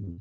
Mm.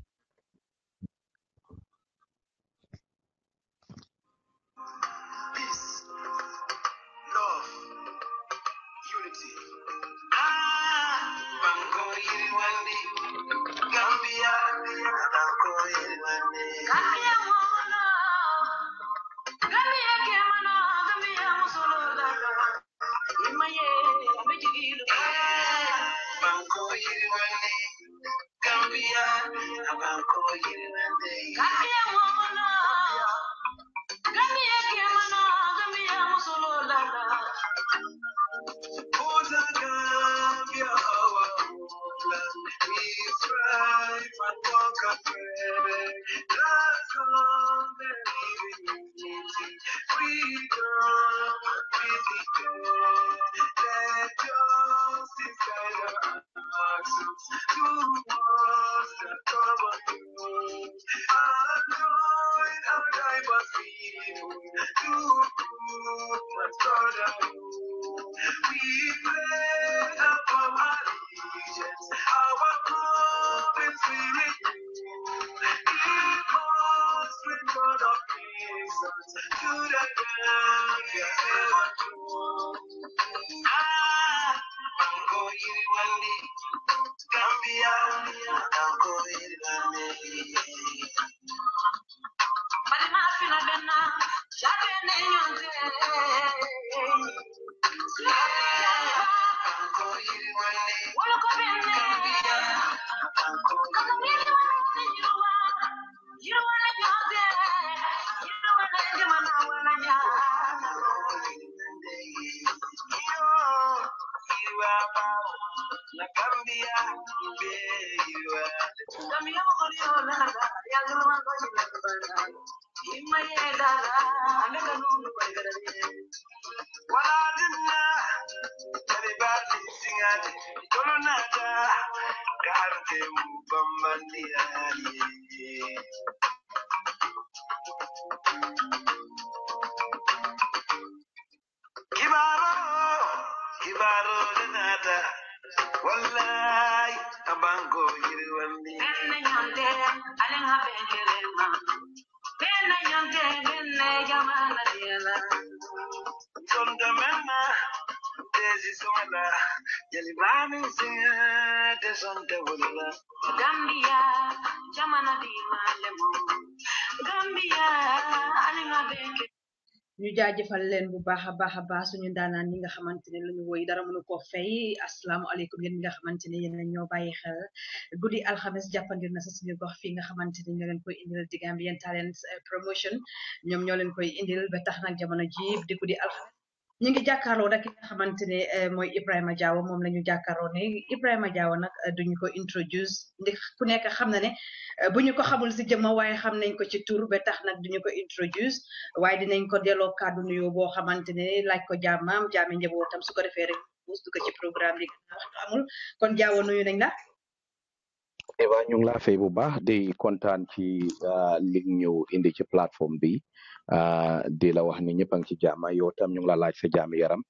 baax a baax a baax suñu daanaan ñi nga xamante ne lañu woy dara mënu ko fay asalaamualeykum yéen nga xamante ne yéen ñoo bàyyi xel guddi alxames jàppandir na sa suñu gox fii nga xamante ne ñoo leen koy indil di Gambian Talents Promotion ñoom ñoo leen koy indil ba tax nag jamono ji di guddi alxames ñu ngi jàkkaarloo nag ki nga xamante ne eh, mooy Ibrahima Jawo moom la ñu jàkkaarloo ne a Jawo nag eh, duñu ko introduce ndi ku nekk xam na ne eh, bu ñu ko xamul si jëmma waaye xam nañ ko ci tur ba tax nag duñu ko introduce waaye dinañ ko delloo kàddu nuyoo boo xamante ne laaj ko jaamaam jaami njabootam su ko defee rek dugg ci programme bi kon Jawo nuyu nañ la. Eva ñu ngi laa fay bu baax di kontaan ci ah, li indi ci plateforme bi ah, di la wax ni ñëpp a ci jaama yow tam ñu la laaj sa jaam yaram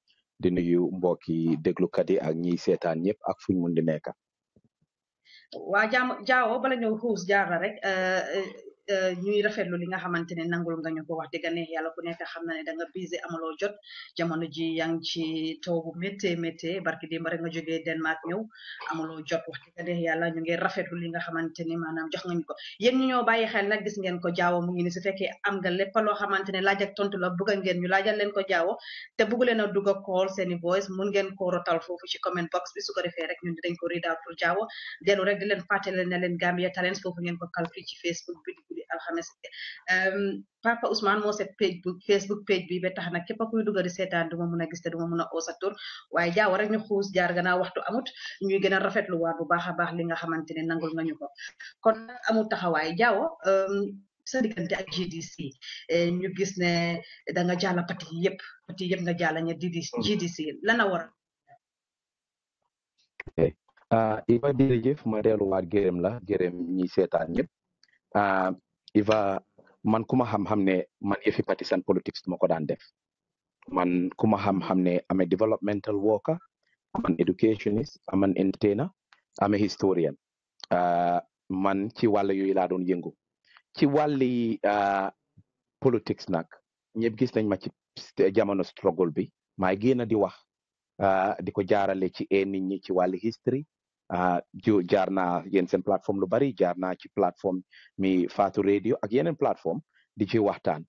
di nuyu mbokki déglukat yi ak ñi seetaan ñëpp ak fuñ mun di nekk. waa jaam jaawo bala ñëw xuus jaar rek. Ah, Euh, ñuy rafetlu li nga xamante ne nangul nga ñu ko wax dëgg yàlla ku nekk xam na ne da nga busy jot jamono ji yaa ngi ci taw bu métti métti barki démb rek nga jógee Denmark ñëw amaloo jot wax dëgg neex yàlla ñu ngi rafetlu li nga xamante ni maanaam jox nga ko yéen ñu ñoo bàyyi xel nag gis ngeen ko jaawo mu ngi ni su fekkee am nga lépp loo xamante ne laaj ak tontu la bëgg ñu laajal leen ko jaawo te bëgg leen a dugg a call seeni voice ngeen ko rotal foofu ci comment box bi su ko defee rek ñun dinañ ko read out pour jaawo dellu rek di leen fàttali ne leen Gambia Talents foofu ngeen ko kal fii ci Facebook papa Ousmane mo set page bu facebook page bi be tax na képp kuy dugal duma meuna gis te duma meuna a oo sa tur jaaw rek ñu xuus jaar gannaaw waxtu amut ñuy gëna rafet lu war bu baaxa baax li nga xamantene nangul nañu ko kon nag amul taxawaay jaaw sa diggante ak GDC eh, ñu gis ne da nga jalla pati yépp pati yépp nga jalla ñe GDC la na war a ah, jërëjëf ma wat gerem la gerem ñi setan ñepp Ah, il va man ku ma xam-xam ne man yëfi partisan politics du ko daan def man ku ma xam-xam ne am developmental worker aman educationist aman entertainer ame historian ah, man ci wàll yooyu laa doon yëngu ci wàlli ah, politics nag ñëpp gis nañ ma ci jamono struggle bi maay génn di wax di ko jaarale ci ee nit ñi ci wàlli history Ah, ju jaar naa yéen seen plateforme lu bari jaar naa ci plateforme mi Fatou Radio ak yeneen plateforme di ci waxtaan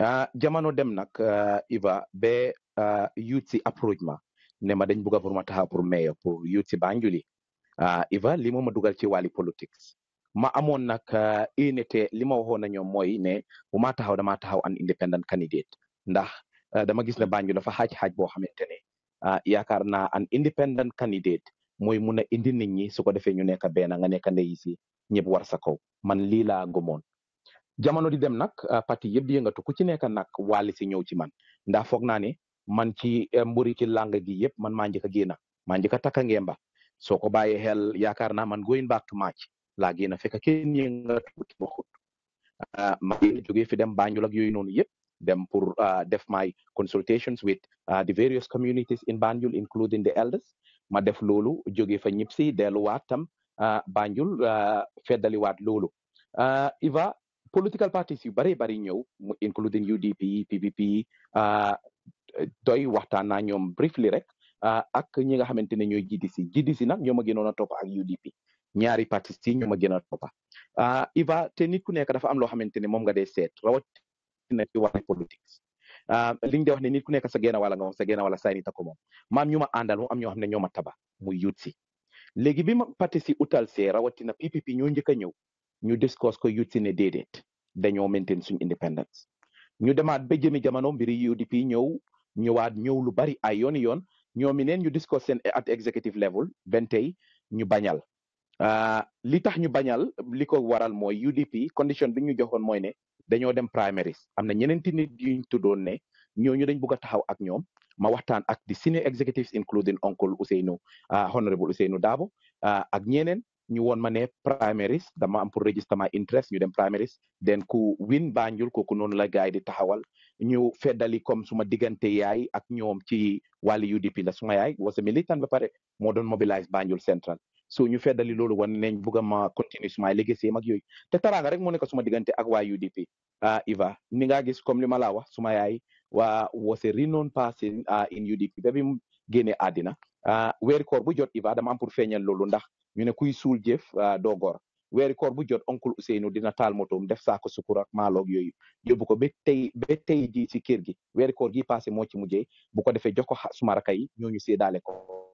ah, jamono dem nag ah, Iva be youth si approach ma ne ma dañ bugga pour ma taxaw pour mayor pour youth si Banjuli Iva li ma ma dugal ci wàlli politics ma amoon nag une te li ma waxoon na ñoom mooy ne bu ma taxaw dama taxaw an independent candidate ndax dama gis ne Banjul dafa xaaj xaaj boo xamante ne yaakaar naa an independent candidate mooy mun a indi nit ñi su ko defee ñu nekk benn nga nekk ndey si ñëpp war sa kaw man lii laa gomoon jamono di dem nag parti yëpp di yëngatu ku ci nekk nag wàlli si ñëw ci man ndax foog naa ne man ci mburi ci lang gi yëpp man maa njëkk a génn maa njëkk a takka ngemba soo ko bàyyee xel yaakaar naa man going back to match laa génn fekk kenn yëngatu ci bokkut eh, ma jógee fi dem Banjul ak yooyu noonu yëpp pour uh, eh, def my consultations with uh, the various communities in Banjul, including the elders. ma def loolu jóge fa ñib si delluwaat tam ah, Banjul ah, feddaliwaat loolu ah, Iva political parties yu bari bari ñëw mu including UDP PPP doy waxtaan naa ñoom briefly rek ak ñi nga xamante ne ñooy GDC GDC nag ñoo ma gënoon a topp ak UDP ñaari parties yi ñoo ma gën a toppa Iva te nit ku nekk dafa am loo xamante ne moom nga de seet rawatina ci wàllu politique Ah, li ñu di wax ne nit ku nekk sa génn wala nga moom sa génn wala saa yi ko moom maam ñu ma àndal mu am ñoo xam ne ñoo ma taba muy youth si léegi bi ma parti si utal see rawatina PPP ñoo njëkk a ñëw ñu discuss ko youth si ne déedéet dañoo maintain suñu independence ñu demaat ba jëmi jamono mbiri UDP ñëw ñëwaat ñëw lu bari ay yoon yoon ñoomi neen ñu discuss seen at executive level benn tey ñu bañal ah, li tax ñu bañal li ko waral mooy UDP condition bi ñu joxoon mooy ne dañoo dem primaries am na ñeneenti nit ñu tuddoon ne ñooñu dañ bugg a taxaw ak ñoom ma waxtaan ak di senior executives including oncle Ousseynou ah, honorable nu Dabo ah, ak ñeneen ñu woon ma ne primaries dama am pour register ma interest ñu dem primaries den ku win Banjul kooku noonu la gaay di taxawal ñu feddali comme suma diggante yaay ak ñoom ci wàllu UDP la suma yaay was a militant ba pare moo doon mobilize Banjul Central so ñu feddali loolu wan neñ bëgg a ma continuer suma legacy mag yooyu te taraanga rek moo nekk suma diggante ak waa UDP ah Iva ni nga gis comme li ma laa wax suma yaay waa was a renowned person ah, in UDP ba bi mu génnee àddina ah, weeri koor bu jot Iva dama am pour feeñal loolu ndax ñu ne kuy suul jëf ah, doo góor koor bu jot oncle Ousseynou dina taal motoom def saako sukur ak maaloog yooyu yóbbu ko ba tey be tey ji si kër gi weeri koor gi passé moo ci mujjee bu ko defee jox ko suma rakk yi ñooñu séedaale ko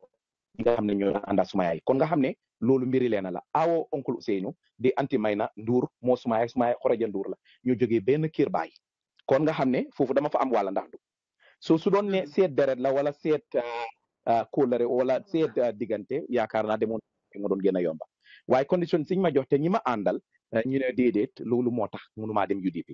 nga xam ne ñoo ànda suma yaay kon nga xam ne loolu mbiri leena la awo oncle Ousseynou di anti may na nduur moo suma yaay suma yaay xoroja nduur la ñu jógee benn kiir baay kon nga xam ne foofu dama fa am wala ndax du so su doon ne mm-hmm. seet deret la wala seet uh, uh, kóolare wala mm-hmm. seet uh, diggante yaakaar naa demoon moo doon gën a yomba waaye condition siñ ma jox te ñi ma àndal ñu ne déedéet loolu moo tax mënumaa dem UDP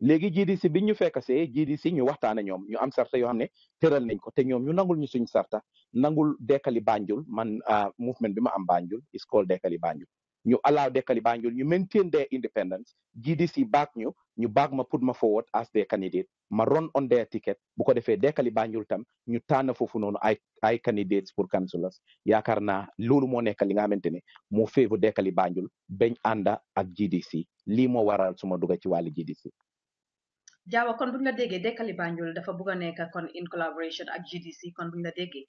léegi GDC bi ñu fekk see GDC ñu waxtaanee ñoom ñu am sarta yoo xam ne tëral nañ ko te ñoom ñu nangul ñu suñ sarta nangul dekkali Banjul man ah, movement bi ma am Banjul is called dekkali Banjul ñu allow dekkali Banjul ñu maintain their independence GDC baak ñu ñu baak ma put ma forward as their candidate ma run on their ticket bu ko defee dekkali Banjul tam ñu tànn foofu noonu ay ay candidates pour councillors yaakaar naa loolu moo nekk li nga xamante ne moo favor dekkali Banjul bañ ànda ak GDC lii moo waral suma dugg ci wàllu GDC. Jawo kon buñ la déggee Dekali Banjul dafa bugg a in collaboration ak GDC kon buñ la déggee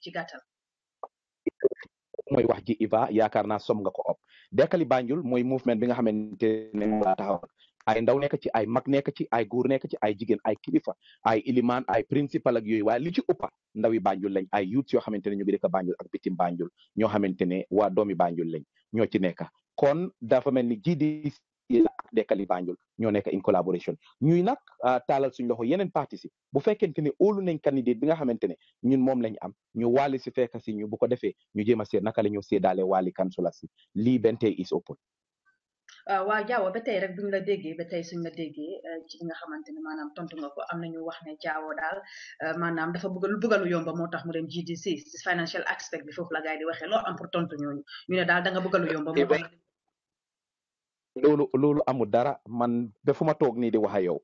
mooy wax ji Iba yaakaar naa som nga ko op Dekali Banjul mooy movement bi nga xamante ne moom laa taxawal ay ndaw nekk ci ay mag nekk ci ay góor nekk ci ay jigéen ay kilifa ay ilimaan ay principal ak yooyu waaye li ci ëppa ndawi Banjul lañ ay youth yoo xamante ne ñu ngi dëkk Banjul ak bitim Banjul ñoo xamante ne waa doomi Banjul lañ ñoo ci nekk kon dafa mel ni GDC Irak dekkal yi Banjul ñoo nekk in collaboration ñuy nag taalal suñ loxo yeneen parti si bu fekkente ne óolu nañ candidate bi nga xamante ne ñun moom lañ am ñu wàlli si fekk si ñu bu ko defee ñu jéem a seet naka la ñu séedaale wàlli kansula si lii bente is open ah, waaw jaawo ba tey rek buñ la déggee ba tey suñ la déggee eh, ci nga xamante ne maanaam tontu nga ko am nañu wax ne jaawo daal eh, maanaam dafa bëggal lu yomba moo tax mu dem GDC financial aspect bi foofu la gaay di waxee lool am pour tontu ñooñu ñu ne daal da nga bëgg yomba moo eh, tax loolu loolu amul dara man ba ma toog nii di wax ak yow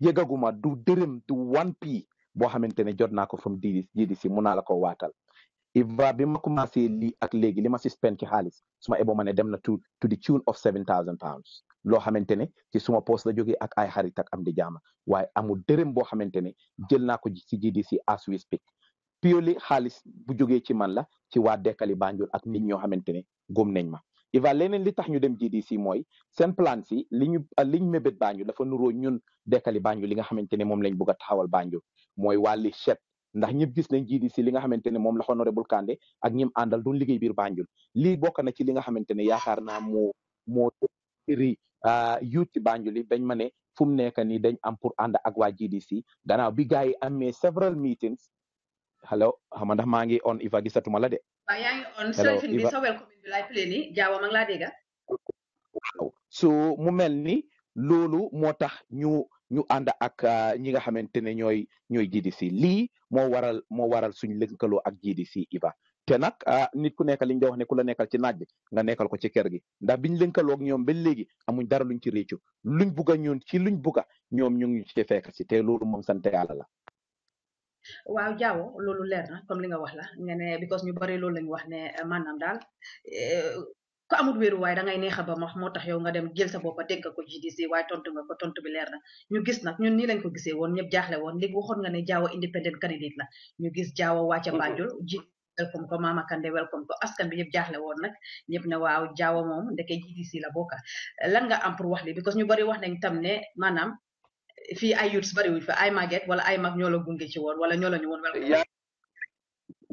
yëgaguma du dërëm du one p boo xamante ne jot naa ko from GDC mun naa la ko waatal IVRA bi ma commencé lii ak léegi li ma si spend ci xaalis su eboo ma ne dem na to to the tune of seven thousand pounds loo xamante ne ci suma poos la jógee ak ay xarit ak am di jaama waaye amul dërëm boo xamante ne jël naa ko si GDC as we speak purely xaalis bu jógee ci man la ci waa dekkali Banjul ak nit ñoo xamante ne góom nañ ma Iva leneen li tax ñu dem GDC mooy seen plan si li ñu li ñu mébét Banjul dafa nuroo ñun dekkali Banjul li nga xamante ne moom lañ bëgg a taxawal Banjul mooy wàlli set ndax ñëpp gis nañ GDC li nga xamante ne moom la honorable Kandeh ak ñim àndal doon liggéey biir Banjul lii bokk na ci li nga xamante ne yaakaar naa moo moo ri ah, youth ci Banjul dañ ma ne fu mu nekk nii dañ am pour ànd ak waa GDC gannaaw bi gars yi amee several meetings hello hamanda mangi on iva gisa tumala de bayangi on so fin bi so welcome in lay play ni jawa mang la dega so mu melni lolu motax ñu ñu Aka, ak ah, ñi nga xamante ne ñooy GDC li mo waral mo waral suñ lëkkaloo ak GDC IVA te nag ah, nit ku nekkal liñ do wax ne ku la nekkal ci naaj nga nekkal ko ci kër gi ndax biñ lëkkaloo ak ñom ba léegi amuñ dara luñ ci réccu luñ bugga ñoon ci luñ ñom ñu ngi ci fekk si te loolu moom sante yalla la waaw jaawo loolu leer na comme li nga wax la nga ne because ñu bari loolu lañu wax ne eh, maanaam daal eh, ko amul wéeruwaay da ngay neexa ba max moo tax yow nga dem jël sa boppa dégg ko GDC waaye tontu nga ko tontu bi leer na ñu gis nag ñun nii lañ ko gisee woon ñëpp jaaxle woon léegi waxoon nga ne jaawo independent candidate la ñu gis jaawo wàcca mm-hmm. Banjul ji welcome ko Mama Kandeh welcome ko askan bi jaaxle woon nag ñëpp ne waaw jaawo moom ndeke GDC la bokka lan nga am pour wax li because ñu bari fii ay fi ay màgget wala ay mag ñoo la gunge ci woon wala ñoo la ñu wala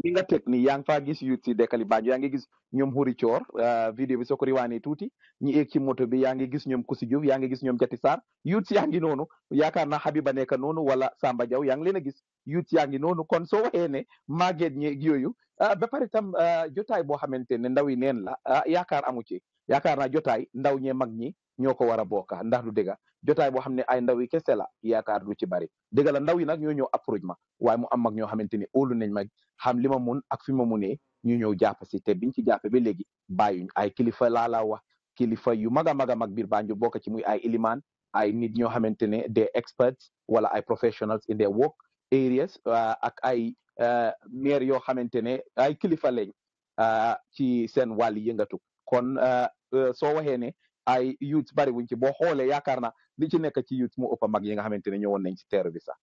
nga teg ni yaa ngi faa gis youths yi dekkali Banjul yaa ngi gis ñoom Huri Coor ah, vidéo bi soo ko riwaanee tuuti ñi eeg ci moto bi yaa ngi gis ñoom Kusi Diouf yaa ngi gis ñoom Jati Sarr youths yaa ngi noonu yaakaar naa Habiba nekk noonu wala Samba Diaw yaa ngi leena gis youths yaa ngi noonu kon soo waxee ne ñe ñeeg a ba pare tam ah, jotaay boo xamante ne ndaw yi neen la ah, yaakaar amu ci yaakaar na jotaay ndaw ñee mag ñi ñoo ko war a bokka ndax du dëgga jotaay boo xam ne ay ndaw yi kese la yaakaar du ci bari dëgg la ndaw yi nag ñoo ñëw approche ma waaye mu am mag ñoo xamante ni óolu nañ ma xam li ma mun ak fi ma munee ñu ñëw si te biñ ci jàppe ba léegi ay kilifa laa la wax kilifa yu mag a mag a mag biir Banjul bokk ci muy ay ilimaan ay nit ñoo xamante ne des experts wala ay professionals in their wok areas ah, ak ay ah, maire yoo xamante ne ay kilifa lañ ah, ci sen wàll yëngatu kon soo waxee ne ay youth bari wuñ ci boo xoolee yaakaar li ci nekk ci youth mu ëpp mag yi nga xamante ne ñëwoon nañ ci teer bi sax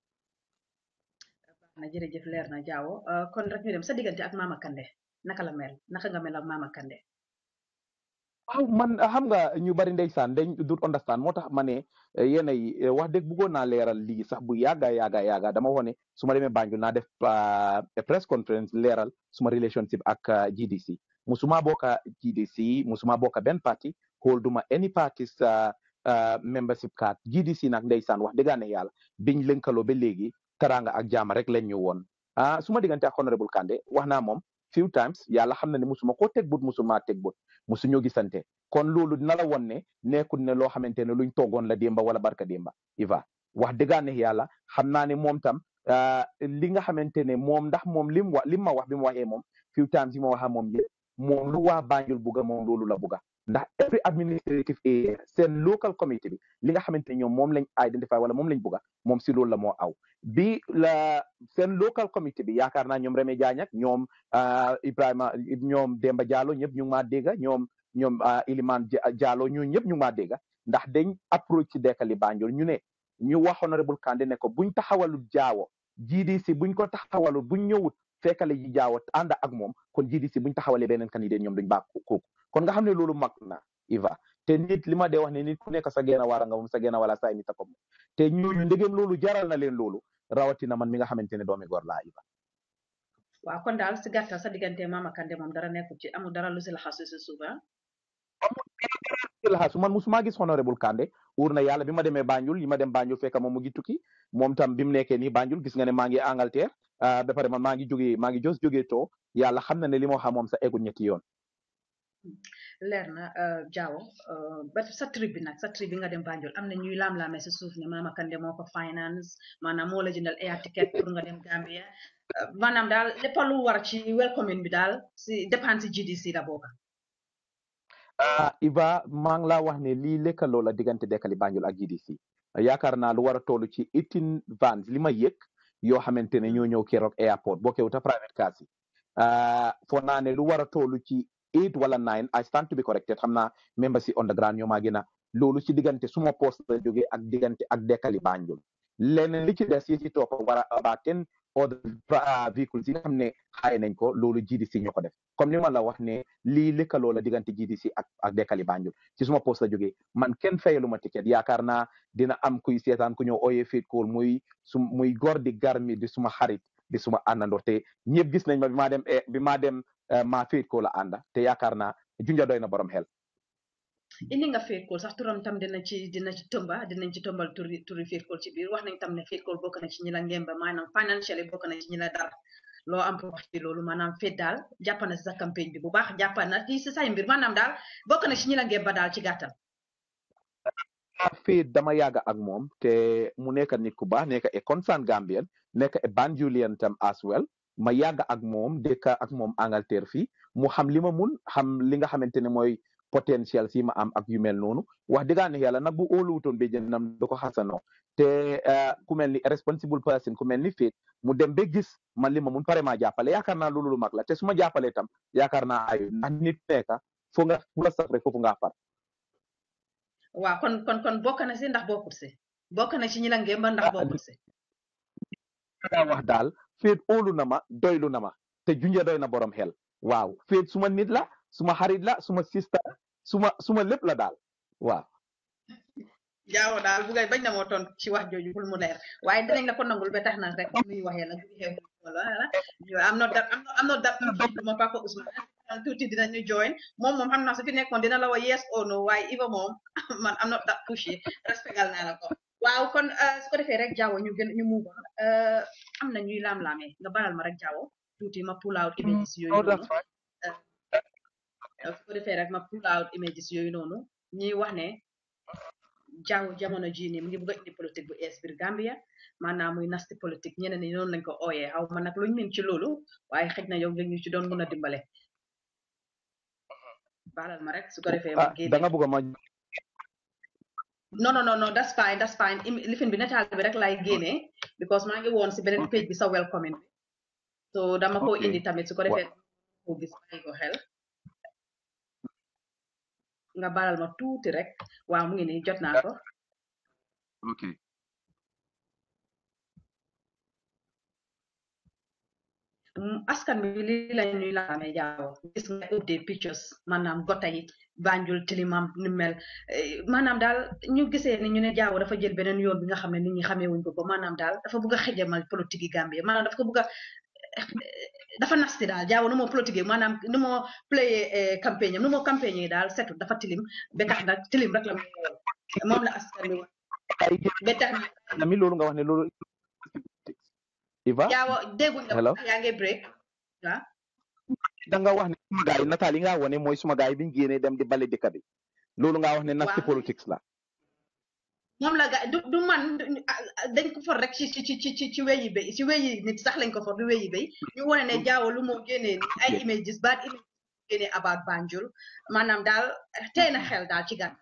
na jërëjëf leer na jaawo euh, kon rek ñu dem sa diggante ak mama kande naka la mel naka nga mel ak mama kande waaw man xam nga ñu bari ndeysaan dañ dut understand moo tax ma ne euh, yéen ay euh, wax dëgg bëggoon naa leeral lii sax bu yàgga yàgga yàgga dama waxoon ne su Banjul naa def press conference leeral suma relationship ak GDC musuma boka GDC musuma boka Ben Party holduma any parties Euh, membership card GDC nag ndeysaan wax dëgg ne yàlla biñ lëkkaloo ba léegi teraanga ak jaama rek lañ ñu woon ah su ma diggante ak honorable Kandeh wax naa moom few times yàlla xam na ne musuma koo teg bët musuma teg bët musuñoo gisante kon loolu dina la won ne nekkul ne loo xamante ne luñ toogoon la démba wala barka démba Iva wax dëgg ne yàlla xam naa ne moom tam euh, li nga xamante ne moom ndax moom lim wa lim ma wax bi mu waxee moom few times yi ma waxaa moom moom lu waa Banjul buga moom loolu la buga ndax every administrative area seen local committee bi li nga xamante ne ñoom moom lañ identify wala moom lañ bugga mom si loolu la aw bi la seen local committee bi yaakaar naa ñoom reme Diagne ak ñoom ah, Ibrahima ñoom Demba Diallo ñëpp ñu ngi maa dégga ñoom ñoom ah, Ilimane Diallo ñu ñëpp ñu ngi maa ndax dañ approach ci dekkali Banjul ñu ne ñu wax honorable Kandeh ne ko buñ taxawalul jaawo GDC buñ ko taxawalul buñ ñëwut fekkale ji jaaw ànd ak moom kon GDC buñ taxawalee beneen candidat ñoom duñ baax kooku kon nga xam ne loolu mag na Iva te nit li ma dee wax ne nit ku nekk sa genn waara nga moom sa genn wala saay ni ta comme te ñooñu ndegem loolu jaral na leen loolu rawatina man mi nga xamante ne doomi góor laa Iva waaw kon daal si gàttal sa diggante Mama Kandeh moom dara nekkul ci amul dara lu si la xasu alxaas man musuma gis honorable Kandeh wóor na yàlla bi ma demee Banjul yi ma dem Banjul fekk moom mu ngi moom tam bi mu nekkee nii Banjul gis nga ne maa ngi a ah, ba pare man maa ngi jógee maa ngi jos jógee too yàlla xam na ne li moo xam moom sa eggul ñetti yoon. leer na Jawo euh, euh, ba bi nag sa bi nga dem Banjul am na ñuy laam-laame si suuf ne Mama Kandeh moo a finance maanaam moo la jëndal air ticket pour nga dem Gambia euh, maanaam daal lépp lu war ci welcoming bi daal si dépense Ah, Iba maa ngi laa wax ne lii lëkkaloo la diggante Dekali Banjul ak GDC yaakaar naa lu war a toll ci eighteen vans li ma yëg yoo xamante ne ñoo hmm. ñëw keroog airport bokkewuta private cars yi ah, foo naa ne lu war a toll ci eight wala nine I stand to be corrected xam naa members si on the ground ñoo maa loolu ci diggante suma poste la ak diggante ak Dekali Banjul leneen li des yi ci topp a about ordre véhicule yi nga xam ne xaay nañ ko loolu GDC ñoo ko def comme ni ma la wax ne lii lëkkaloo la diggante GDC si ak Dekali Banjul ci suma poste la jógee man kenn fayalu ma ticket yaakaar naa dina am kuy seetaan ku ñëw ooyee fiit kool muy su muy góor di garmi di suma xarit di suma àndandoo te ñëpp gis nañ ma bi maa dem eh, bi maa dem eh, maa fiit kool la ànda te yaakaar naa junja na borom xel indi nga féerkool sax turam tam dina ci dina ci tëmba dinañ ci tëmbal turi turi féerkool ci biir wax nañ tam ne féerkool bokk na ci ñi la ngemba bokk na ci ñi la dal loo am pour wax ci loolu maanaam féet daal jàpp na si sa campagne bi bu baax jàpp na daal bokk na ci ñi la ngemba daal ci gàttal. fii dama yàgg ak moom te mu nekk nit ku baax nekk e concerned Gambien nekk e Banjulian tam as well ma yàgg ak moom dëkk ak moom Angleterre fii mu xam li ma mun xam li nga xamante ne mooy. Potensial si ma am ak yu mel nonu wax nabu ne yàlla nag bu óoluwutoon be jennam ko te eh, ku melni responsible person ku melni fit mu dem be gis man li ma mun pare ma jappale yakarna lolu lu mak la te suma jappale tam yakarna naa ayu ndax nit nekka fo nga fula la rek far wa kon kon kon bokana na si ndax bokkut si bokana na si ñi la ngémba ndax ah, bokkut si daa wax dal féet olu nama doylu nama te junja doy borom hel waaw fet suma nit la suma xarit la suma sista suma suma lepp la dal, wa jaaw dal bu gay bañ na mo ton ci wax joju ful mu leer waye dinañ la ko nangul be tax na rek muy waxe nag bu xew wala am na dat am na dat ma join mom mom xam su fi nekkoon dina la wa yes or no waaye Iva mom, man am na dat pushy respectal na la ko waaw kon su ko defee rek jaawo ñu gën ñu mu am na ñuy laam-laamee nga baral ma rek jaawo tuuti ma pull out images yooyu ko defé rek ma pull out images yoy noonu ñi wax né jaaw jamono ji ni mu ngi bëgg indi politique bu ES biir Gambia manam muy nasti politique ñeneen ni non lañ ko oyé xaw ma nak luñu min ci lolu waye xëj na yow ñu ci doon mëna dimbalé dimbale baalal ma rek su ko defé ma ah, génne da nga bëgg ma non non non that's fine that's fine lifin bi nataal bi rek lay gëné because ma ngi woon si benen page bi sa welcoming so dama ko indi tamit su ko defé ko gis ko help nga baral ma tuuti rek waaw mu ngi nii jot naa ko ok mm, askan bi li la ñuy jaawo gis nga update pictures maanaam gota yi banjul tilimam ni mel eh, maanaam daal ñu gisee ni ñu ne jaawo dafa jël beneen yoon bi nga xam ne nit ñi xamee wuñ ko ko maanaam daal dafa bugg a xejamal politique yi Gambie maanaam dafa ko bugg a eh, dafa nasti daal jaaw nu moo politique maanaam nu moo playé eh, campagne am nu daal setul dafa tilim ba tax na loolu nga wax ne loolu Iva jaawo dégguñ la break waaw da nga wax ne suma gaay nataal yi nga wone mooy suma gaay biñ génnee dem di bale dëkk bi loolu nga wax ne nasti politics la ñoom la du man ah, ah, dañ ko for rek ci ci ci ci ci weyi ci weyi nit sax lañ ko for du weyi ñu wone ne lu ay images bad images about Banjul xel ci gan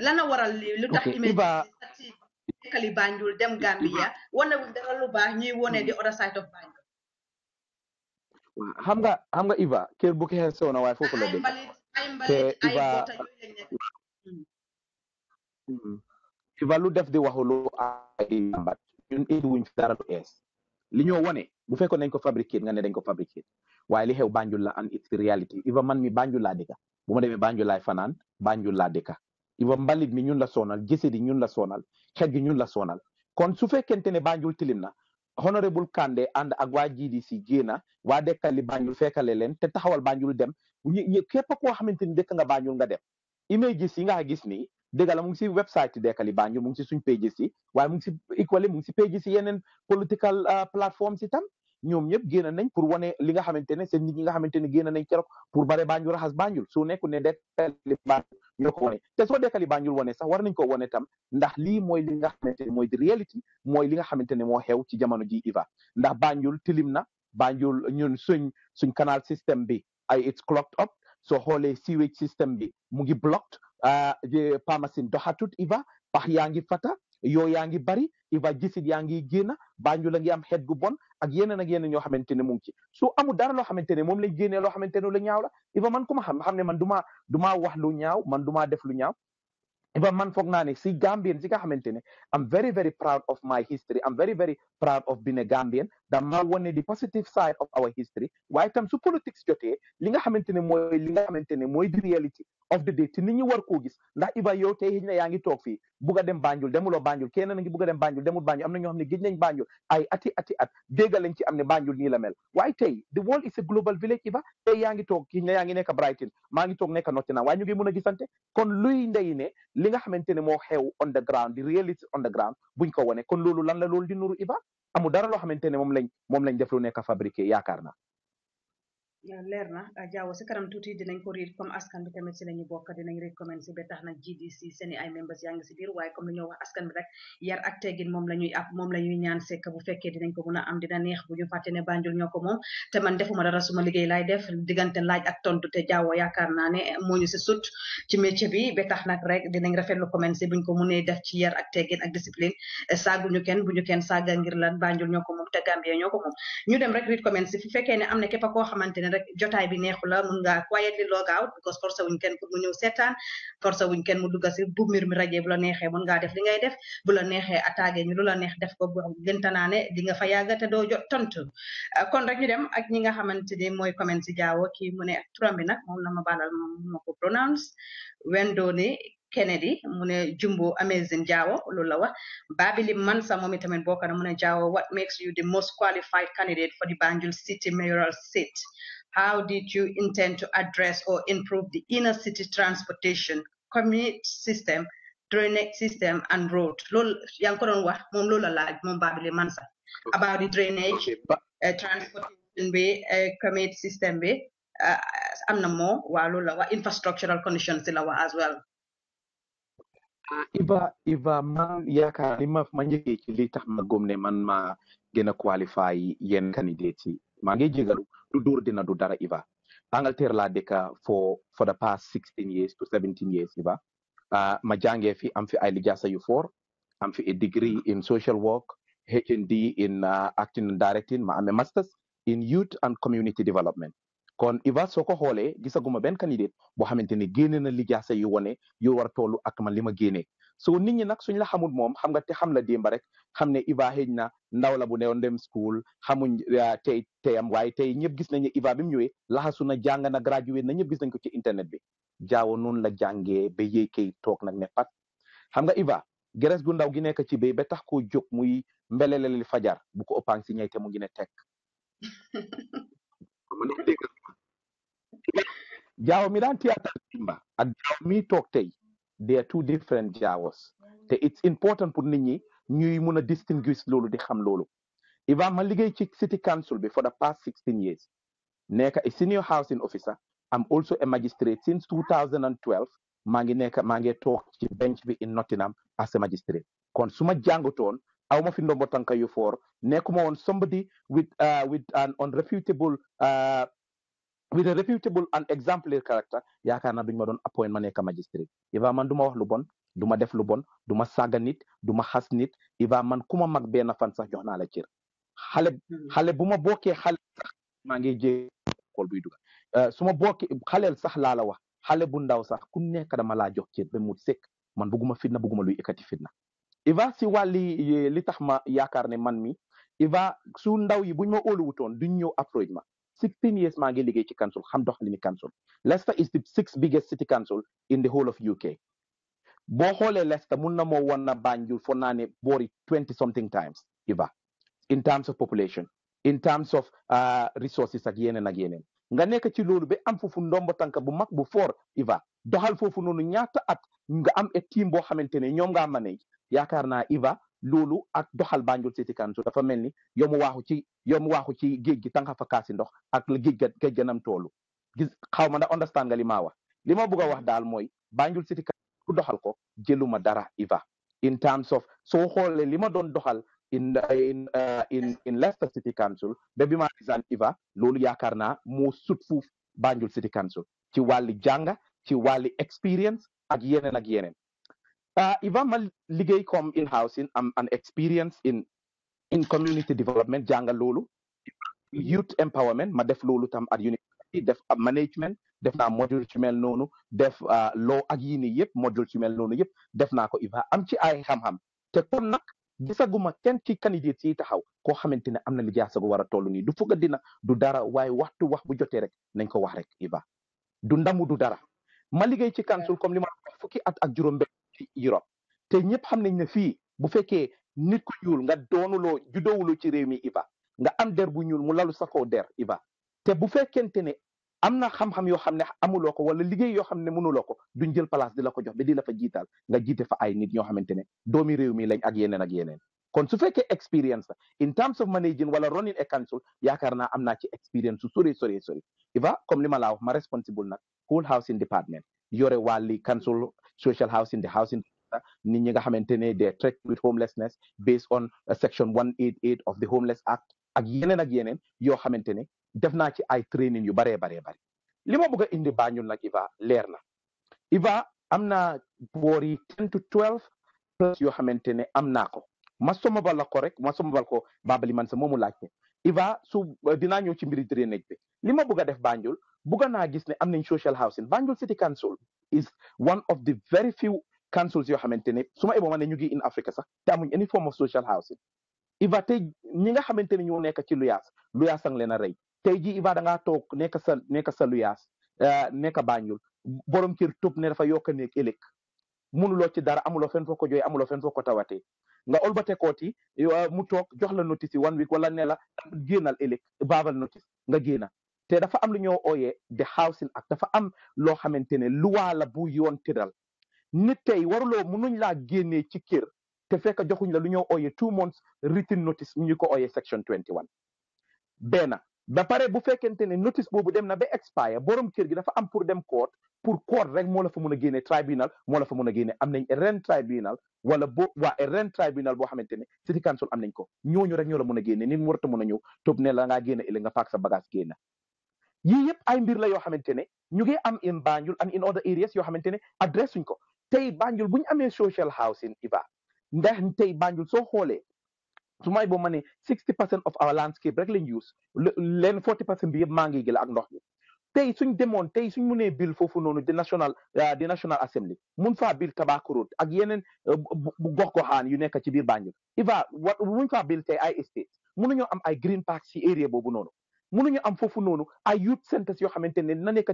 lana waral li lu tax images Banjul dem Gambia dara lu baax ñuy wone di other side of Banjul xam nga xam nga Iba bu Iba fi lu def di wax lu ay jàmbat ñun wuñ fi dara lu ees li ñoo wone bu fekkoon nañ ko fabriquer nga ne dañ ko fabriquer waaye li xew Banjul la and it's reality iva man mi Banjul laa dëkka bu ma demee Banjul laay fanaan Banjul laa dëkka iva mbalit mi ñun la soonal gise di ñun la soonal xet gi ñun la soonal kon su fekkente ne Banjul tilim na honorable Kande ànd ak waa GDC génna waa dekkali Banjul fekkale leen te taxawal Banjul dem képp koo xamante ni dëkk nga Banjul nga dem nga gis nii dëgg la mu ngi si website yi Dekkali Banjul mu ngi si suñ pages yi waaye si equally mu si pages yeneen political ah, platforms itam ñoom ñëpp génn nañ pour wane li nga xamante ne seen nit ñi nga xamante ne génn nañ keroog pour bare Banjul raxas Banjul su nekku ne Dekkali Banjul ñoo ko wane te soo Dekkali Banjul wane sax war nañ ko wane tam ndax lii mooy li nga xamante ne mooy di reality mooy li nga xamante ne moo xew ci jamono ji iva ndax Banjul tilim na Banjul ñun suñ suñ canal system bi ay it's clogged up soo xoolee sewage system bi mu ngi blocked a uh, pharmacie doxatut iva pax yaa ngi fata yoo yaa ngi bari iva jisit yaa ngi génn Banjul la ngi am xeet gu bon ak yeneen ak yeneen ñoo xamante ne mu ngi ci su amul dara loo xamante ne moom lañ génnee loo xamante ne lu ñaaw la iva man ku ma xam xam ne man du maa du lu ñaaw man du def lu ñaaw iva man foog naa ne si Gambien si nga xamante ne am very very proud of my history am very very proud of being Gambien da ma wane the positive side of our history Why, itam su politics jotee li nga xamante ne li nga xamante ne mooy reality of the day te nit ñi war koo gis ndax Iba yow tey xëy na ngi toog fii bugg dem Banjul demuloo Banjul kenn na ngi bugg dem Banjul demul Banjul am na ñoo xam nañ Banjul ay ati ati at dégg lañ ci am Banjul nii la mel waaye tey the world is a global village Iba tey yaa ngi toog xëy na ngi nekk Brighton maa ngi toog nekk Nottingham waaye ñu ngi mën gisante kon luy ndey ne li nga xamante ne xew on the ground di reality on the ground buñ ko wane kon loolu lan la loolu di nuru Iba amu dara lo xamante ne moom lañ moom lañ def lu nekk fabriqué yaakaar naa Ya, lerna na jaawo si kanam tuuti dinañ ko riir comme askan bi tamit ci lañu bokk dinañ recommend si ba tax GDC seni ay members yang ci bir waye comme li wax askan bi rek yar ak teggin mom lañuy app mom lañuy ñaan sék bu fekke dinañ ko mëna am dina neex bu ñu faté né Banjul ñoko mom té man defuma dara suma liggéey lay def digante laaj ak tontu té jawo yaakaar na né moñu ci si sut ci métier bi ba tax rek dinañ rafetlu comment ci buñ ko mëne def ci yar ak teggin ak discipline ñu kenn buñu kenn saga ngir lan Banjul ñoko mom té te Gambia mom ñu dem rek read comment si fu fekke né amna képp ko xamante rek jotaay bi neexu la mun nga quietly log out because forcé wuñ kenn pour mu ñëw seetaan forcé wuñ kenn mu dugga si bu mbir mi rajee bu la neexee mun ngaa def li ngay def bu la neexee attaqué ñu lu la neex def ko bu gëntanaane di nga fa yàgg te doo jot tontu ah, kon rek ñu dem ak ñi nga xamante ni mooy comment si jaawo ki mu ne turam bi nag moom la ma baalal moom ma ko pronounce Wendone Kennedy mu Jumbo Amazing Jawo loolu Babili Mansa moom tamen bokk na mu ne Jawo what makes you the most qualified candidate for the Banjul City mayoral seat how did you intend to address or improve the inner city transportation community system drainage system and road Lol, yaa ngi ko doon wax Babili Mansa about the drainage eh, transportation bi eh, community system bi eh, am na mo wa loolu la infrastructural conditions la as well Iba Iba man yaakaar man ma ma njëkkee ci man ma gën qualify yen candidate yi maa ngi jégalu dudara dina du dara Iba Angleterre la deka for for the past sixteen years to seventeen years Iba ah, ma fi am fi ay lijaasa yu foor am fi a degree in social work HND in ah, acting and directing ma amee masters in youth and community development kon Iva soo ko xoolee gisaguma benn candidate boo xamante ne génne na lijaasa yu wane yu war tollu ak man li ma génnee so nit ñi nag suñ la xamul moom xam nga te xam la démba rek xam ne Iva xëy na ndaw la bu newoon dem school xamuñ euh, tey teyam waaye tey ñëpp gis nañ ne Iva bi mu ñëwee laxasu na jàng na graduate na ñëpp gis nañ ko ci internet bi jaawo noonu la jàngee ba yéey kay toog nag ne pat xam nga Iva geres gu ndaw gi nekk ci bay ba tax koo jóg muy mbeleleli fajar bu ko ëppaan si ñay te mu ngi ne tekk Jawo mi ran tiyatal timba they are two different jawas it's important for nit you ñuy distinguish lolo di xam loolu Ivan ma liggéey ci city council bi for the past 16 years nekk a senior housing officer i am also a magistrate since 2012 maa ngi nekk maa ngi bench in Nottingham as a magistrate Consumer su ma jàngatoon aw ma fi ndombo tànka yu foor somebody with uh, with an unrefutable uh, with a reputable and exemplary character yaakaar naa duñ ma doon appoint ma nekk magistrate iva man du ma wax lu bon du ma def lu bon du ma saaga nit du ma xas nit iva man ku ma mag benn fan sax jox naa la cër xale xale bu ma bokkee xale sax maa ngi jé kool buy duga euh, su ma xaleel sax laa la wax xale bu ndaw sax ku nekk dama laa jox cër ba mu sek man bëgguma fitna bëgguma luy ekkati fitna iva si wa li tax ma yaakaar ne man mi iva su ndaw yi buñ ma óoluwutoon duñ ñëw approche ma 16 years maa ngi liggéey ci council xam council Leicester is the sixth biggest city council in the whole of UK boo xoolee Leicester mun na moo na Banjul fo naa boori 20 something times Iba in terms of population in terms of uh, resources ak and ak yeneen nga nekk ci loolu ba am foofu ndombo tànk bu mak bu fort Iba doxal foofu noonu ñaata at nga am a team manage Yakarna Iba loolu ak doxal Banjul City Council dafa mel ni yomu waaxu ci yomu waaxu ci géej gi tànga fa kaasi ndox ak la géej ga nam toolu gis xaw ma ndax understand nga li maa wax li ma bëgg a wax daal mooy Banjul City Council doxal ko jëluma dara Iva in terms of soo xoolee li ma doon doxal in in uh, in in Leicester City Council ba bi Iva loolu yaakaar naa moo sut fuuf Banjul City Council ci wàlli jànga ci wàlli expérience ak yeneen ak yeneen Uh, Ivan liggéey comme in housing am um, an experience in in community development janga loolu youth empowerment ma def loolu tam at university def uh, management def na module ci mel noonu def uh, law ak yi module ci mel noonu yëpp def naa ko Ivan am ci ay ham ham. te kon nag gisaguma kenn ci candidate yi taxaw koo xamante ne am na li jaasagu war a toll nii du fukk dina du dara waaye waxtu wax bu jotee rek nañ ko wax rek Ivan du ndamu du dara ma liggéey council comme li ma at ak juroom Europe te ñëpp xam nañ ne fii bu fekkee nit ku ñuul nga loo doonuloo juddoowuloo ci réew mi iba nga am der bu ñuul mu lalu sa kaw der iba te bu fekkente ne am na xam-xam yoo xam ne amuloo ko wala liggéey yoo xam ne mënuloo ko duñ jël place di la ko jox ba di la fa jiital nga jiite fa ay nit ñoo xamante ne doomi réew mi lañ ak yeneen ak yeneen kon su fekkee experience la in terms of managing wala running a council yaakaar naa am naa ci experience su sori sori sori iva comme li ma laa wax social housing, the housing nit ñi nga xamante ne with homelessness based on uh, section 188 of the homeless act Again and again, yeneen yoo xamante ne def naa ci ay training yu baree baree bari li ma bëgg a indi Iva leer na Iva 10 to 12 plus yoo xamante ne am naa ko ma somabal la ko rek ma somabal ko Babali man sa Iva su uh, dinaa ñëw ci mbiri drainage bi bëgg def Banjul bëgg na gis ne am nañ social housing Banjul City Council is one of the very few councils yoo xamante ne su ma ebo ma ne ñu ngi in Africa sax te amuñ any form of social housing Iva tey ñi nga xamante ne ñoo nekk ci luyaas luyaas a ngi leen a rey tey jii Iva da ngaa toog nekk sa nekk sa luyaas eh, nekk Banjul borom kër tub ne dafa yokk a nekk ëllëg mënuloo ci dara amuloo fenn foo ko jooy amuloo fenn foo ko tawatee nga olbate kooti eh, mu toog jox la notice yi one week wala ne la génnal ëllëg baabal notice nga génna te dafa am lu ñoo ooyee the housing act dafa am loo xamante ne luwaa la bu yoon tëral nit tey waruloo mënuñ laa génnee ci kër te fekk joxuñ la lu ñoo ooyee two months written notice ñu ko ooyee section 21 benn ba pare bu fekkente ne notice boobu dem na ba expire borom kër gi dafa am pour dem court pour court rek moo la fa mun a génne tribunal moo la fa mun a génne am nañ ren tribunal wala boo waa ren tribunal boo xamante ne city council am nañ ko ñooñu rek ñoo la mën a génne nit mu a ñëw toog la ngaa génne ili nga faak sa bagage génn yii yëpp ay mbir la yoo xamante ne ñu ngi am in Banjul and in other areas yoo xamante ne adresse suñ ko tey Banjul bu ñu amee social housing iba ndax tey Banjul soo xoolee su may boo ma ne sixty percent of our landscape rek lañ use leen forty percent bi yëpp maa ngi gëla ak ndox mi tey suñ demoon tey suñ munee bill foofu noonu di national ah, di assembly mun faa bill Tobacco Road ak yeneen ah, gox goxaan yu nekk ci biir Banjul iva wa muñ faa bill tey ay estate munuñoo am ay green park ci boobu noonu mënuñu am foofu noonu ay youth centres yoo xamante ne na nekk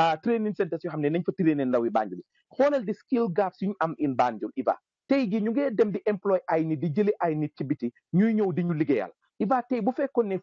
ah, training centres yoo xam ne nañ fa trainer ndaw yi Banjul xoolal di skill gaps yu ñu am in Banjul Iba tey jii ñu ngi dem di employ ay nit di jëli ay nit ci biti ñuy ñëw di ñu liggéeyal Iba bu fekkoon ne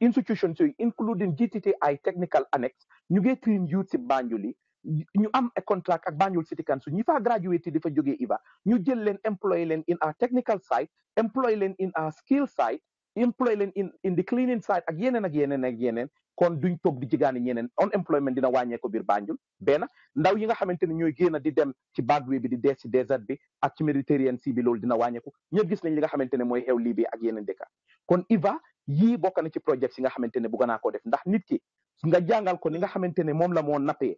institutions yooyu including GTTI technical annex ñu ngi train youth si Banjul yi ñu am contract ak Banjul City Council ñi faa graduate di fa jógee Iba ñu jël leen employ leen in our technical side employ leen in our skill side employé leen in in the cleaning side ak yeneen ak yeneen ak yeneen kon duñ toog di jigaani ñeneen unemployment dina wàññeeku biir Banjul benn ndaw yi nga xamante ne ñooy génn di dem ci Bagwe bi di des ci désert bi ak ci Méditerranée si bi loolu dina wàññeeku ñëpp nañ li nga xamante ne mooy xew Libye ak yeneen dëkk kon IVA yii bokk na ci projet si nga xamante ne bëgg naa koo def ndax nit ki nga jàngal ko ni nga xamante ne moom la moo nappee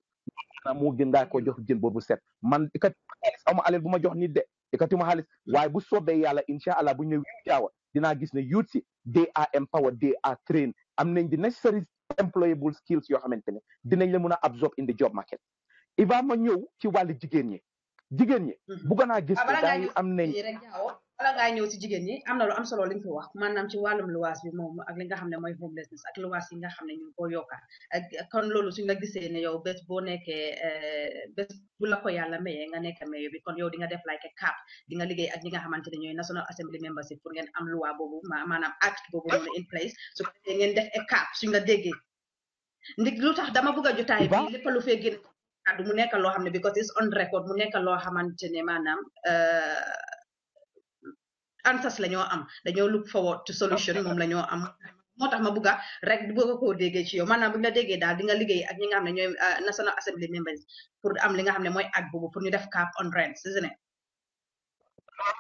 maanaam moo gën ngaa ko jox jën boobu set man ikati ma xaalis aleel bu ma jox nit de ikati ma xaalis waaye bu soobee yàlla incha allah bu ñëw jaawa dinaa gis ne youth they are empowered they are trained am nañ the necessary employable skills You are ne dinañ la mën to absorb in the job market iva ma ñëw ci wàllu jigéen ñi jigéen ñi mm-hmm. bugg naa gis ah, ne am nañ wala ngaa ñëw si jigéen ñi am na lu am solo li nga fi wax maanaam ci wàllum luwaas bi moom ak li nga xam ne homelessness ak luwaas yi nga xam ñu ko yokka kon loolu suñ la gisee ne yow bés boo nekkee eh, bés bu la ko yàlla mayee nga nekk mayor bi kon yow di nga def like cap di nga liggéey ak ñi nga xamante ne national assembly membership pour ngeen am loi boobu maanaam act boobu noonu in place su ko ngeen def e cap suñ la déggee ndig lu dama bëgg jotaay bi lépp lu fee génn kàddu mu nekk loo xam because it's on record mu nekk loo xamante ne maanaam eh, answers la ñoo am dañoo look forward to solution moom lañoo am moo tax ma bugga rek bëgg koo déggee ci yow maanaam bu ñu la daal di nga liggéey a ñi nga xam ne ñooy euh, national assembly members pour am li nga xam ne mooy ak boobu pour ñu def ka on rents isn't it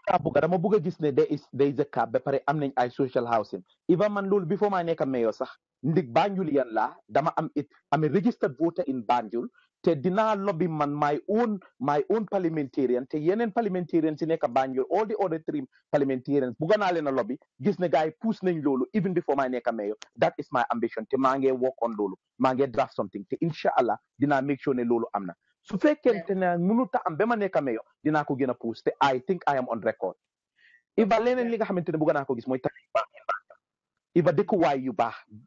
daa bugga dama bugg a gis ne there is there is ba pare am nañ ay social housing even man loolu before maa nekk a meeyoo sax ndig Banjul yan laa dama am it am registered voter in Banjul te dinaa lobby man my own my own parliamentarian te yeneen parliamentarian si nekk Banjul all the other three parliamentarians bugga naa leen lobby gis ne gars yi nañ even before my nekk mayor that is my ambition te maa work on lolo, maa draft something te incha allah dinaa make sure ne lolo amna. na su fekkente ne mënut a am ba ma mayor dinaa ko te I think I am on record Iba leneen li nga xamante ne bugga ko gis mooy tali deku Iba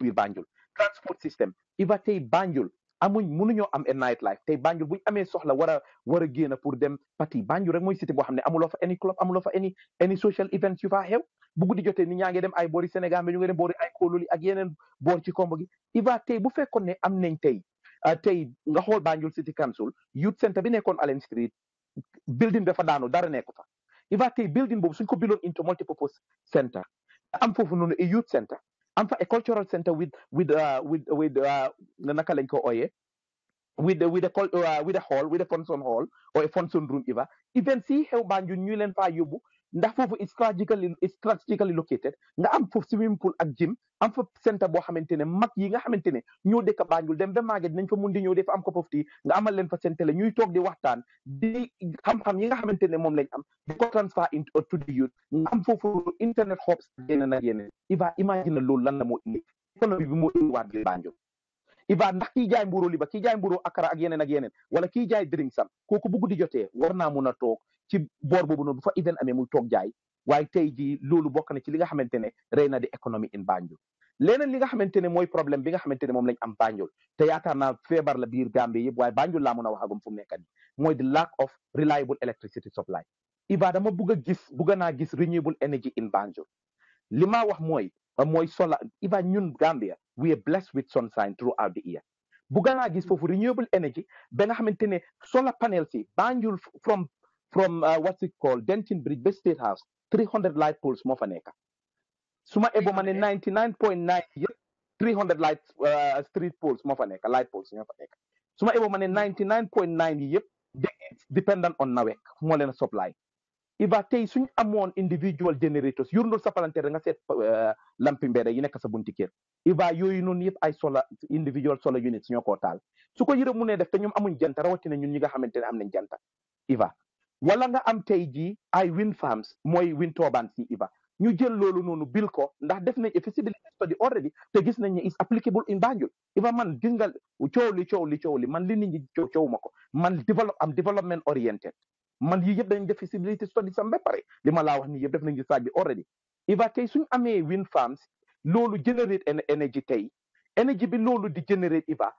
yu Banjul transport system Iba tey Banjul amuñ mënuñoo am a night life tey Banjul buñ amee soxla war a war a génn pour dem pati Banjul rek mooy cité boo xam ne amuloo fa any club amuloo fa any any social events yu faa xew bu guddi jotee ni ñaa dem ay boori Sénégal mais ñu ngi ne am nañ tey ah, tey nga xool Banjul City Council youth centre bi Allen Street building dafa daanu dara nekku fa iva tey building boobu suñ ko biloon into multi purpose centre am foofu noonu youth centre and for a cultural center with with uh, with with uh, naka lañ with the, with a uh, with a hall with a function hall or a function room even events yi xew Banjul ñu leen ndax foofu is strategically strategically located nga am foofu swimming pool a gym am fa centre boo xamante ne mag yi nga xamante ne ñoo dëkk Banjul dem ba màgget nañ fa mun di ñëw def am ko foofu tii nga amal leen fa seen télé ñuy toog di waxtaan di xam-xam yi nga xamante ne moom lañ am di ko transfer into to the youth nga am foofu internet hubs yeneen na yeneen iva imagine loolu lan la moo indi économie bi moo indiwaat li Banjul iva ndax kii jaay mburu liba kii jaay mburu akara ak yeneen ak yeneen wala kii jaay drink sam kooku bugg di jotee war naa mun a toog ci boor boobu noonu bu fa Eden amee muy toog jaay waaye tey jii loolu bokk na ci li nga xamante ne rey na di économie in Banjul leneen li nga xamante ne mooy problème bi nga xamante ne moom lañ am Banjul te yaakaar naa feebar la biir Gambie yëpp waaye Banjul laa mun a waxagum fu mu nekk nii mooy di lack of reliable electricity supply Iba dama bugg a gis bugg naa gis renewable energy in Banjul li ma wax mooy mooy solar Iba ñun Gambia we are blessed with sunshine throughout the year bugg naa gis foofu renewable energy ba xamante ne solar panels yi Banjul from from uh, what's it called Denton Bridge ba State House 300 light fa nekk su ma ebo ma ne 99.9 yëpp 300 light uh, street poles moo fa nekk light poles ñoo fa nekk su ma ebo ma ne 99.9 hmm. yi yëpp dependent on NAWEC moo leen supply iba tey suñ amoon individual generators yurndul sa palanteer nga seet uh, lampi mbeere yi nekk sa bunti kër iba yooyu noonu yëpp ay solar individual solar units ñoo koo taal su ko yërë mu ne def te ñoom amuñ janta rawatina ñun ñi nga xamante ne am nañ janta iva wala nga am tey jii ay wind farms mooy wind turbines si iba ñu jël loolu noonu bil ko ndax def nañ feasibility study already te gis nañ ne is applicable in Banjul iba man gis nga coow li coow li coow li man li nit ñi coow coow ma ko man develop am development oriented man yii yëpp dañ def feasibility study sam ba pare li ma laa wax nii yëpp def nañ ci saaj bi already iba tey suñ amee wind farms loolu generate energy tey energy bi loolu di generate iba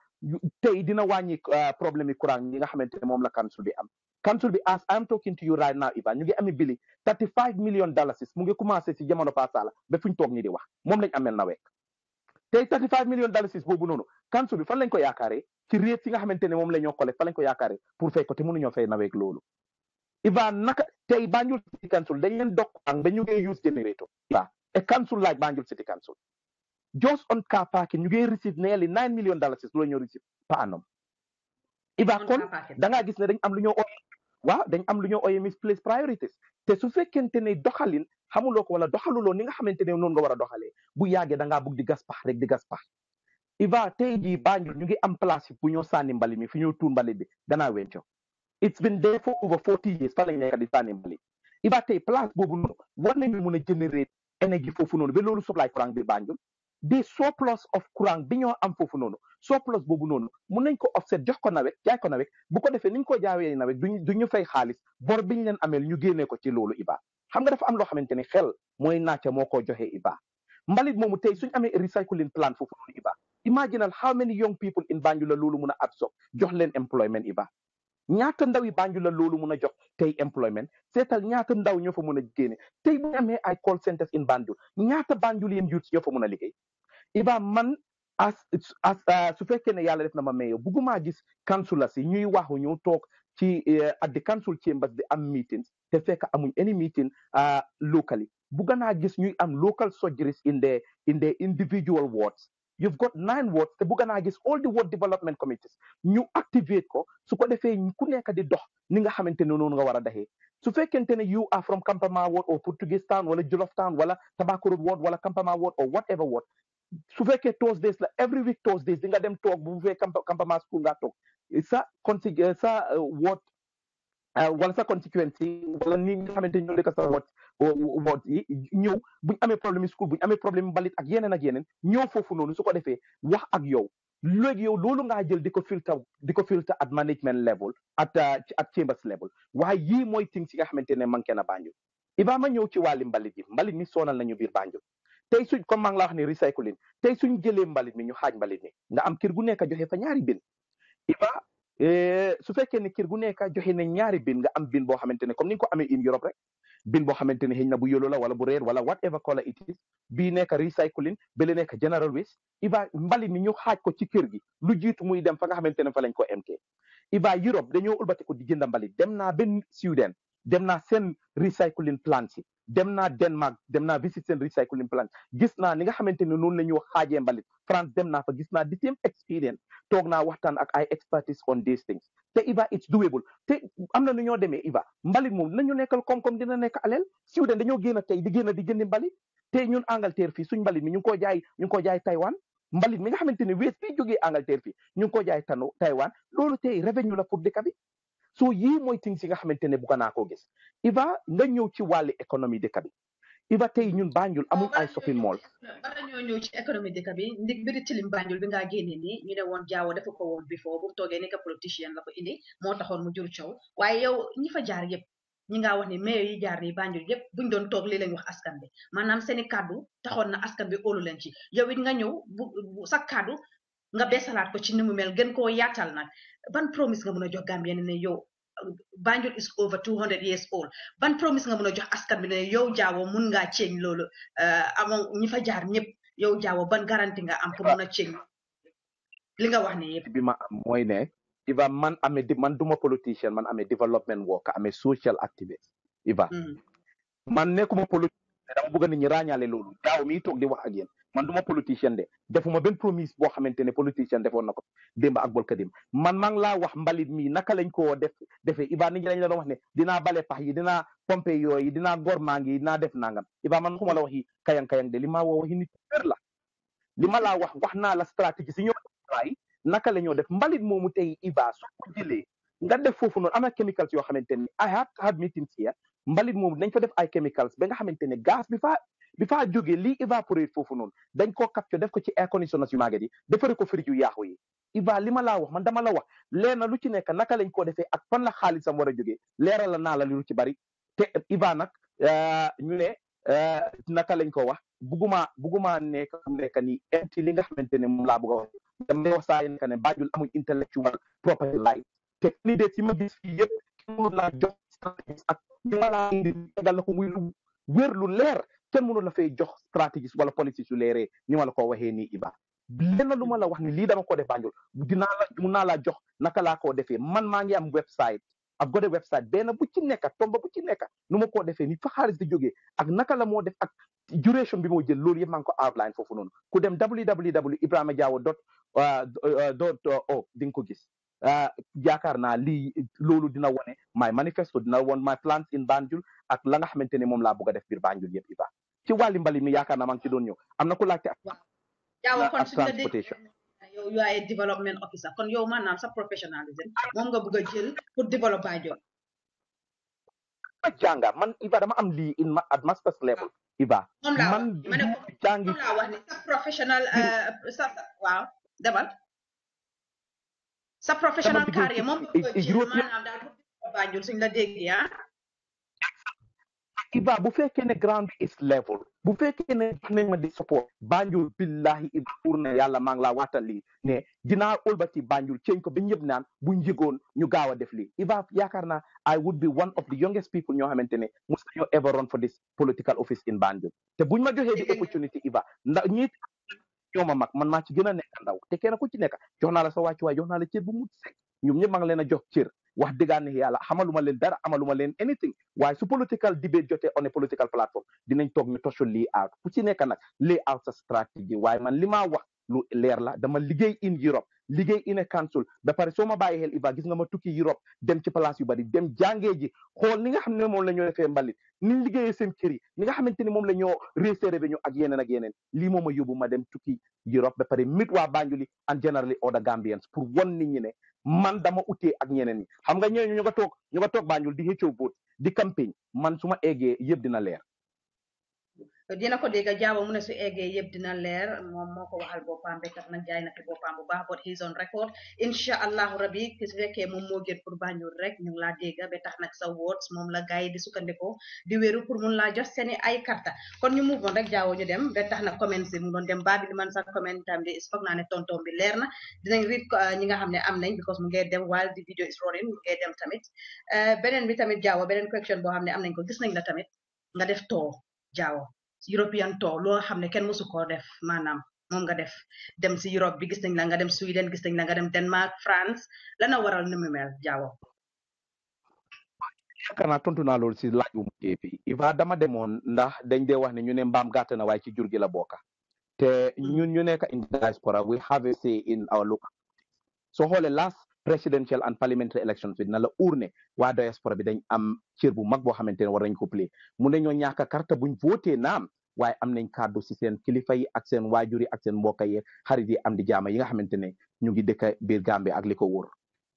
tey dina wàññi ah, problème yi courant yi nga xamante ne moom la council bi am council bi as I'm talking to you right now Iba ñu ngi ami bili thirty five million dollars mu ngi commencé si jamono passala ba fu ñu toog ni di wax moom lañ amel na week tey thirty five million dollars boobu noonu council bi fan lañ ko yaakaaree ci réet yi nga xamante ne moom la ñoo xoolee fan lañ ko yaakaaree pour fay ko te mënuñoo fay na week loolu Iba just on car parking you ngi receive nearly nine million dollars loolu ñoo receive par annum If kon da ngaa gis ne dañ am lu ñoo ooye misplaced priorities te su fekkente ne doxalin xamuloo ko wala doxaluloo ni nga xamante ne noonu nga war a doxalee bu yàggee da ngaa bugg di gas pax rek di gas pax iva tey jii Banjul ñu ngi am place bu ñoo sànni mbali mi fi ñoo tuur mbali bi it's been there for over forty years fa lañ nekk di sànni mbali iba tey place boobu noonu war nañu mun a générer énergie foofu noonu ba loolu soxlaay courant bi Banjul bi surplus of courant bi ñoo am foofu noonu surplus boobu noonu mun nañ ko offset jox ko nawek jaay ko nawek bu ko defee ni ñu ko jaawee nawek duñu du ñu fay xaalis bor biñ leen ameel ñu génnee ko ci loolu IBA xam nga dafa am loo xamante ni xel mooy naacca moo ko joxe IBA mbalit moomu tey suñ amee recycling plan foofu noonu IBA imaginal how many young people in Banjul la loolu mun a absorb jox leen employment IBA ñaata ndaw yi Banjul la loolu mun a jox tey employment seetal ñaata ndaw ñoo fa mun a génne tey bu ñu amee ay call centers in Banjul ñaata Banjul yéen youths ñoo fa mun a liggéey Iba man as as uh, su fekkee ne yàlla def na ma mayo bugguma gis councillors yi ñuy wax ñu toog ci eh, at the council chambers the am meetings te fekk amuñ any meeting uh, locally bugga naa gis ñuy am local surgeries in the in the individual wards you've got nine wards te bugga naa gis all the ward development committees ñu activate ko su ko defee ku nekk di dox ni nga xamante noonu nga war a daxee su fekkente ne you are from Kampama ward or Portuguese town wala Jolof town wala Tobacco ward wala Kampama ward or whatever ward su fekkee Thursdays la every week Thursdays di nga dem toog bu fee campament school nga toog sa consi sa uh, woot uh, wala sa constituency wala ni nga xamante ñoo dëkk sa woot uh, woot yi ñëw buñ amee problème school buñ amee problème mbalit ak yeneen ak yeneen ñëw foofu noonu su ko defee wax ak yow léegi yow loolu ngaa jël di ko filter di ko filter at management level at at chambers level waaye yii mooy ting si nga xamante ne manqué na Banjul Ibrahima ñëw ci wàlli mbalit yi mbalit mi na nañu biir Banjul tey suñ comme maa ngi la wax ni recycling tey suñ jëlee mbalit mi ñu xaaj mbalit mi nga am kër gu nekk joxe fa ñaari bin iba eh, su fekkee ne kër gu nekk joxe ne ñaari bin nga am bin boo xamante ne comme ni nga ko amee in Europe rek bin boo xamante ne xëy na bu yolo wala bu reer wala whatever color it is bii nekk recycling bele nekk general waste iba mbalit mi ñu xaaj ko ci kër gi lu jiitu muy dem fa nga xamante ne fa lañ ko MT iba Europe dañoo ulbati ko di jënda mbalit dem naa benn Sweden dem naa seen recycling plant yi dem naa Denmark dem naa visite seen recycling plant gis naa ni nga xamante ne noonu la ñu wax xaajee mbalit France dem naa fa gis naa the same experience toog naa waxtaan ak ay expertise on these things te Iba it's doable te am na nu ñoo demee Iba mbalit moom nañu nekkal koom-koom dina nekk aleel Suède dañoo génn tey di génn di jëndi mbalit te ñun Angleterre fii suñ mbalit mi ñu ngi ko jaay ñu ngi ko jaay Taiwan mbalit mi xamante ne wees jógee Angleterre fii ñu ngi ko jaay tanu Taiwan loolu tey revenu la pour dëkk bi so yii mooy things yi nga xamante ne bugga naa koo gis Iva nga ñëw ci wàllu économie dëkk bi Iva tey ñun Banjul amul ay shopping mall. bara ñoo ñëw ci économie dëkk bi ndig mbiri tilim Banjul bi ngaa génne nii ñu ne woon jaawo de ko woon before bu toogee nekk politicien la ko indi moo taxoon mu jur coow waaye yow ñi fa jaar yëpp ñi ngaa wax ne maire yi jaar nii Banjul yëpp buñ doon toog lii lañ wax askan bi maanaam seeni kàddu taxoon na askan bi óolu leen ci yow it nga ñëw bu sa nga beesalaat ko ci ni mu mel gën koo yaatal ban promise nga mën a jox Gambien ne yow Banjul over two hundred years old ban promise nga mën a jox askan bi ne yow jaawo mun ngaa change loolu eh, amoon ñi fa jaar ñëpp yow jaawo ban garanti nga am pour mun a change li nga wax ne yëpp bi ma mooy ne Iva man amee di man duma politicien man amee development worker amee social activist Iva mm. man nekkuma politicien dama bëgg nit ñi ràññaale loolu jaaw mi toog di wax man du ma de defuma benn promise boo xamante ne politicien defoon na ko démb ak bolka démb man maa ngi wax mbalit mi naka lañ ko def defee Iba nit ñi lañ la doon wax ne dinaa bale pax yi dinaa pompe yooyu dinaa gor maa ngi dinaa def nangam Iba man waxi kayang kayang de li ma woo waxi nit wér la li ma laa wax wax naa la stratégie si ñoo waay naka la ñoo def mbalit moomu tey Iba su ko jëlee nga def foofu noonu am na chemicals yoo xamante ne I have had meetings here mbalit moomu dañ fa def ay chemicals ba nga xamante ne gaz bi fa bi faa jógee lii évaporer foofu noonu dañ koo capture def ko ci air conditioners yu màgget yi defare ko firij yu yaaxu yi Iba li ma laa wax man dama la wax leer na lu ci nekk naka lañ ko defee ak fan la xaalisam war a jógee leeral la naa la lu ci bari te Iba nag euh, ñu ne euh, naka lañ ko wax bugguma bugguma nekk xam ni inti li nga xamante ne moom laa bëgg a wax dama wax saa yi ne Banjul amuñ intellectual property right te candidate yi ma gis fii yëpp ki laa jox ak li ma laa indi tegal ko muy lu lu leer kenn mënu la fay jox stratégie wala politique su leeree ni ma la ko waxee nii Iba lenn lu ma la wax ni lii dama ko def Banjul dinaa la naa laa jox naka laa koo defee man maa ngi am website ab gode website benn bu ci nekka tomba bu ci nekka nu ma koo defee ni fa xaalis di jógee ak naka la moo def ak duration bi moo jël loolu yëpp maa ngi ko outline foofu noonu ku dem www Ibrahima Jawo dot uh, dot uh, o oh, di nga ko gis uh, yaakaar naa lii loolu dina wone my manifesto dina won my plans in Banjul ak la nga xamante ne moom laa bëgg a def biir Banjul yëpp Iba ci wàlli mbali mi yaakaar naa maa ngi ci doon ñëw am na ku laajte kon suñu la dégg yow you are a development officer kon yow maanaam sa professionalism moom nga bëgg a jël pour développer Banjul ma jànga man Iba dama am lii in ma at master's level ah. Iba man jàngi moom laa wax ne sa professional uh, sa waaw demal sa professional career. moom nga bëgg a jël maanaam daal pour développer Banjul suñu la déggee ah Iba bu fekkee ne ground is level bu fekkee ne nañ ma di support Banjul billahi ib pour na yàlla maa ngi laa waatal lii ne dinaa ulbati Banjul ceeñ ko ba ñëpp naan buñ yëgoon ñu gaaw a def lii Iba yaakaar naa I would be one of the youngest people ñoo xamante ne mus nañoo ever run for this political office in Banjul te buñ ma joxee di opportunity Iba ndax ñi ñoo ma mag man maa ci gën a nekk ndaw te kenn ku ci nekk jox naa la sa wàccuwaay jox naa la cër bu mut sek ñoom ñëpp maa ngi leen a jox cër wax dëggaan yàlla xamaluma leen dara amaluma leen anything Why su political debate jotee on a political platform dinañ toog ñu tosu lay out ku ci nekk nag lay out sa stratégie waaye man li maa wax lu leer la dama liggéey in Europe liggéey in a council ba pare soo ma bàyyi xel Iva gis nga ma tukki Europe dem ci place yu bari dem jàngee ji xool ni nga xam ne moom la ñoo defee mbalit ni ñu liggéeyee seen kër yi ni nga xamante ni moom la ñoo réservé ba ñu ak yeneen ak yeneen lii moom a yóbbu ma dem tukki Europe ba pare mit waa Banjuli and generally other Gambians pour won nit ñi ne man dama utee ak ñeneen ñi xam nga ñooñu ñu nga toog ñu nga toog Banjul di xëccoo vote di campagne man su ma eggee yëpp dina leer diina ko dégg jaaba mu ne su eggee yëpp dina leer moom moo ko waxal boppam be tax nag jaay na fi boppam bu baax but he's on record incha allahu rabi su fekkee moo gën pour Banjul rek ñu ngi laa dégg ba tax nag sa words moom la gars yi di sukkandikoo di pour mun laa jox seeni ay karta kon ñu move on rek jaawo ñu dem ba tax nag comment si mu doon dem baabi li man sax comment bi foog naa ne tonton bi leer na dinañ read euh, ñi nga xam ne am nañ because mu ngay dem while the video is rolling mu ngay tamit euh, beneen bi tamit jaawo beneen question boo xam ne am nañ ko gis nañ la tamit nga def too jaawo European tour loo xam ne kenn mësu koo def maanaam moom nga def dem si Europe bi gis nañ la nga dem Sweden gis nañ la nga dem Denmark France lana waral nu mu jaawo yaakaar naa tontu loolu si laaj bu mujjee bi Iva dama demoon ndax dañ dee wax ne ñu ne mbaam gàtt na waaye ci jur gi la bokka te mm. ñun ñu nekk in diaspora we have a say in our local soo xoolee last presidential and parliamentary elections bi dina la uur ne waa diaspora bi dañ am cër bu mag boo xamante ne war nañ ko play mun ño ñàkk karta buñ voté naam waaye am nañ kàddu si seen kilifa yi ak seen waajur yi ak seen mbokk yi xarit yi am di jaama yi nga xamante ne ñu ngi dëkk biir Gambie ak li ko wóor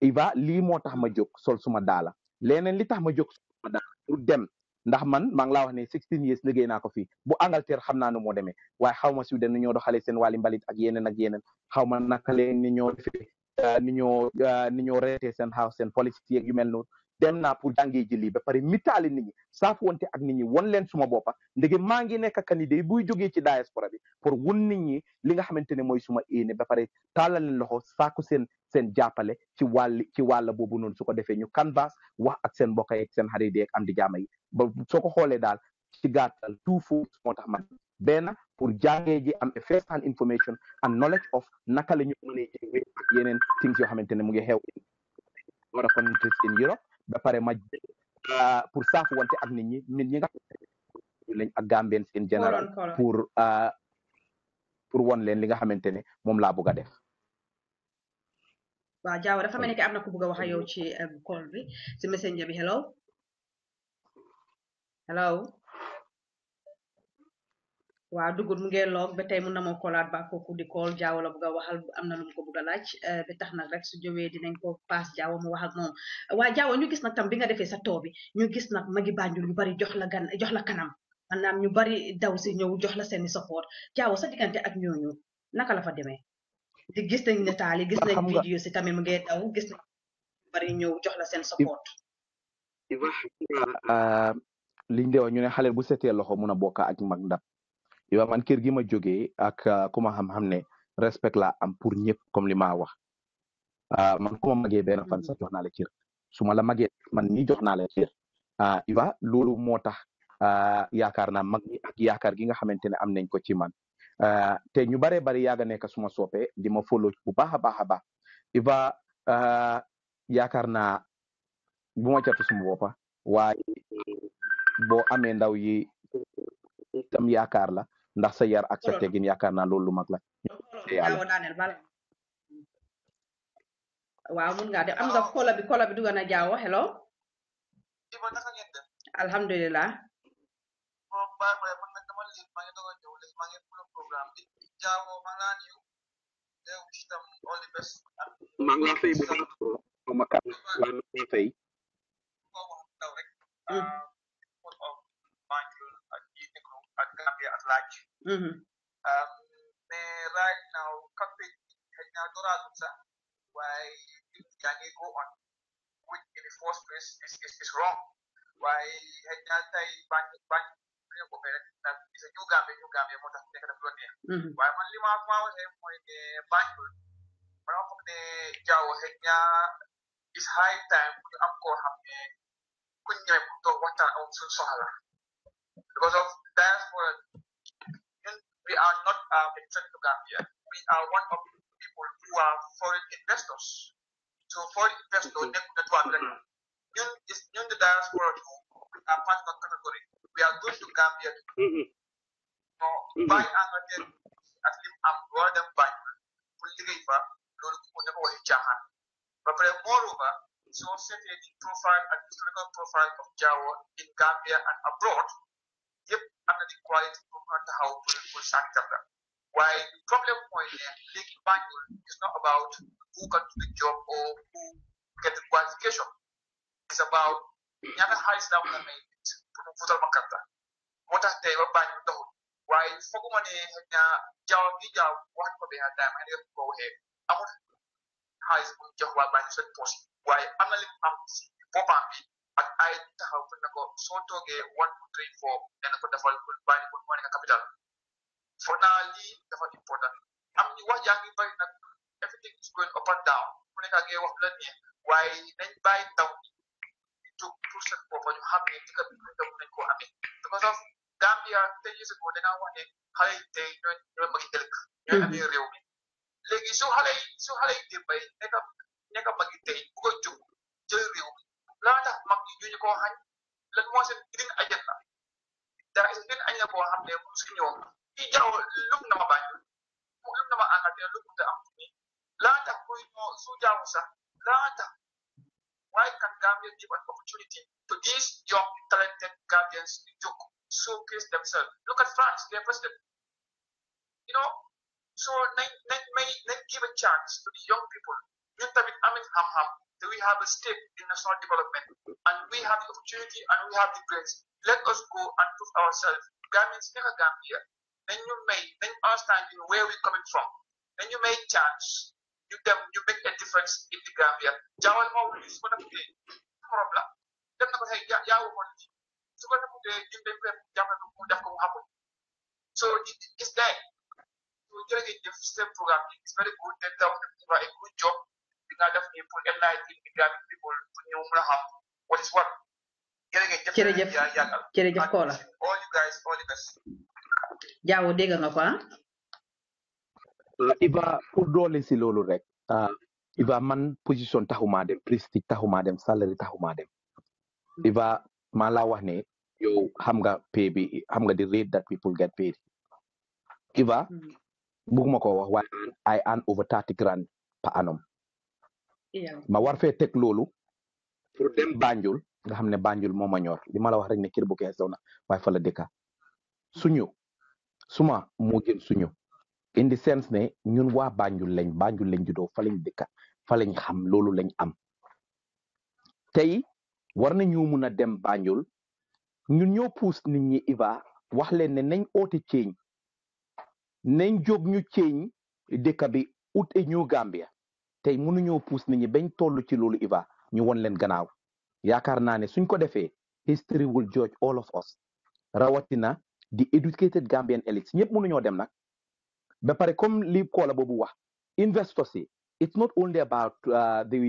Iva lii moo tax ma jóg sol suma daala leneen li tax ma jóg sol suma daala pour dem ndax man maa ngi laa wax ne 16 years liggéey naa ko fii bu Angleterre xam naa nu moo demee waaye xaw ma Sweden ñoo doxalee seen wàlli mbalit ak yeneen ak yeneen xaw ma naka leen ni ñoo defee Euh, ni ñoo euh, ni ñoo reetee seen xaaw seen politique yeeg yu mel noonu dem naa pour jàngee ji lii ba pare mitaali nit ñi saafu wante ak nit ñi won leen suma boppa ndege maa ngi nekk candidat yi buy jógee ci diaspora bi pour wun nit ñi li nga xamante ne mooy suma éene ba pare taalal leen loxo saako seen seen jàppale ci wàll ci wàll boobu noonu su ko defee ñu canvas wax ak seen mbokk yeeg seen xarit yeeg am di jaama yi ba soo ko xoolee daal ci gàttal tout foofu moo tax man benn pour jàngee ji am first hand information and knowledge of naka la yeneen things yoo xamante ne mu ngi xew in other countries in Europe ma ah, pour saafu wante ak nit ñi nit ñi nga lañ ak Gambians in general pour ah, pour won leen li nga xamante ne moom laa bëgg a def waaw Jawo dafa mel ni am ku bëgg a yow ci hello hello waaw dugut mu ngee loog ba tey mun na moo kolaat ba kooku di kool jaawo la a waxal am na lu ko bugg a laaj eh, ba tax nag rek su jowee dinañ ko paas jaawo mu wax moom waa jaawo ñu bi nga defee sa too bi ñu gis nag magi Banjul yu bari jox la gan jox la kanam maanaam ñu bari daw si ñëw jox la seeni support jaawo sa diggante ak ñooñu naka la fa demee di gis nañ nataal yi gis nañ vidéo si tamit mu ngee daw gis nañ bari ñëw jox la seen support ah, liñ de ñu ne xale bu setee loxo mun a bokka ak mag ndab yow man kër gi ma jógee ak ah, ku ma xam-xam ne respect laa am pour ñëpp comme li ma wax ah, man ku ma magee benn fan sax jox naa la cër su la magee man nii jox naa la cër tu ah, vois loolu moo tax yaakaar naa mag ñi ak yaakaar gi nga xamante ne am nañ ko ci man te ñu baree bari yaaga nekk suma soppe di ma follow bu baax a baax a baax tu vois yaakaar naa bu ma catu suma boppa amee ndaw yi tam yaakaar la ndax sa yar ak sa tegin yaakaar naa loolu lu mag la waaw mun nga def am nga kola bi kola bi dugg na jaaw hello alhamdulillah mang la Mm-hmm. Um, right now compete why can go on? Which in the first place is, is, is wrong. Why is a new game. new Gambia, what I to of Why only one found him when the Banjo, one of the mm-hmm. Jao Henya is high time to upcall him. Couldn't get to what I own Because of diaspora we are not uh, a to Gambia. We are one of the people who are foreign investors. So foreign investors, they could not During, this, during the diaspora, we are part of that category. We are going to Gambia to mm -hmm. so, mm -hmm. buy another at least I'm rather than buy. Kuliliva, Lulukunako But moreover, it's also a profile and historical profile of Jawa in Gambia and abroad yep, the quality program ta hau political sector why the problem point ne league manual is not about who got the job or who get the qualification it's about yana high na mun mai futar makaranta mota ta yi babban da hudu why fogu mane na jawo ni jawo wani ko bai hada mai ne ko he amun high school jawo ba ni sun why analim am si ak ay taxaw fu soo toogee one two na ko defal bul bàyyi bul capital foog naa lii dafa important am ñu wax jaa ngi bëri nag everything is going up and down mu nekk ak wax la nii waaye nañ bàyyi taw ñu jóg pour seen bopp ñu xam ne dëkk bi ñu dem nañ koo amee because of Gambia ten years ago wax ne xale tey ñooy ñooy magi ëllëg ñooy amee réew mi léegi su xale yi su xale yi tey bay magi tey bu ko jóg réew laa tax mag ñi duñu koo xañ lan moo seen din ajat na daa seen din añ na koo xam ne mu su ñëw ci jaw lum na ma bañ mu lum na ma àngal te lu mënta am ni laa tax kuy moo su jaawu sax laa tax why can Gambians give an opportunity to these young talented Gambians to showcase themselves look at France their president you know so may, may, may give a chance to the young people Yet with Amit Hamham, that we have a step in national development and we have the opportunity and we have the grace. Let us go and prove ourselves. Gambians never Gambia. Then you may then understand you know, where we're coming from. Then you may change. You them you make a difference in the Gambia. Jawal Mawlis, what a no Problem. Then Them not hey, yeah, yeah, one. So what a day, you make them Jawal happen. So it, it's there. So you're getting the same program. It's very good. They've done a good job. li nga def nii pour enlighten Gambian people pour nga ko ah. Euh, Iba doole si rek. Euh, Iba man position taxumaa dem prestige taxumaa dem salary taxumaa dem. Iba maa laa wax ne yow xam nga pay bi xam nga the rate that people get paid. Iba hmm. bëgguma ko wax waaye I earn over thirty grand per annum. ma war fe teg loolu pour dem Banjul nga xam ne Banjul moo ma ñor li ma la wax rek ne kër bu kees daw na waaye fa la suma moo gën suñu indi sens ne ñun waa Banjul lañ Banjul lañ juddoo fa lañ dëkka fa lañ xam loolu lañ am tey war nañu mun a dem Banjul ñun ñoo puus nit iva wax leen ne nañ oote ceeñ nañ jóg ñu ceeñ dëkka bi ut e ñu Gambia tey mënuñoo puus nit ñi bañ toll ci loolu Iba ñu won leen gannaaw yaakaar naa ne suñ ko defee history will judge all of us rawatina di educated Gambian elites ñëpp mënuñoo dem nag ba pare comme li koola boobu wax investors it's not only about uh, the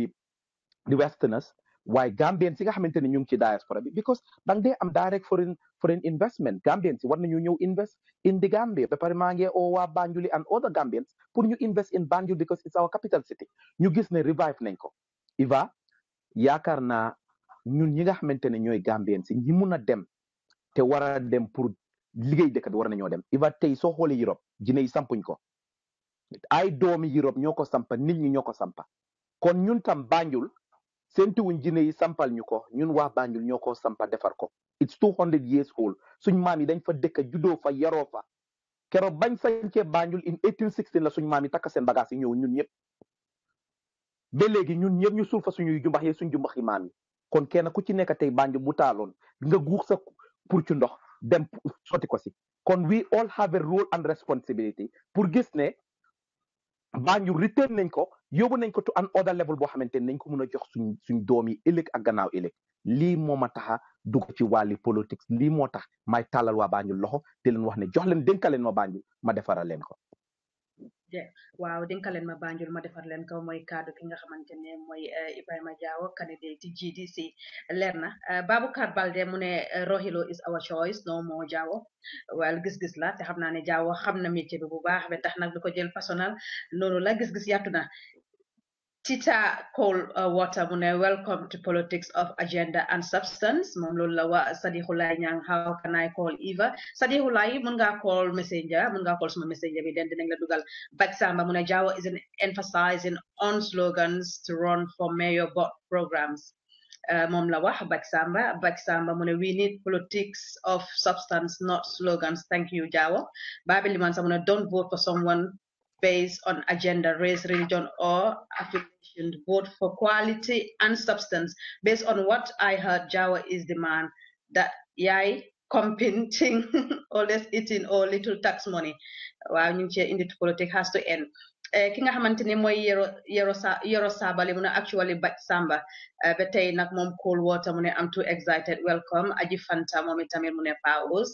the westerners waaye Gambien si nga xamante ni ñu ngi ci diaspora bi because dang dee am direct foreign foreign investment Gambien si war nañu ñëw invest in the Gambia ba pare maa pour ñu invest in Banjul because it's our capital city ñu gis ne revive nañ ko Iva yaakaar naa ñun ñi nga xamante ne ñooy Gambien si ñi mun a dem te war a dem pour liggéey dëkk bi war nañoo dem Iva tey soo xoolee Europe jiney sampuñ ko ay doomi Europe ñoo ko sampa nit ñi ñoo ko sampa kon ñun tam Banjul séentuwuñ jinne yi sampal ñu ko ñun waa Banjul ñoo ko sampa defar ko it's two hundred years old suñ maam yi dañ fa dëkk juddoo fa yaroo fa keroog bañ sañcee Banjul in 1816 la suñ maam yi takk seen bagage yi ñëw ñun ñëpp ba léegi ñun ñëpp ñu suufa suñu jumbax yi suñ jumbax yi maam yi kon kenn ku ci nekk tey Banjul bu taaloon nga guux sa pour ci ndox dem sotti ko si kon we all have a role and responsibility pour gis ne Banjul retain nañ ko yóbbu nañ ko to an other level boo xamante nañ ko jox suñ suñ ak gannaaw ci tax may loxo wax ne jox ma ko. waaw dénkaleen ma Banjul ma defar leen ko mooy kaddu ki nga xamante ne mooy eh, Ibrahima candidate GDC leer na eh, Baboucarr Balde mu ne eh, Rohilo is our choice non moo Jawo waaye gis-gis la te xam naa ne Jawo xam na métier bi bu baax ba tax nag du ko jël personnel noonu la gis-gis na Tita Coldwater uh, Mune, welcome to Politics of Agenda and Substance. Mom wa Sadihulai Nyang, how can I call Eva? Sadihulai, Munga call messenger, Munga call some messenger, we then Dugal. But Samba Mune Jawa is an emphasizing on slogans to run for mayor bot programs. Uh, Mom lawa, Bak Samba, Samba we need politics of substance, not slogans. Thank you, Jawa. Babylon Mune, don't vote for someone based on agenda, race, religion, or affiliation. Vote for quality and substance. Based on what I heard, Jawa is the man that yai competing, always eating or little tax money. While in the politics has to end. Eh, ki nga xamante ni mooy yero yero sa yero saabali mu ne actually baj samba eh, ba tey nag moom cool water mu ne am too excited welcome aji fanta moom itamit mu ne paos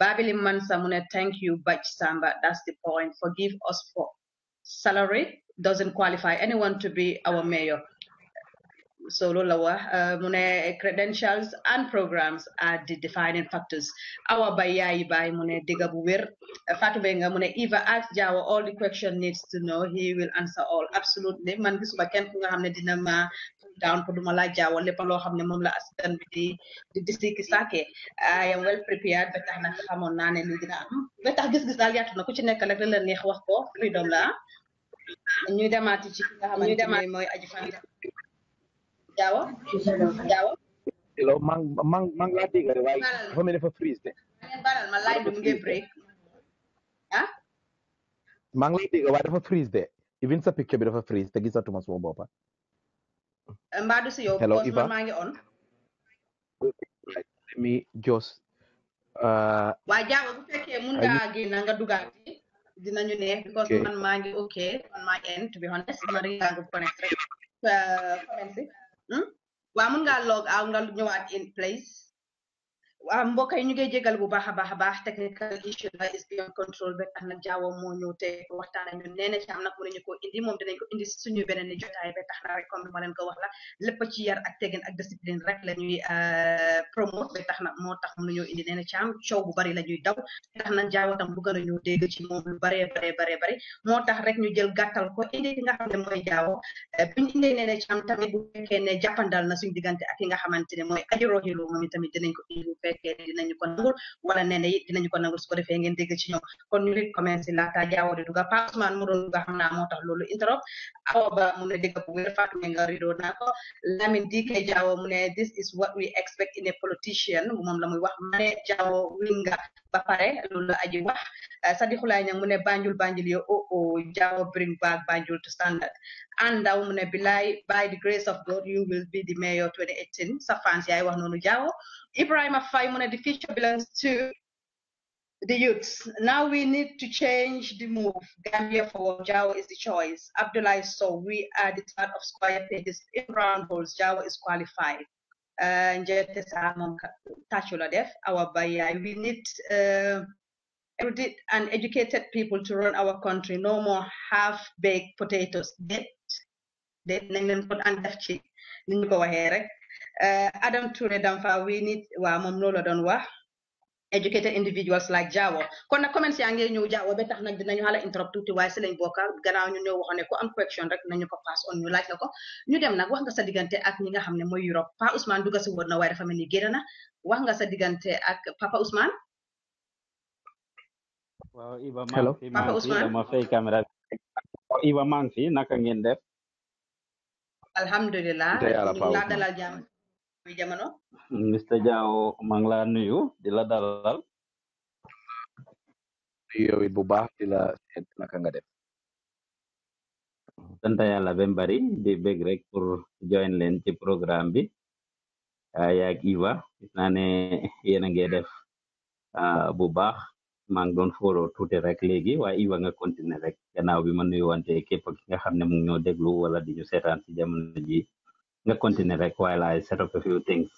babili mansa mu ne thank you baj samba that's the point forgive us for salary doesn't qualify anyone to be our mayor so loolu la wax eh, mu ne credentials and a are the defining factors awa bay yaayi baay mu ne dëgg bu wér eh, Fatou Benga mu ne Eva ask Jawo all the question needs to know he will answer all absolutely man gisuma kenn ku nga xam ne dina ma down pour duma laaj Jawo xam ne moom la askan bi di di disiki sake I am well na xamoon naa ne lii dina am na ku ci nekk rek la la neex wax ko freedom la ah. ñu demaati mooy aji Jawo Jawo lo mang, man man laati kadi wawi homi dafa freeze deh? baral ma laaj dum ngey break ah Mang lagi nggak ada, dafa freeze de even sa picture bi dafa freeze te gisatuma suma bopa mbaadu si yow hello iva on let me just uh waa jaawa bu fekkee mun ngaa génn nga dugaati dinañu because man maa okay. On my end to be honest ma ringa connect rek comment si Hmm? waa mun ngaa log out nga ñëwaat in place Ah, mbokk yi ñu ngi jégal bu baax a baax a baax technical issue la is beyond control ba tax nag jaawo moo ñëw te waxtaan ak na ci am nag ko indi moom dinañ ko indi suñu beneen ni jotaay ba tax ko wax la lépp ci yar ak tegin ak discipline rek la ñuy euh, tax na moo tax mënuñoo indi nee na bu bari la ñuy daw tax na jaawo tam bu gën a ñu dégg ci moom lu baree baree baree bari moo tax rek ñu jël gàttal ko indi ki nga xam ne mooy jaawo euh, buñ indee nee na ci am tamit bu fekkee ne na suñu diggante ak yi nga xamante ne mooy aji roxilu moom ko fekkee di dinañu ko nangul wala nee na it dinañu ko nangul su ko defee ngeen dégg ci ñoom kon ñu ngi commencé laata lulu duga Pa mu doon duga xam naa tax loolu interop awa ba mu ne dégg bu wér Fatou Menga rido naa Lamine Dike mu ne this is what we expect in a politician moom la muy wax ma Jawo winga ba eh, lulu loolu aji wax eh, Sadikulaay Ñang mu ne Banjul Banjul yo ya. o oh, o oh, Jawo bring back Banjul to standard and mune mu ne by the grace of God you will be the mayor 2018 sa fans yaay wax noonu Jawo Ibrahim Afai the future belongs to the youths. Now we need to change the move. Gambia for Jawa is the choice. Abdullah so we are the third of square pages in round holes. Jawa is qualified. Njete Samon Def, our We need uh, and educated people to run our country. No more half baked potatoes. Dead. Dead. Go ahead. Eh, Adam Touré Danfa wi nit waa moom loolu la doon wa educated individuals like Jawo kon nag comments yaa ngi ñëw Jawo ba tax nag dinañu xala interrupt tuuti waaye si lañ bokka gannaaw ñu ñëw waxoon ne ku am question rek nañu ko pass on ñu laaj la wax nga sa diggante ak ñi nga xam ne mooy Europe Pa Ousmane dugga si woon na ni génn na wax nga sa diggante ak Papa Ousmane. waaw Iba maa fi Papa Ousmane dama fay caméra bi Iba maa fi naka ngeen def. alhamdulilah. tey dalal jàmm koy jamono mr jaw mang la nuyu dalal yow iya, ah, bu baax dila la seet naka nga def sant yàlla bari di beg rek pour join len ci programme bi yaag ak iwa naa yena yéen def bu baax mang don follow tuuti rek léegi wa iwa nga continuer rek gannaaw bi man nuyu wante képp ki nga xam mo ñoo déglu wala di ñu sétane ci jamono ji New continue like while I set up a few things.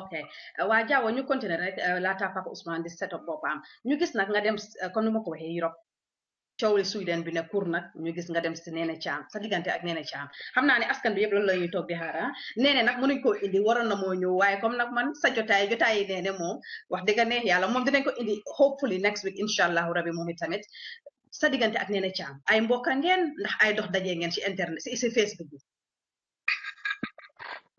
ok uh, waa Jawo ñu continuer rek uh, laataa Papa Ousmane di set up boppam um, ñu gis nag nga dem comme uh, ni ko waxee Europe coow Sweden bi ne kur nag ñu gis nga dem si Neneh Cham sa diggante ak Neneh Cham xam naa askan bi yëpp loolu la ñuy toog di xaar ah Neneh nag mënuñ koo indi waroon na mo ñëw waaye comme nag man sa jotaay jotaay nene Neneh moom wax dëgg neex yàlla moom dinañ ko indi hopefully next week inshallah allahu rabi moom tamit sa diggante ak Neneh Cham ay mbokka ngeen ndax ay dox dajee ngeen si internet si si Facebook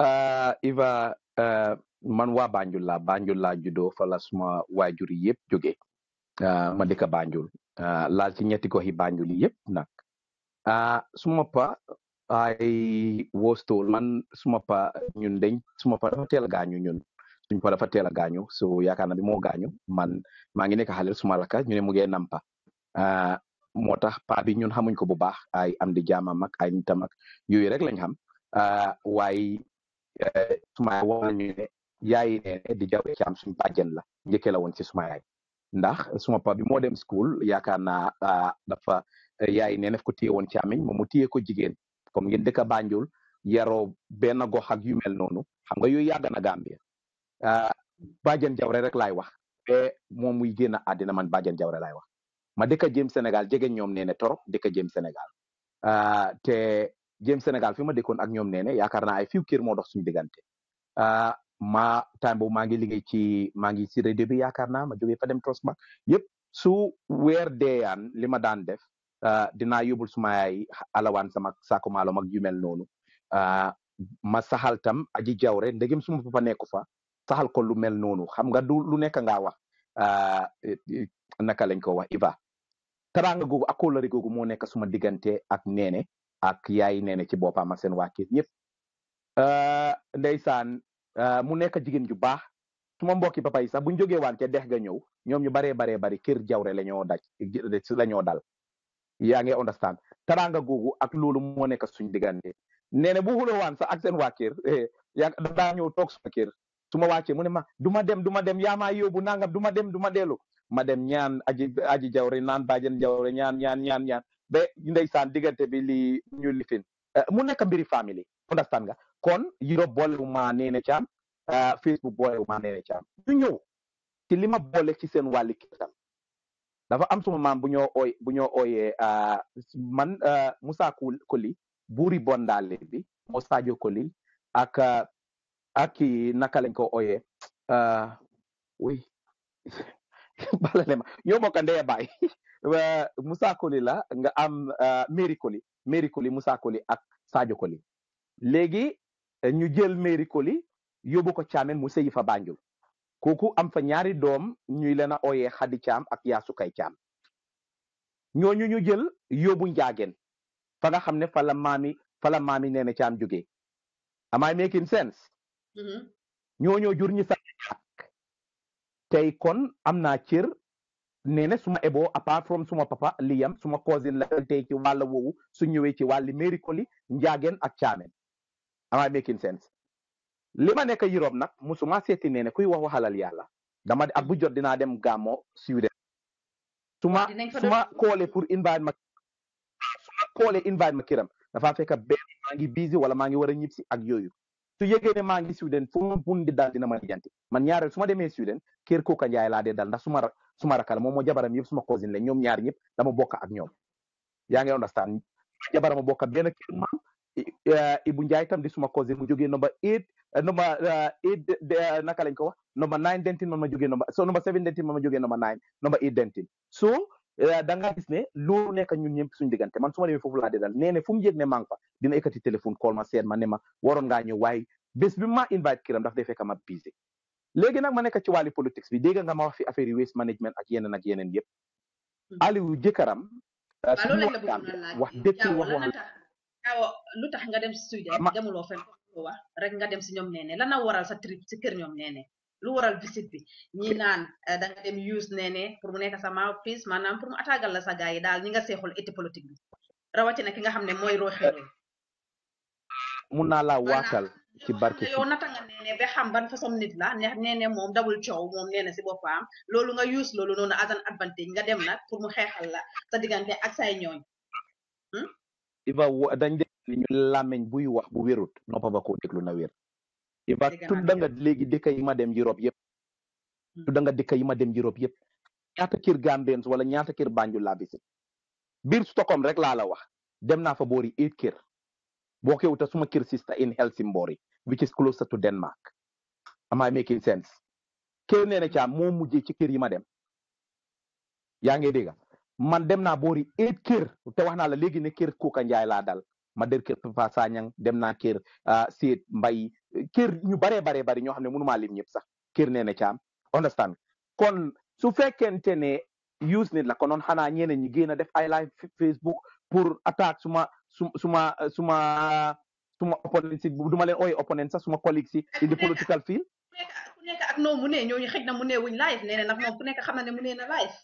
Eh, iva uh, eh, man wa Banjul la Banjul la judo fa la suma waajur yëpp jógee uh, ma nak. Banjul uh, eh, laal ci ñetti hi Banjul nak uh, suma pa ay man suma pa ñun dañ suma pa dafa teel a gaañu ñun suñ pa dafa so yaakaar na bi mo gañu man ma ngi nekk xale suma rakka ñu ne mu ngee nampa uh, motax pa bi ñun xamuñ ko bu baax ay am di jaamam mak ay nitam ak yoy rek lañ xam waye suma woon ñu ne yaayi ne di jawe ci am suñu bàjjen la njëkkee la woon ci suma yaay ndax suma pa bi moo dem school yaakaar naa ah, dafa yaay ne daf ko téye woon ci amiñ moom mu téye ko jigéen comme ngeen dëkk Banjul yaroo benn gox ak yu mel noonu xam nga yooyu yàgg na Gambia ah, bàjjen jawre rek laay wax te moom muy génn àddina man bàjjen jawre lay wax ma dëkk jëm Sénégal jege ñoom nee ne torop dëkk jëm Sénégal ah, te Game Sénégal fi ma dëkkoon ak ñoom nee ne yaakaar naa ay fiw kër moo dox suñu diggante ah, ma time boobu maa ngi liggéey ci maa ngi si rajo bi yaakaar naa ma jógee fa dem Trosba yëpp su weer deeyaan li ma daan def ah, dinaa yóbbul suma yaay alawaan sama saako maalom ak yu mel noonu ah, ma saxal tam aji jawre ndegem suma papa nekku fa saxal ko lu mel noonu xam nga du lu nekk ngaa wax naka lañ ko wax Iba taraanga googu ak kóllare googu moo nekk suma diggante ak neene ak yaay nene ci bopam ak seen yep euh yëpp euh mu nek jigen ju bax suma mbokki papa Isa buñ joge wan ci dex ga ñew ñom ñu bare bare bare kër jawre la daj ci ñoo dal ya nga understand taranga gugu, ak lolu mo nek suñ digande nene bu xuloo wan sa ak sen wakir eh, ya yaa daa ñëw toog kër suma wacce mu ne ma duma dem duma dem ya ma yobu nangam duma dem duma delu ma dem ñaan aji aji jawre nan bajen jawre ñaan ñaan ñaan ñaan ba ndeysaan diggante bi li ñu lifin eh, mu nekk mbiri family understand nga kon Europe boolewu ma Neneh Cham eh, Facebook boolewu ma Neneh Cham ñu ñëw ci li boole ci seen wàlli dafa am suma maam bu ñoo ooy bu ñoo ooyee eh, man Moussa Koli buuri bondaale bi moo Sadio Koli naka lañ ko ooyee oui balale ma yow ka ndeye baay Moussa la nga am euh, Mary Koli Mary Koli Moussa Koli ak Sadio Koli léegi euh, ñu jël Mary Koli yóbbu ko caamen mu sëyi fa Banjul kooku am fa ñaari doom ñuy leen a ooyee Xadi Caam ak Yaasukay Caam ñooñu ñu jël yóbbu njaageen fa nga xam ne fa la maami fa la maami nee na caam jógee sense mm-hmm. ñooñoo jur ñi sax tey kon am naa cër nee na suma eboo apart from suma papa liyam suma cousin la tey ci wàlla woowu su ñëwee ci wàlli méricoli njaageen ak caameen am I making sense li ma nekk Europe nag musuma seeti nee na kuy wax waxalal yàlla dama at bu jot dinaa dem gàmmo Suède suma suma koole pour invite ma suma koole invite ma kiram dafa fekk benn maa ngi busy wala maa ngi war a ñibsi ak yooyu su yëgee ne maa ngi Sweden fu mu bundi dal dina ma lijanti man ñaareel su ma demee Sweden kër kooka njaay laa dee dal ndax su ma su ma rakal moom moo jabaram yëpp suma cousin la ñoom ñaar ñëpp dama bokk ak ñoom yaa ngi understand jabarama bokk benn kër maam uh, Ibu Njaay tam di suma cousin mu jógee number eight uh, number uh, eight naka ko wax number nine dentin man ma jógee number so number seven dentin man ma jógee number nine number eight dentin so Euh, da nga gis ne loolu nekk ñun ñëpp suñu diggante man su ma demee foofu laa dee daal nee ne fu mu yëg ne maa ngi fa dina ekkati téléphone call ma seet ma ne ma waroon ngaa ñëw waaye bés bi ma invite kiram daf dee fekk a busy léegi nag ma nekk ci wàllu politique bi dégg nga ma wax fi affaire yi waste management ak yeneen ak yeneen yëpp hmm. Aliou jëkkëram euh, suñu waxtaan wax dëkk wax wax lu tax nga dem studio demuloo fenn rek nga dem si ñoom neene lan la waral sa trip si kër ñoom neene lu waral visite bi ñi naan eh, da nga dem use nene pour mu nekk sa mouthpiece maanaam pour mu atta la sa gars yi daal ñi nga seexul été politique bi rawatina ki nga xam ne mooy rooxeeroy mun naa laa waatal ci barke yow nata nga nene ba xam ban façon nit la ne nene moom dabul coow moom nee na si boppam loolu nga use loolu noonu as an advantage nga dem na pour mu xeexal la sa diggante ak say ñooñ hmm? iva dañ de ñu làmmiñ buy wax bu wérut noppa ba koo déglu na wér ba tudda nga léegi dëkk yi ma dem Europe yëpp hmm. tudda nga dëkk yi ma dem Europe yëpp ñaata kër Gambians wala ñaata kër Banjul laa bisit biir Stockholm rek laa la wax dem naa fa boori eight kër boo ko wuta suma kër sister in Helsingborg which is closer to Denmark am I making sense kër nee na caa hmm. moo mujjee ci kër yi ma dem yaa ngi dégg man dem naa boori eight kër te wax naa la léegi ne kër Kuka Njaay laa dal ma der kër Papa Sagnang dem naa kër ah, Seet Mbay kër ñu baree baree bari ñoo xam ne mënumaa lim ñëpp sax kër nee na caam understand kon su fekkente ne use nit la konoon xanaa ñeneen ñi génn def ay live Facebook pour attaque suma su suma suma suma opponent si du ma leen ooye opponent sax suma collègue si in the political field ku nekk ak noo mu ne ñooñu na mu ne live nee na nag ku nekk xam na na live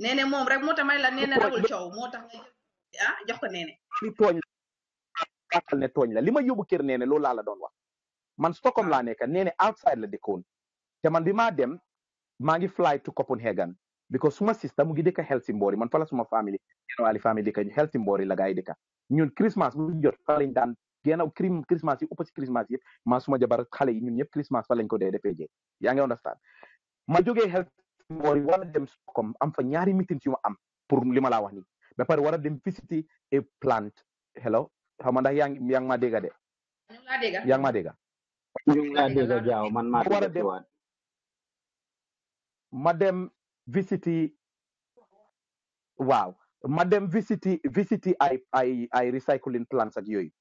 nee na rek moo tax may la nee na ah, jox fàttal ne tooñ la li ma yóbbu kër nee ne loolu laa la doon wax man Stockholm ah. laa nekk nee ne outside la dëkkoon te man bi maa dem maa ngi fly to Copenhagen because suma sista mu ngi dëkka Helsingborg man fa suma famille génwaali yi dëkka ñun Christmas bu jot fa daan génnaw Christmas yi ëpp si Christmas yëpp maa suma jabar xale yi ñun ñëpp Christmas fa ko dee defee jee yaa ngi understand ma jógee Helsingborg wala dem Stockholm am fa ñaari meeting yu ma am pour li laa a a xawma ndax yang ngi yaa ngi maa dégg de Yang ngi maa dégg ñu ngi laa dégg man maa war dem ma dem visiti wow ma dem visiti visiti ay ay ay recycling plants ak yooyu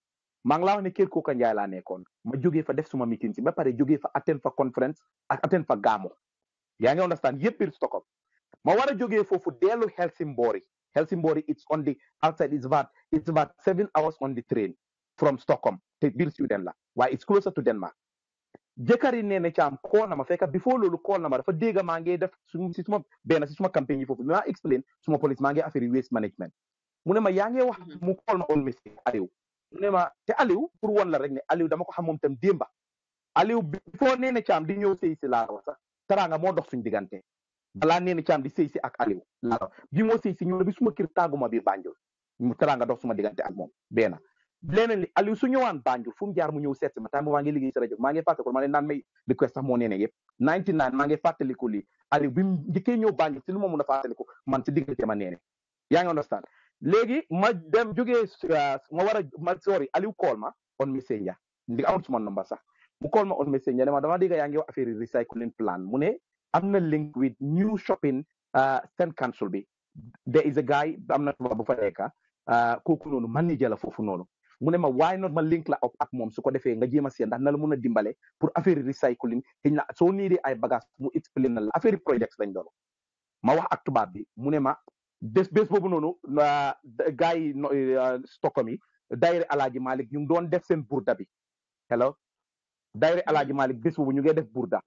maa ngi laa wax ne kër kooka njaay laa nekkoon ma jógee fa def suma meeting si ba pare jógee fa attend fa conference ak attend fa gamo. Yang ngi understand yëpp stock up. ma war a jógee delu dellu Helsingborg Helsingborg, it's only outside, it's about, it's about seven hours on the train from Stockholm to Bilsudenla. Why? It's closer to Denmark. jëkkari nee na caam call na ma before loolu call na ma dafa dégg def su si suma benn si suma campagne explain suma police maa ngi waste management mu ma yaa ngi wax mm-hmm. mu call ma on ma te Aliou pour la rek ne Aliou dama ko xam moom before nee na caam di ñëw sëy si laa wax sax teraanga moo balaa nee na caam di sëy si ak Aliou hmm. laa bi moo sëy si ñëw na bi suma kër tàgguma biir Banjul mu teraanga dox suma diggante ak moom benn leneen li Aliou su ñëwaan Banjul fu mu jaar mu ñëw seet ma temps maa ngi liggéey si rajo maa ngi fàttaliku maa ngi naan may request sax moo nee ne yëpp 99 maa bi mu njëkkee ñëw Banjul si ma mun a fàttaliku man si diggante ma nee ne yaa ngi understand léegi ma dem jógee euh, ma war a ma sori Aliou call ma on messenger ndi amul suma number sax mu ma on messenger ne ma dama dégg yaa ngi wax affaire recycling plan mu ne am na link with new shopping uh, seen council bi there is a guy am na tubaab bu fa nekka uh, kooku noonu manager la foofu noonu mu ne ma why not ma link la ak moom su ko defee nga jéem a seet ndax na la mun a dimbale pour affaire recycling xëy na soo niiree ay bagage mu expliqué na la affaire projects lañ doon ma wax ak tubaab bi mu ne ma bés bés boobu noonu uh, gars yi Stockholm yi daayira Alaaji Malik ñu ngi doon def seen burda bi hello daayira Alaaji Malik bés boobu ñu ngi def burda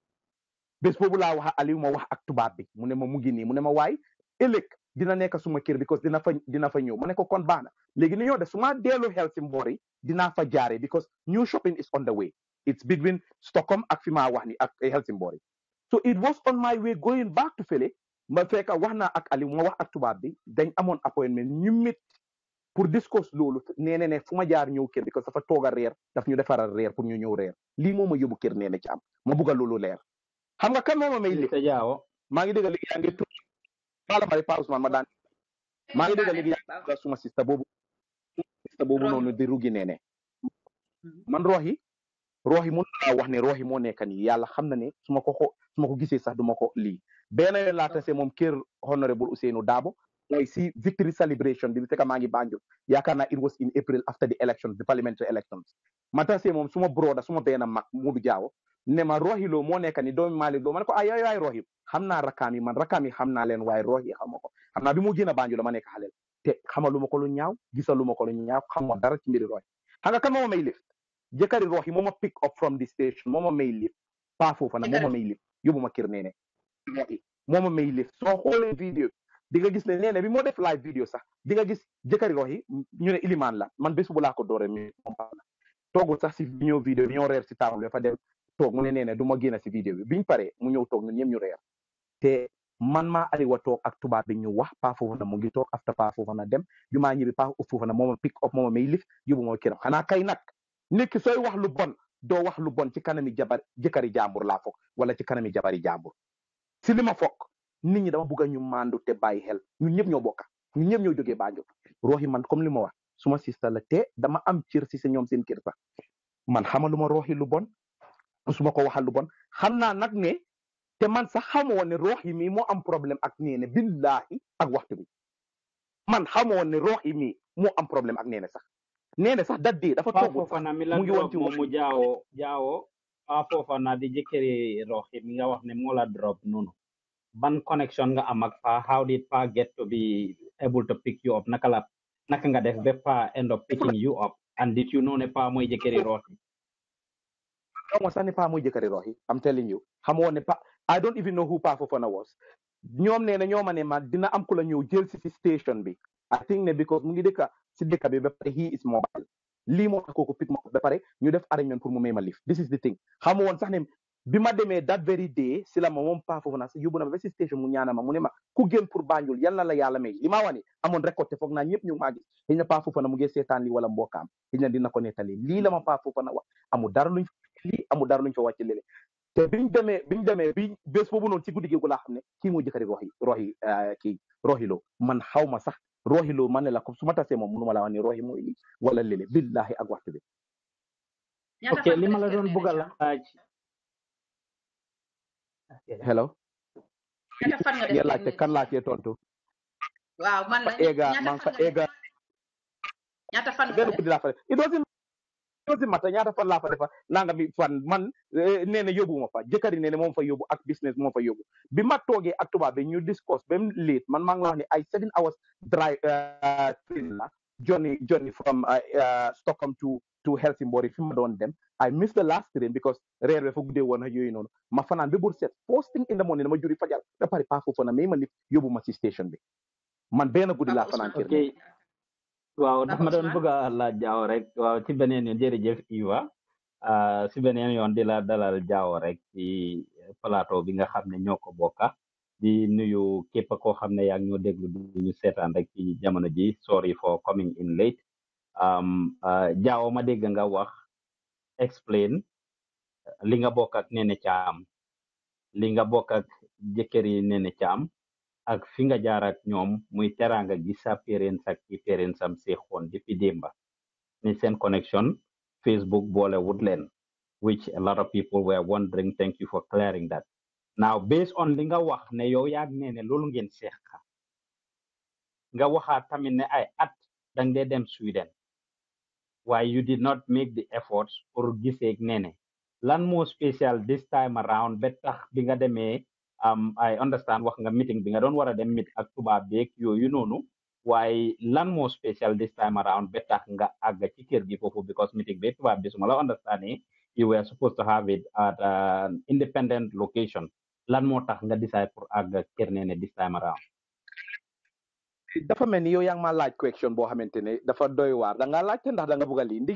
bés boobu laa wax Aliou ma wax ak tubaab bi mu ne ma mu ngi nii mu ne ma waay ëllëg dina nekk suma kër because dina fa dina fa ñëw ma ne ko kon baax na léegi ni ñoo def su ma dellu xel si mboor yi dinaa fa jaare because new shopping is on the way it's between Stockholm ak fi maa wax ni ak Helsingborg so it was on my way going back to fële ma fekk wax naa ak Aliou ma wax ak tubaab bi dañ amoon appointment ñu mit pour discourse loolu nee ne fu ma jaar ñëw kër because dafa toog a reer daf ñu defara reer pour ñu ñëw reer lii moo ma yóbbu kër nee ci am ma bugg loolu leer xam nga kan moo deh may léegi maa ngi dégg léegi yaa ngi hari Pala Mari Pa Ousmane ma daan maa ngi dégg léegi yaa ngi suma sista boobu mm-hmm. man rohi, rohi mun naa wax ne roxi moo nekk nii yàlla xam na ne su ma ko xoo su ma ko gisee sax du ma ko lii benn yoon laa Dabo si victory celebration bi li fekk maa ngi Banjul it was in April after the election, the parliamentary elections ma tase mom suma broda suma benn mak Modou Diawo ne ma rohi loo moo nekk ni doomi Malick loo ma ne ko ah, ay waay rohi xam naa rakkaam yi man rakkaam yi xam naa leen waaye rohi xama ko xam naa bi mu génn Banjul ma nekk xaleel te xamaluma ko lu ñaaw gisaluma ko lu ñaaw xamuma dara ci mbiri rohi xam nga moo ma may lift jëkkëri rohi moo ma pick up from the station moo ma may lift paa foofa na moo ma may lift yóbbu ma kër neene rohi moo ma may lift soo xoolee vidéo di nga gis ne neene bi moo def live vidéo sax di nga gis jëkkëri rohi ñu ne ilimaan la man bés bu laa ko doore mi moom la si ñëw vidéo bi ñoo reer si table dafa dem toog mu ne nee na du ma génn si vidéo bi biñ pare mu ñëw toog ñun ñëpp ñu reer te man ma aliwa toog ak tubaab bi ñu wax Pa Fofana mu ngi toog after Pa Fofana dem ju maa ñibbi Pa Fofana mooma pick up mooma may lif yóbbu moo kiram xanaa kay nag nekk sooy wax lu bon doo wax lu bon ci kanami jabar jëkkari jàmbur laa foog wala ci kanami jabari jàmbur si li ma foog nit ñi dama bugg ñu mandu te bàyyi xel ñun ñëpp ñoo bokka ñun ñëpp ñoo jógee Banjul rooxi man comme li ma wax suma sis la te dama am cër si sa ñoom seen kër sax man xamaluma rooxi lu bon musuma ko waxal lu bon teman naa nag ne te man sax xamoo ne yi am problème ak nee ne billahi ak waxtu bi man xamoo ne roox yi mii am problème ak nee ne sax nee ne sax daddee dafa toog mu ngi woon ci mu jaawo jaawo a foofa na di jëkkëri roox yi mi nga wax ne la drop nono. ban connection nga am ak fa how did pa get to be able to pick you up Nakalap, la naka nga def pa end up picking you up and did you know ne pa mooy jëkkëri roox yi xamoon sax Pa mooy jëkkëri Rohi am telling you xamoon Pa I don't even know who Pa Fofana was ñoom nee na ñooma ne ma dina am ku ñëw jël si station bi I think ne because mu ngi dëkka si dëkka bi ba he is mobile lii moo tax kooku pick ma ba pare ñu def arrangement pour mu may ma lift this is the thing xamoon sax ne bi ma that very day sila la ma moom Pa Fofana si yóbbu na ma ba si station mu ñaana ma mu ne ma ku gën pour Banjul yal la yàlla may li maa wane amoon récolté foog naa ñëpp ñu maa gis xëy na Pa Fofana mu ngi seetaan li wala mbokkaam xëy na dina ko nettali lii la ma Pa Fofana wax amul dara luñ lii amul dara luñ fa wàcc léeg te biñ demee biñ demee bi bés boobu noonu ci guddi gi laa xam ne kii moo jëkkëri roxi roxi euh, kii roxiloo man xaw ma sax roxiloo man ne la comme su ma tasee moom mënu ma laa wax ne roxi mooy wala léeg billahi ak waxtu bi. ok li ma la doon bëgg a hello. ya laajte kan laa cee tontu. waaw heures du matin ñaata fan laa fa defa nangami fan man eh, nee na yóbbuwuma fa jëkkëri nee moom fa yóbbu ak business moom fa yóbbu bi ma tooge ak tubaab bi ñu discuss ba mu late man maa ngi wax ne ay seven hours drive eh, la journey journey from eh, Stockholm to to Helsingborg fi ma doon dem I missed the last train because reer bi fa guddee woon a yooyu noonu ma fanaan ba bur set first thing in the morning dama juri fajal da pare pas foofu na mais ma nit yóbbu ma ci station bi man benn guddi laa ah, fanaan waaw dama doon bëgg a laaj rek waaw ci beneen yoon jërëjëf Iwa ah, si beneen yoon di la dalal jaaw rek ci plateau bi nga xam ne ñoo ko bokka di nuyu képp koo xam ne yaa ngi ñoo déglu ñu seetaan rek ci jamono ji sorry for coming in late um, ah, ma dégg nga wax explain li nga bokk Caam li nga bokk ak jëkkër yi Nene Caam ak fi nga jaar ak ñoom muy teraanga gi sa parents ak i parents am seexoon depuis démba ni seen connection facebook boole wut leen which a lot of people were wondering thank you for clearing that now based on li nga wax ne yow yaag nee ne loolu ngeen seexa nga waxaat tamit ne ay at dang dee dem Sweden why you did not make the efforts pour giseeg nee ne lan moo spécial this time around ba tax bi nga demee am I understand wax nga meeting bi nga doon war a dem meet ak tubaab beeg yooyu noonu waaye lan moo spécial this time around ba tax nga àgg ci kër gi foofu because meeting bi tubaab bi su ma la understandee you were lan moo tax nga decide pour àgg kër nee ne this time around. dafa mel ni yow yaa ngi ma laaj question boo xamante ne dafa doy waar da nga laajte ndax da nga bëgg a lii ndi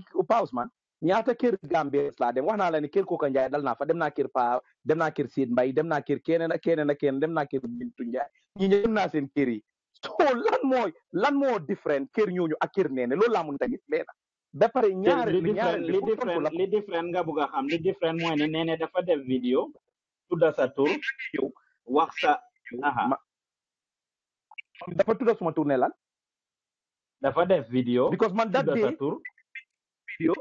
Nyata kir gambie la dem waxna naa la ne kër kooka njaay dal naa fa dem na kir pa dem na kir sid mbay dem na kir keneen ak keneen ak keneen dem na kir bintu njaay ñi dem seen kir yi so lan moy lan mo different Kir ñooñu ak nene. neene lool la mu ta gis leena ba pare ñaar li different li different li different nga bu a xam li different moy ni neene dafa def video tudda sa tur wax sa aha dafa tudda suma dafa def video because man dafa day video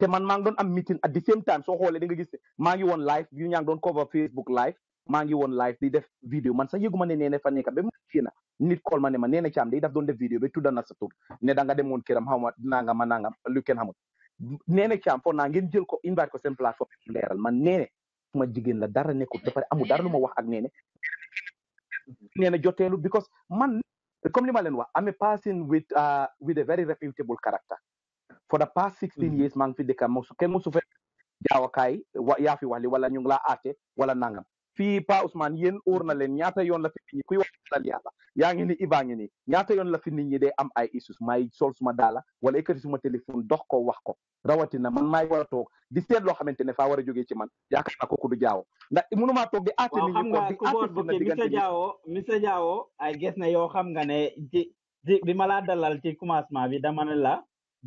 te man maa ngi doon am meeting at the same time So xoolee da nga gis ne ngi woon live yu ñaa doon cover Facebook live maa ngi woon live di def vidéo man sax yëguma ne nee fa nekk na nit ma ne ma na day daf doon def vidéo sa ne da nga lu na ngeen jël ko invite ko man la dara dara wax ak na because man comme li ma leen wax passing with uh, with a very reputable character for the past sixteen mm-hmm. years maa fi dëkka mosu mosu fee jaawakaay wa yaa fi wax li wala ñu ngi laa aate wala nangam fii Pa Ousmane yéen óor na leen ñaata yoon la fi nit ñi kuy wax alal yàlla ngi ni ibaa ngi la fi nit ñi day am ay issues maay sol suma daala wala ekkati suma téléphone dox ko wax ko rawatina man maay war a toog di seet loo xamante ne faa war a jógee ci man yaakaar naa kooku du jaawo ndax mënumaa toog di aate nit ñi jaawo monsieur jaawo ay gis na xam nga ne ci bi ma laa dalal ci commencement bi dama ne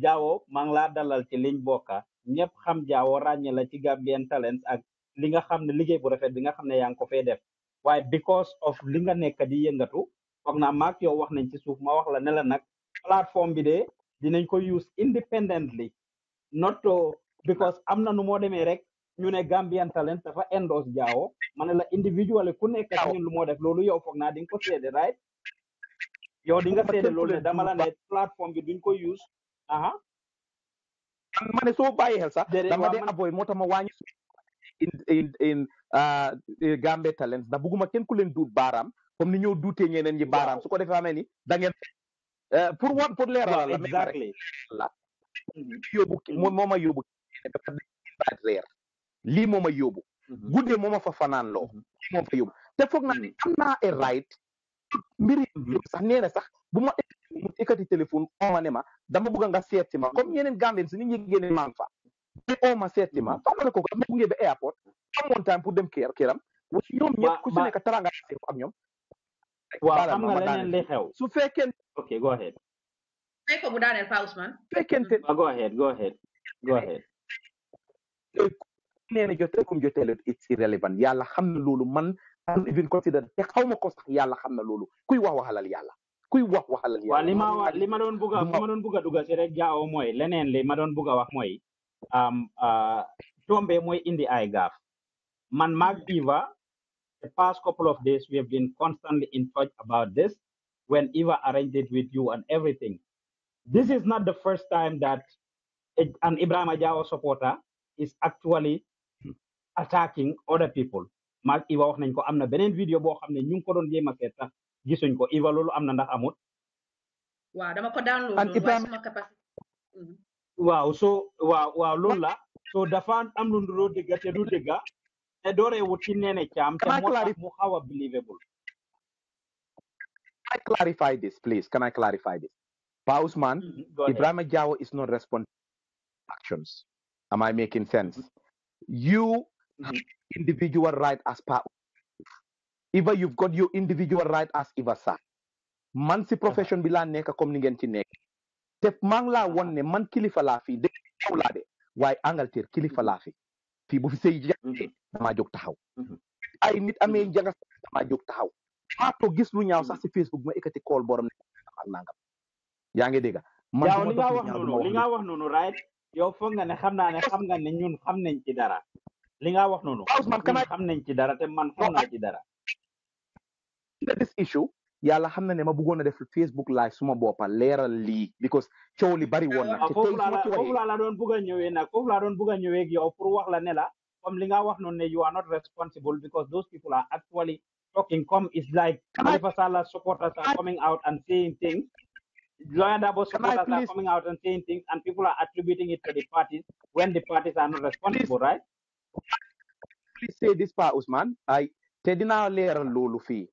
jawo mang la dalal ci liñ bokka ñepp xam jawo ragne la ci Gambian Talents ak li nga xam ne liggéey bu rafet bi nga xam ne ko fay def waye because of li nga nek di yëngatu foog naa maak yow wax nañ ci suuf ma wax la ne la nak platform bi de dinañ ko use independently not to because amna nu mo rek ñu ne Gambian Talents dafa endorse jawo ma la individual ku nek ci ñun lu mo def lolu yow di ko sédé right yo di nga sédé lolu dama la né platform bi duñ ko use aha ma ne soo bàyyi xel sax dama dee avoid moo tax ma wàññi in in in ah, Gambian Talents ndax bugguma kenn ku leen duut baaraam comme ni ñoo duutee ñeneen ñi baaraam su ko defee amee ni da ngeen eh, pour wan pour leeral la exactly la mm-hmm. yóbbu lii moo ma yóbbu mm-hmm. guddee moo ma fa fanaan loo mm-hmm. lii moo ma fa te foog naa am naa a right mbiri sax nee sax bu ma mu ekkati téléphone oo ma ne ma dama bëgg nga seeti ma mm-hmm. comme yeneen Gambien si ni ñu yëgee ne maa fa te ma seeti ma fa ma ko dama gunge ba airport amoon time pour dem kër këram ñoom ñëpp ku si nekk taranga ñoom waaw xam nga leneen li xew su fekkente ok go ahead may ko bu daaneel go ahead go ahead go ahead nee jotee comme jotee la it's irrelevant yàlla xam na loolu man I even consider te xaw ma ko sax yàlla xam na loolu kuy wax waxalal yàlla kuy wax waxal ak yow. waaw wa li ma doon bugg a li ma doon bugg a dugg si rek jaaw mooy leneen li ma doon bugg a wax mooy um, uh, tombe mooy indi ay gaaf man maag Eva the past couple of days we have been constantly in touch about this when Eva arranged it with you and everything. This is not the first time that an Ibrahim Ajawa supporter is actually attacking other people. Mark Eva wax nañ ko am na video boo xam ne ñu ko doon jéem a gisuñ ko Iva loolu am ndax amut. waaw dama ko download waaye suma capacité. Mm-hmm. waaw so waaw waaw loolu la so dafa am lu nduroo dëgga te du dëgga te dooree wut ci Nene Caam te moo tax mu xaw believable. I clarify this, please? Can I clarify this? Pausman, mm-hmm. Ibrahim Jawo is not responsible for actions. Am I making sense? Mm-hmm. You mm -hmm. individual right as part Eva you've got your individual right as Eva Sarr man si profession bi laa nekk comme ni ngeen ci nekk te maa ngi laa won ne man kilifa laa fi dégg yow laa de waaye Angleterre kilifa laa fi bu fi sëy jàngee mhm. damaa jóg taxaw mhm. ay a amee mhm. janga taxaw maa gis lu ñaaw sax si Facebook ma ekkati kool borom ne ak nangam yaa ngi dégg man li nga wax noonu li wax noonu right yow foog nga ne xam naa ne xam nga ne ñun xam nañ ci dara li nga wax noonu xam nañ ci dara man xam naa ci na this issue yàlla xam na ne ma bëggoon na def Facebook live suma boppa leeral lii because coow li bari woon na. Ah, te tey la doon bëgg a ñëwee nag la laa doon bëgg a ñëwee ak yow pour wax la ne la comme li nga wax noonu ne you are not responsible because those people are actually talking come is like Halifa Sallah supporters are coming out and saying things Lawyer Dabo supporters are coming out and saying things and people are attributing it to the parties when the parties are not responsible right please say this part Ousmane I te dinaa leeral loolu fii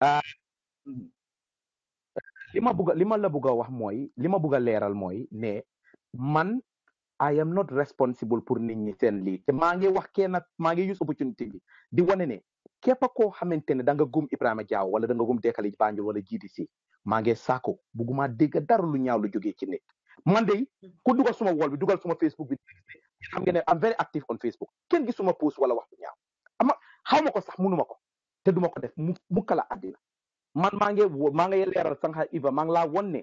ah mhm. ma bugg li ma la bugg a wax mooy li ma bugg a leeral mooy ne man I am not responsible pour nit ñi seen lii te maa ngi wax kenn nag maa ngi use opportunity bi di wane ne képp koo xamante ne da nga gum Ibrahima Jaw wala da nga gum Dekali Banjul wala si maa nge saako bugguma dégg dara lu ñaaw lu jógee ci ne man de ku dugal suma wol bi dugal suma Facebook bi xam ngeen ne am very active on Facebook gi suma post wala wax lu ñaaw ama xaw ma ko sax mënuma ko. te duma ko def mu mukk la man maa ngi maa ngi leeral sànq Iba maa ngi laa won ne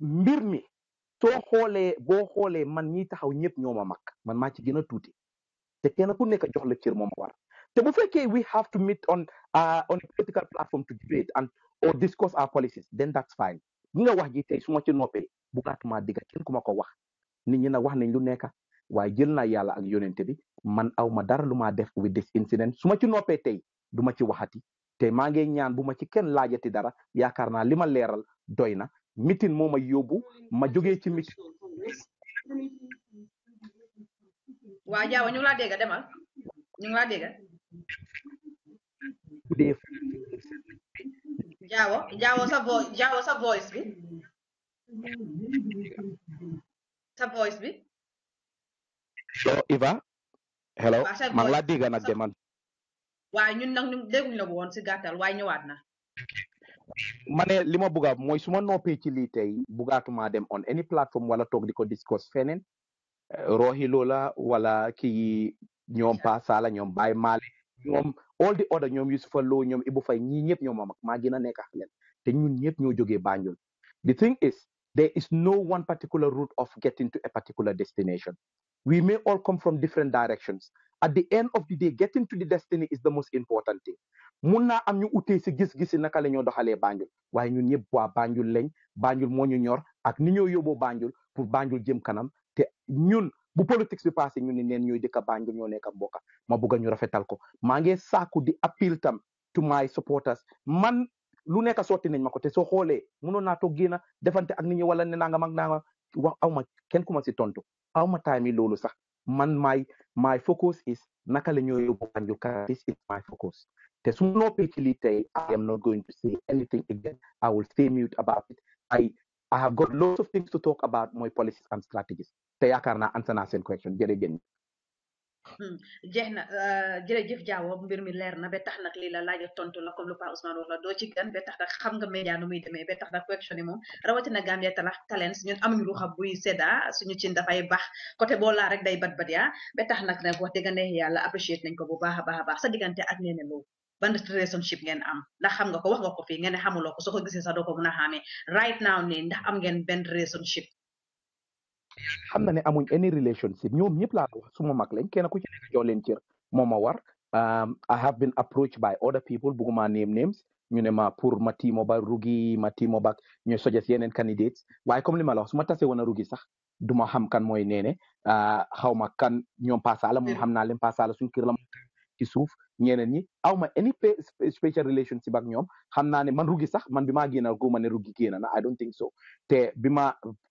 mbir mi soo xoolee boo xoolee man ñi taxaw ñëpp ñoo ma mag man maa ci gën a tuuti te kenn ku nekk jox la cër moom war te bu fekkee we have to meet uh, on a political platform to debate and or discuss our policies then that's fine li nga wax ji tey su ma ci noppee bugaatuma digga kenn ku ko wax ni ñi nag wax nañ lu nekk waaye jël naa yàlla ak yonente bi man aw ma dara lu maa def with this incident ma ci noppee tey du ma ci waxati te maa ngi ñaan bu ma ci kenn laajati dara yaakaar naa li ma leeral doy na mitin moo ma yóbbu ma jógee ci mit waa jaawa ñu ngi laa dégg demal ñu ngi laa sa voice bi Iva hello maa ngi laa waaye ñun nag ñu dégguñ la ko woon si gàttal waaye ñëwaat na. ma ne li ma bugg a ci lii tey bugaatuma dem on any platform wala toog di discuss fenen eh, Rohi Lola wala kii ñoom Pa Sala ñoom Baye Male ñoom all the other ñoom Yusufa Lo ñoom Ibu Fay ñii ñëpp ñoom mag maa gën a nekk xale te ñun ñëpp ñoo jógee Banjul the thing is there is no one particular route of getting to a particular destination we may all come from different directions at the end of the day getting to the destiny is the most important thing Muna naa am ñu utee si gis-gisi naka la ñoo doxalee Banjul waaye ñun ñëpp waa Banjul lañ Banjul moo ñu ñor ak ni ñoo yóbboo Banjul pour Banjul jëm kanam te ñun bu politics bi passé ñu ne neen ñooy dëkk Banjul ñoo nekk mbokka ma bëgg ñu rafetal ko maa ngi sàkku di appeal tam to my supporters man lu nekk sotti nañ ma ko te soo xoolee mënoon naa toog génn defante ak nit ñi wala ne nangam ak nangam wax aw ma kenn ku ma si tontu aw ma taami loolu sax man my my focus is naka la ñoo this is my focus te su ma I am not going to say anything again I will stay mute about it I I have got lots of things to talk about my policies and strategies te yaakaar naa answer naa seen question again. Hmm. jeex na euh, jërëjëf Diawo mbir mi leer na ba tax nag lii la laajal tontu la comme lu Pa Ousmane wax la doo ci gan tax xam nga média nu muy demee be tax nag question moom rawatina Gambia talax talents ñun amuñu lu xam buy sedda suñu cin dafay baax côté boo laa rek day bat bat yaa ba tax nag nag wax dëgg neex yàlla apprécié nañ ko bu baax a baax a baax sa diggante ak nee na loolu ban relationship ngeen am ndax xam nga ko wax nga ko fii ngeen ne xamuloo ko soo ko gisee sax doo ko mën a right now nii ndax am ngeen benn relationship xam na ne amuñ any relationship ñoom ñëpp laa wax suma mag lañ kenn ku ci nekk leen cër moma war um, I have been approached by other people buguma name names ñu ne ma pour ma tiimo ba rugi ma tiimo ba ñu suggest yeneen candidates waaye comme li ma la wax su ma tase rugi sax duma xam kan mooy neene uh, xaw ma kan ñoom pasala moom xam naa leen pasala suñ kër la ci suuf ñeneen ñi aw any special relationship ak ñoom xam naa ne man rugi sax man bi maa génn guma ne rugi génn na I don't think so te bima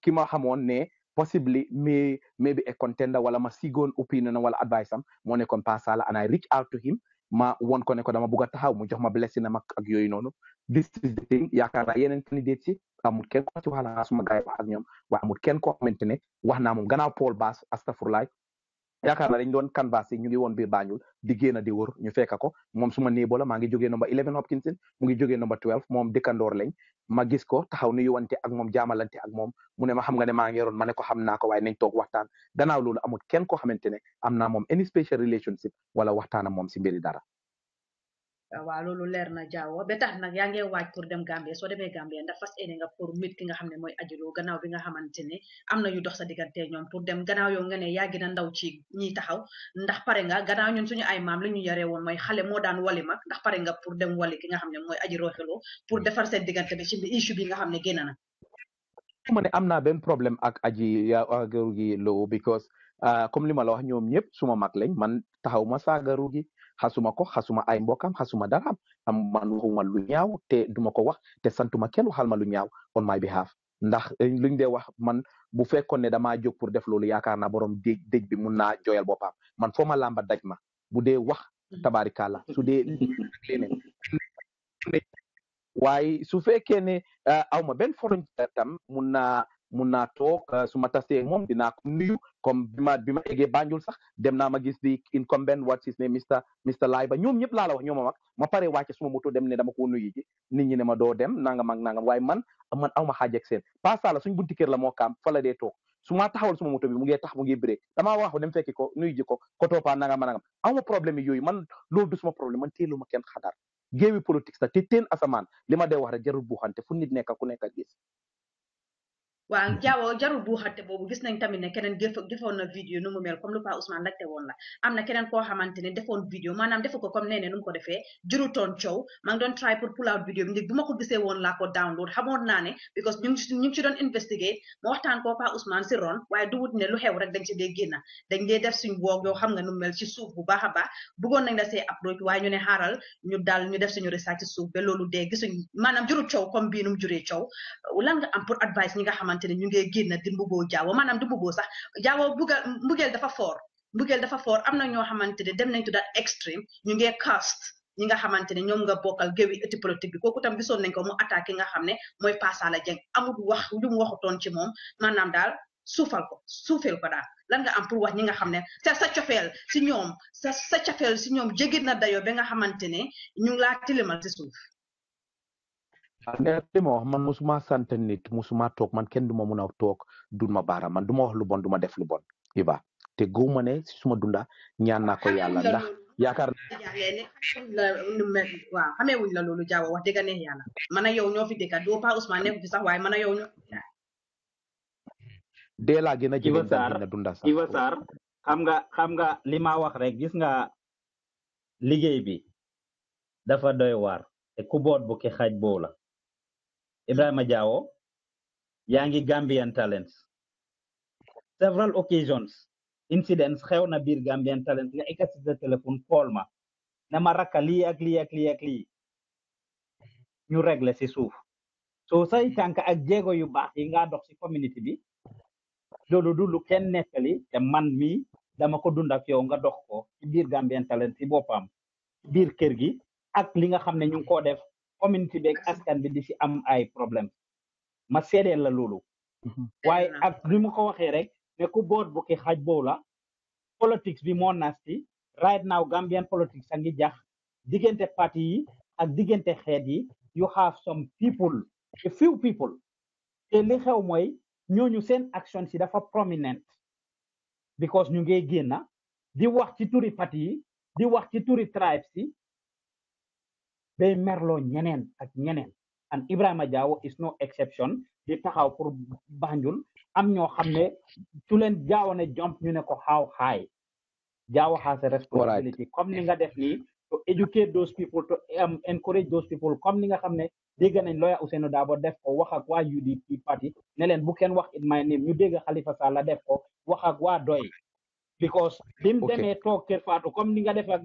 kima ki ma ne possibly may, maybe e contender wala ma sigoon opinion wala advice am moo nekkoon Pa Sallah and I reach out to him ma won ko ne ko dama bëgg a taxaw mu jox ma blessing am ak yooyu noonu this is the thing yaakaar naa yeneen candidate yi amul kenn ko ci wax naa suma gaay ak ñoom waaye amul kenn koo xamante ne wax naa moom gannaaw Paul Bass astafurlaay yaakaar na dañ doon canvas yi ñu ngi woon biir bañul di génn di wër ñu fekk ko moom suma néebo la maa ngi jógee number eleven Hopkinson mu ngi jógee number twelve moom dëkkandoor lañ ma gis ko taxaw nuyuwante ak moom jaamalante ak moom mu ne ma xam nga ne maa ngi yoroon ma ne ko xam naa ko waaye nañ toog waxtaan gannaaw loolu amul kenn koo xamante ne am naa moom any special relationship wala waxtaan ak moom si mbiri dara wa loolu leer na jawo ba tax nag yaa pour dem Gambie so demee Gambie Nda fas ene nga pour mit ki nga xamné moy adjulo gannaaw bi nga xamantene amna dox sa diggante ñom pour dem gannaaw yo nga né yaa gën a ndaw ci ñi taxaw ndax paré nga gannaaw ñun suñu ay maam lañu yaré won moy xalé mo daan wali mak ndax paré nga pour dem wali ki nga xamné moy mooy xelo pour defar sa diggante bi ci issue bi nga xamné ne na ma ne am naa problème ak gi loo because ah, comme li ma la wax ñom ñëpp suma mak lañ man taxaw ma sagaru gi xasuma ko xasuma ay mbokam xasuma daraam am man waxuma lu ñaaw te duma ko wax te santuma kenn waxal ma lu ñaaw on my behalf ndax eh, luñ de wax man bu fekkoon ne damaa jóg pour def loolu yaakaar na borom déj déj bi mun naa jooyal boppam man foo ma làmba daj ma bu dee wax mm-hmm. tabarikàlla su dee leneen waaye su fekkee ne eh, aw ma benn tam mun naa mun naa toog euh, su ma tasee moom dinaa ko nuyu comme bi ma bi ma eggee Banjul sax dem na ma gis di incumbent what's his name Mr Mr Laiba ñoom ñëpp laa la wax ñoom a mag ma pare wàcce suma moto dem ne dama ko nuyu ñi ne ma doo dem nangam ak nangam waaye man man a ma xaaj ak seen pasala suñ bunti kër la moo kaam fa la dee ma taxawal suma moto bi mu ngi tax mu ngi béré damaa waxu dem fekki ko nuyu ji ko ko toppaa ma problème yooyu man loolu du suma problème man teelu ma kenn xadar géewi politique sax te teen asamaan li ma dee wax rek jarul buuxante fu nit nekk ku nekk gis waaw mm-hmm. jaawoo jarul buuxante boobu gis tamit ne keneen defoon na vidéo nu mel comme lu Pa Ousmane laajte woon la am na keneen ko comme nee ne nu vidéo bi ndig ko gisee woon laa ko download xamoon naa ne because ñu ci doon investigate ma waxtaan koo Pa Ousmane si ron waaye wut ne lu xew rek dañ ci dee génna dañ dee def suñ xam nga nu mel ci suuf bu baax a baax bëggoon nañ la see approche waaye ne xaaral ñu daal ñu def suñu research ci suuf ba loolu dee xamante ne ñu ngee génn di mbugoo jaawoo maanaam di mbugoo sax jaawoo bugal mbugeel foor mbugeel dafa foor am na ñoo xamante ne dem nañ to that extreme ñu ngee cast ñi nga xamante ne ñoom nga bokkal géwi ëtti politique bi kooku tam gisoon nañ ko mu attaqué nga xam ne mooy Pasala Jeng amul wax lu mu waxutoon ci moom maanaam daal suufal ko suufeel ko daal lan nga am pour wax ñi nga xam ne sa sa cofeel si ñoom sa sa cofeel si ñoom jégit na dayo ba nga xamante ne ñu ngi laa si suuf ane ma wax man musuma sante nit musuma tok man kenn duma mun tok dun ma bara man duma wax lu bon duma def lu bon iba te gëw ne si suma dunda ñaan naa ko yàlla ndax na wa xame wuñ la lolu jaaw wax dëgg neex yàlla man yow fi do pas Ousmane fi sax way man yow ñoo dee laa gën na dunda sax iba sar xam nga xam nga li ma wax rek gis nga liggey bi dafa doy war te ku bot bu ki xaj bo la Ibrahim Jao, yangi Gambian Talents several occasions incidents xew na bir Gambian Talents nga ekkati sa telephone call ma na maraka rakka lii ak lii ak lii ak lii ñu régler si suuf so say tànk ak jéego yu yi nga dox si community bi loolu du lu kenn nettali te man mi dama ko dund ak yow nga dox ko ci bir Gambian Talents ci bopam bir kër gi ak li nga xamne ñu ko def community bi ak askan bi di si am ay problème ma seedeel la loolu mhm. waaye ak ni mu ko waxee rek ne ku boot bu ki xaj boobu la politics bi moo nasti right now Gambian politics a ngi jax diggante parti yi ak diggante xeet yi you have some people a few people te li xew mooy ñooñu seen action si dafa prominent because ñu ngey génna di wax ci turi parti yi di wax ci turi tribes yi bay merloo ñeneen ak ñeneen and Ibrahima Jawo is no exception di taxaw pour Banjul am ñoo xam ne su leen Jawo ne jump ñu ne ko how high Jawo has a responsibility comme ni nga def nii to educate those people to um, encourage those people comme ni nga xam ne dégg nañ looya Ousseynou Dabo def ko wax ak waa UDP party ne leen bu kenn wax it my name ñu dégg Halifa Sallah def ko wax ak waa doy because bi mu demee toog kër Fatou comme ni nga def ak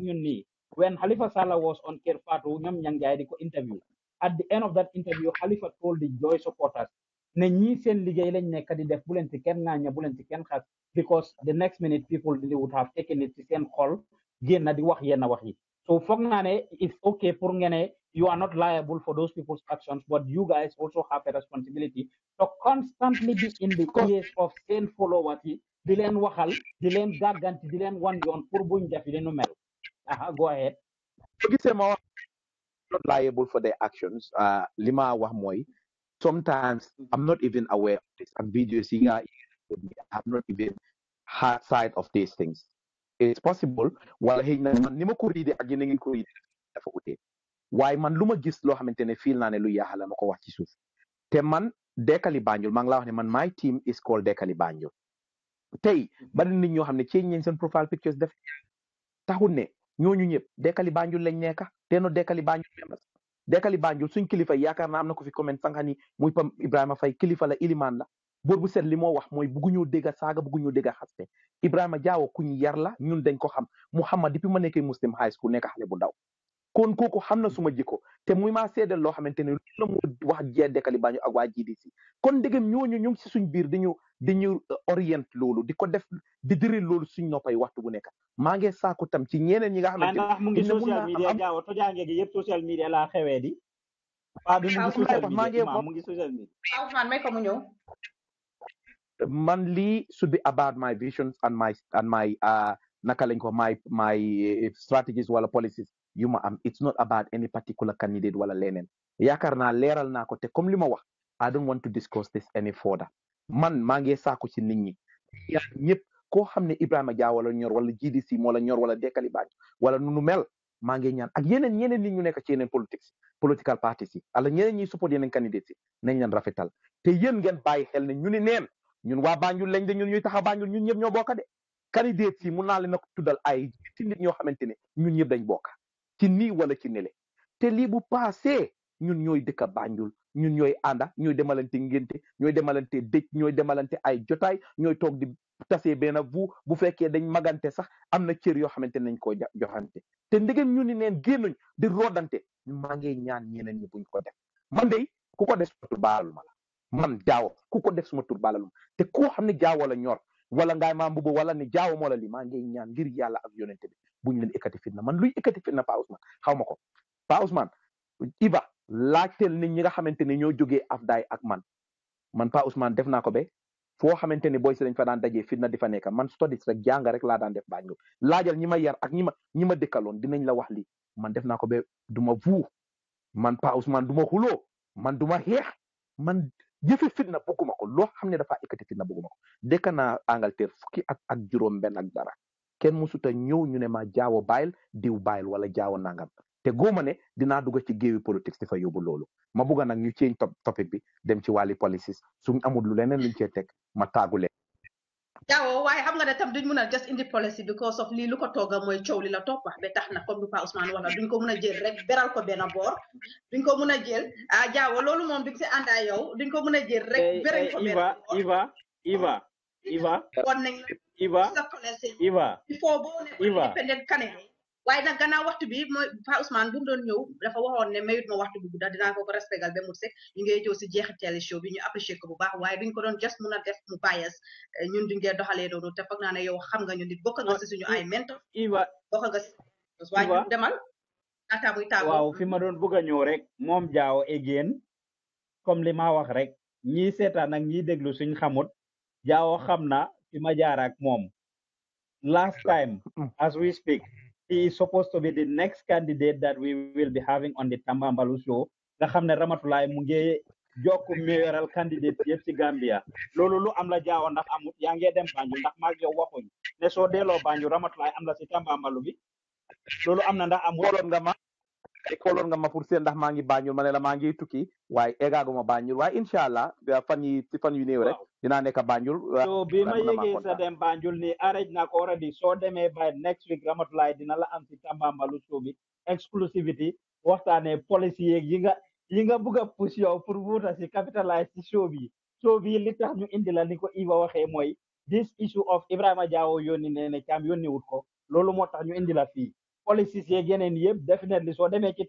when Khalifa Salah was on Kerfatu, ñoom ñang jaay di interview. At the end of that interview, Khalifa told the Joy supporters, ne ñii seen liggéey lañ nekk di def bu leen ci kenn ŋaaña bu leen ci kenn xas because the next minute people they would have taken it ci seen xol génn di wax yenn wax yi so foog naa ne it's okay pour ngeen ne you are not liable for those people's actions but you guys also have a responsibility to constantly be in the ears of seen followers yi di leen waxal di leen gàgganti di leen wan yoon pour buñ def li nu mel uh-huh, go ahead. not liable for their actions uh, li ma wax sometimes I'm not even aware of this videos I'm not even hard side of these things it's possible wala xëy na man ni ma ko riide ak yéen a ngeen ko riide man lu gis loo xamante ne fiil naa ne lu yaaxala ma ko wax ci te man Dekali Banjul maa ngi ne man my team is called Dekali Banjul tey bari nit ñoo change nañ seen profile pictures def ne ñooñu ñëpp dekkali Banjul lañ nekka teno dekkali Banjul members dekkali Banjul suñ kilifa yi yaakaar naa am na ko fi comment sànqani muy Pam Ibrahima Faye kilifa la ilimaan la bor bu set li moo wax mooy bugguñoo dégga saaga bugguñoo dégga xaste Ibrahima Jaawo ku ñu yar la ñun dañ ko xam Muhammad depuis ma nekkee muslim high school nekk xale bu daw kon koku xamna suma jiko? te muy ma sédel lo xamanteni lu mu wax kali bañu ak waa GDC kon ndegem ñoñu ñu ci si suñ biir diñu euh, orient oriente loolu di def di diril lolu suñu nopay waxtu bu nekk maa ngi saaku tam ci ñeneen yi nga xamanteni ne mu ngi social media jaaw to jaange gi yépp social media la xewé di waa du ngi social media mu ngi social media Ousmane may ko mu ñew man li should be about my visions and my and my uh, naka lañ ko my my eh, strategies wala policies yu ma am it's not about any particular candidate wala leneen yaakaar naa leeral naa ko te comme li ma wax I don't want to discuss this any further man maa ngi saako ci nit ñi yaa ñëpp koo xam ne Ibrahima Jawo la ñor wala GDC moo la ñor wala Dekali Badji wala nu mel maa ngi ñaan ak yeneen yeneen nit ñu nekk ci yeneen politics political parties yi ala ñeneen ñi support yeneen candidates yi nañ leen rafetal te yéen ngeen bàyyi xel ne ñu ni neen ñun wa Banjul lañ de ñun ñuy taxa Banjul ñun ñëpp ñoo bokk de candidates mun naa leen a tuddal ay nit ñoo xamante ne ñun ñëpp dañ bokk ci nii wala ci nele te lii bu paasee ñun ñooy dëkk Banjul ñun ñooy ànda ñooy demalante ngénte ñooy demalante dëj ñooy demalante ay jotaay ñooy toog di tasee benn bu bu fekkee dañ magante sax am na cër yoo xamante nañ koo joxante te ndegem ñun ni neen génnuñ di roodante maa ngi ñaan ñeneen ñi buñ ko def man de ku ko def suma ma la man jaawo ku ko def suma tur baalal ma te koo xam ne jaawo la ñor wala ngaay maa mbubu wala ne jaawo moo la maa ngi ñaan ngir yàlla ak yonente bi buñ leen ikkati fitna man luy ikkati fitna pa Ousmane xawma ko pa Ousmane Iba laajteel nit ñi nga xamanteni ñoo afday ak man man pa Ousmane def naa ko be foo xamanteni boy serigne fa daan dajé fitna difa man studies rek jàng rek laa daan def bañu laajal ñi yar ak ñi ma ñi ma dëkkaloon dinañ la wax li man def naa ko be duma vu, man pa Ousmane duma xuloo man duma xeex man jëfe fitna bëgguma ko loo xam ne dafa ikkati fitna bëgguma ko dekk naa Angleterre fukki at ak juróom benn ak dara kenn musuta ñëw ñu ne ma jaawo bàyyil diw bàyyil wala jaawo nangam te góoma ne dinaa dugg ci géewi politique di fa yóbbu loolu ma bugg nag ñu change topic bi dem ci wàlli policies suñ amul lu leneen luñ cee teg ma taagu leen jaawo waaye xam nga ne tam duñ mun a just indi policy because of lii lu mooy coow li la toppa ba tax na comme du Pa Ousmane wala duñ ko mun a jël a ah, jaawo loolu moom bi si àndaa yow duñ ko mun a jël rek eh, eh, Iva Iva Iva Iva Iva Iva waaye nag ganaa waxtu bi mooy Pa Ousmane bu doon ñëw dafa waxoon ne mayut ma waxtu bu gudda dinaa ko ko respectal ba mu sek ñu ngi jow si jeex show bi ñu apprécier ko bu baax waaye duñ ko doon just mun a def mu bias ñun duñ koy doxalee noonu te foog yow xam nga ñu nit bokk nga si suñu ay mentor Iva bokk nga si waaye ñu demal ata waaw fi ma doon bëgg a ñëw rek moom jaaw again comme li ma wax rek ñii seetaan ak ñii déglu suñ xamut Jaawo xam na fi last time mm-hmm. as we speak he is supposed to be the next candidate that we will be having on the Tambambalu show nga xam ne Ramatulaay mu ngi jokk mayoral candidate yëpp ci Gambia loolu lu am la jaawo ndax amut yaa ngi dem Banjul ndax maag yow waxuñ ne soo delloo Banjul Ramatulaay am la ci Tambambalu bi loolu am na ndax amut xooloon nga ma xooloon nga ma pour seen ndax maa ngi Banjul ma ne la maa ngi tukki waaye egaaguma Banjul waaye incha allah fan yi ci fan yu néew rek inane ka banjul uh, so bi ma yégee sa dem banjul ni arej na ko already soo by next week lay dina la am ci tambambalu show bi exclusivity waxtane policy yeeg yi nga yi nga bëgg push yow pour si capitalize ci show bi show bi li tax ñu indi la ni ko Iva this issue of Ibrahima Jawo yoni ne ne yoni yoni wut ko lolu moo tax ñu indi la fi policy yeeg yeneen yeb definitely soo demee ci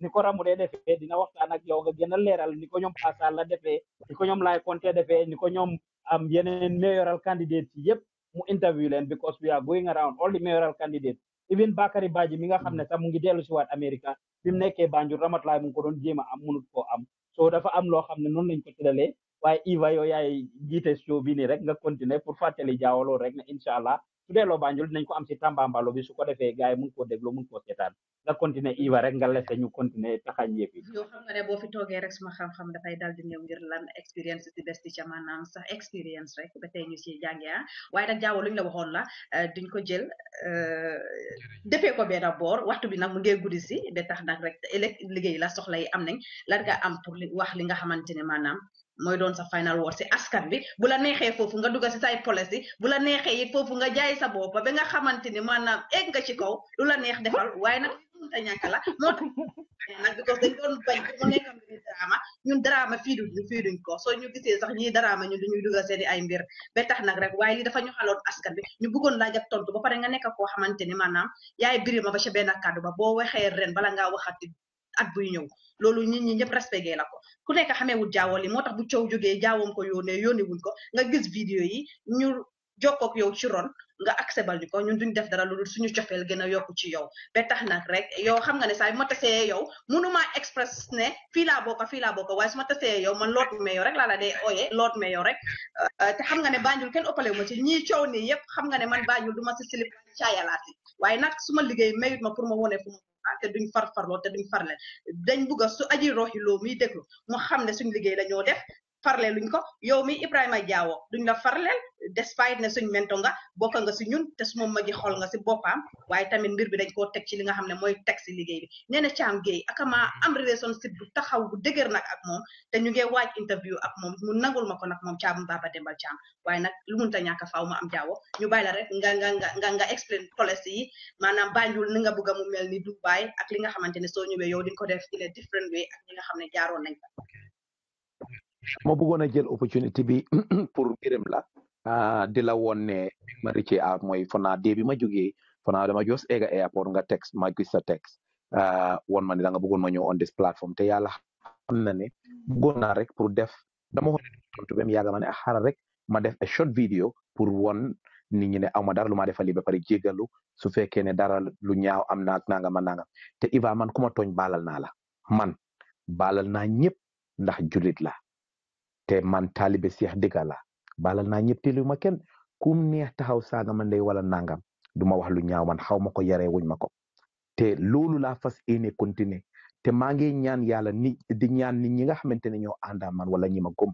ni ko dee defee dina waxtaan ak yow nga gën a leeral ni ko ñoom Pasal la defee ni ko ñoom Laye Conté defee ni ko ñoom am yeneen mayoral candidates yi yëpp mu interview leen because we are going around all the mayoral candidates even Bakary Badji mi nga xam ne sax mu ngi dellu si waat America bi mu nekkee Banjul Ramatulaay mu ngi ko doon jéem a am munut koo am so dafa am loo xam ne noonu lañ ko tëralee waaye Iva yow yaay jiite show bi nii rek nga continuer pour fàttali jaawaloo rek ne incha allah tude lo banjul dinañ ko am si mbalo bi su ko defé gaay mu ko koo mu ko koo seetaan continuer hmm. iwa rek nga lese ñu continuer taxañ yépp yi yo xam nga né bo fi togué rek suma xam-xam fay dal di ngir lan experience di besti ca maanaam sax experience rek ba tay ñu ci jàngé ha ya. waye nak jaawu luñ la waxon la eh, duñ eh, ko jël défé ko bé d'abord waxtu bi nak mu ngee guddi ci dé tax nak rek élek liggéey la soxla am nañ la nga am pour wax li nga xamante manam mooy doon sa final word si askan bi bu la neexee foofu nga dugal si say policy bu la neexee it foofu nga jaay sa bopp ba nga xamante ni maanaam egg nga ci kaw lu la neex defal waaye nag mënta ñàkk la moo tax nag because dañ doon bañ mu nekk mbiri drama ñun drama fii duñ fii duñ ko soo ñu gisee sax ñii drama ñun duñuy dugal seeni ay mbir ba tax nag rek waaye li dafa ñu xaloon askan bi ñu bëggoon laaj tontu ba pare nga nekk koo xamante ni maanaam yaay birima ba ca benn kàddu ba boo waxee ren bala ngaa waxati at buy ñëw loolu nit ñi ñëpp respecté na ko ku nekk xameewul jaawoo li moo tax bu coow jógee jaawoon ko yónnee yónnee wuñ ko nga gis vidéo yi ñu jokkook yow ci ron nga acceptal ñu ko ñun duñ def dara lu dul suñu cofeel gën a ci yow ba tax nag rek yow xam nga ne saa ma tasee yow mënuma express ne fii laa bokk fii laa bokk waaye su ma tasee yow man loot me yow rek laala la dee ooyee loot me yow rek euh, xam nga ne Banjul kenn ëppale ma ci ñii coow nii yëpp xam nga ne man Banjul du ma si silib caayalaati waaye nag su ma liggéey mayut ma pour ma wone fu te duñ farfarloo te duñ farleen dañ bugg a su aji roxi loo muy déglu mu xam ne suñ liggéey la ñoo def farle luñ ko yow mi Ibrahima Jawo duñ na farleel despite ne suñ mento nga bokk nga si ñun te su ma magi xool nga si boppam waaye tamit mbir bi dañ koo teg ci li nga xam ne mooy teg si liggéey bi nee na Cham Gueye akama am relationship bu taxaw bu dëgër nag ak moom te ñu ngee interview ak moom mu nangul ma ko nag moom Cham Baba a Cham waaye nag lu munta ñàkk faaw ma am Jawo ñu bàyyi la rek nga nga nga nga nga explain policy yi maanaam Banjul ni nga bëgg mu mel ni Dubai ak li nga xamante ne soo ñëwee yow di nga ko def in a different nga xam ne jaaroon nañ fa ma bëggoon a jël opportunité bi pour gërëm la uh, di la woon ne ma rëcce a mooy fana dee bi ma jógee fana dama jos ega nga text ma gis sa text uh, ah, woon ma ne nga bëggoon ma ñëw on this platform te yàlla xam na ne bëggoon naa rek pour def dama xool tontu ma ne ah, xaaral rek ma def a short video pour won nit ñi ne aw ma dara lu ma defali ba pare jégalu su fekkee ne dara lu ñaaw am na ak ma ak te Iva man ku ma tooñ baalal naa la man baalal na ñëpp ndax julit la te man taalibe Cheikh Diga la baalal naa ñëpp te ma kenn kum neex taxaw saaga ma ndey wala nangam du ma wax lu ñaaw man xaw ma ko yaree wuñ ma ko te loolu laa fas yéene continuer te maa ngi ñaan yàlla ni di ñaan nit ñi nga xamante ne ñoo àndaa man wala ñi ma gëm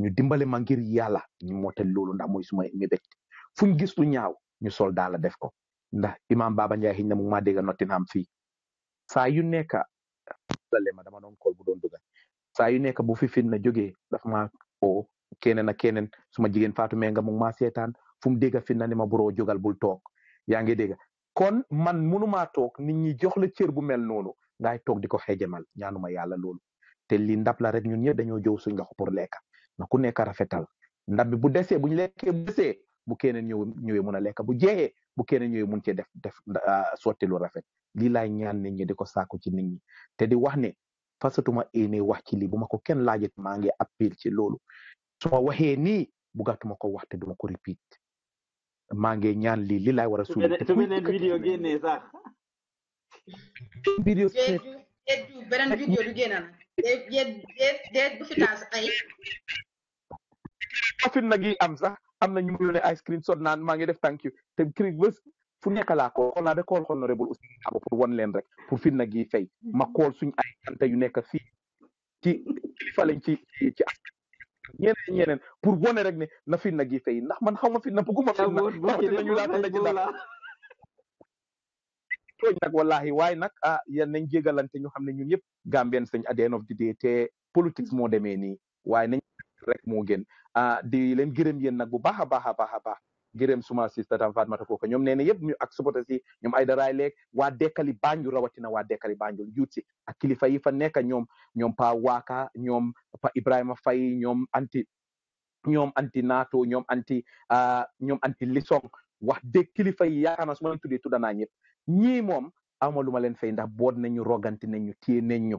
ñu dimbale ma ngir yàlla ñu mootal loolu ndax mooy suma mébét fu ñu gis lu ñaaw ñu sol daal def ko ndax imam Baba Ndiaye xëy na mu maa dégg Nottingham fii saa yu nekk la ma dama doon kool bu saa yu nekk bu fi fitna jógee daf maa oo keneen ak keneen suma jigéen Fatou Menga mu maa seetaan fu mu dégg na ni ma buroo jogal bul toog yaa ngi kon man mënumaa toog nit ñi jox la cër bu mel noonu ngay toog di ko xeejamal ñaanuma yàlla loolu te li ndab la rek ñun ñëpp dañoo jow suñ loxo pour lekk na ku nekk rafetal ndab bi bu desee buñ lekkee bu desee bu keneen ñëw ñëwee mun a lekk bu jeexee bu keneen ñëwee mun cee def def ah, sotti lu rafet lii laay ñaan nit ñi di ko sàkku ci nit ñi te fasatuma éene wax ci lii bu ma ko kenn laajit maa ngi appel ci loolu su ma waxee nii bugatuma ko wax te duma ko repeat maa ngi ñaan lii li laay war a suul su beneen vidéo sax afin nag yi am sax am na ñu mu yónnee ay naan maa ngi def thank you te fu nekk laa kool xool naa ba kool honorable Ousainou Darboe pour won leen rek pour fitna gi fay mm-hmm. ma kool suñ ay janta yu nekk fii ci kilifa lañ ci ci ñeneen ñeneen pour wone rek ne na fitna gi fay ndax man xaw ma fitna bëgguma fitna nañu laa tëdd ci dara tooñ nag wallahi waaye nag ah yal nañ jégalante ñu xam ne ñun yëpp Gambien sañ at the end of the day te politique moo demee nii waaye nañ rek moo gën ah, di leen gërëm yéen nag bu baax a baax a baax a baax gërëm suma sista tam Fatmata Kooka ñoom nee na yëpp ñu ak supporters ñoom ay daraay leeg waa dekkali Banjul rawatina waa dekkali Banjul juut si ak kilifa yi fa nekk ñoom ñoom pa waaka ñoom pa Ibrahima Faye ñoom anti ñoom anti naato ñoom anti ah, ñoom anti lisong wax dëgg kilifa yi yaakaar naa suma ma leen tuddee tuddanaa ñii moom amaluma leen fay ndax boot nañu rogante nañu téye nañ ñu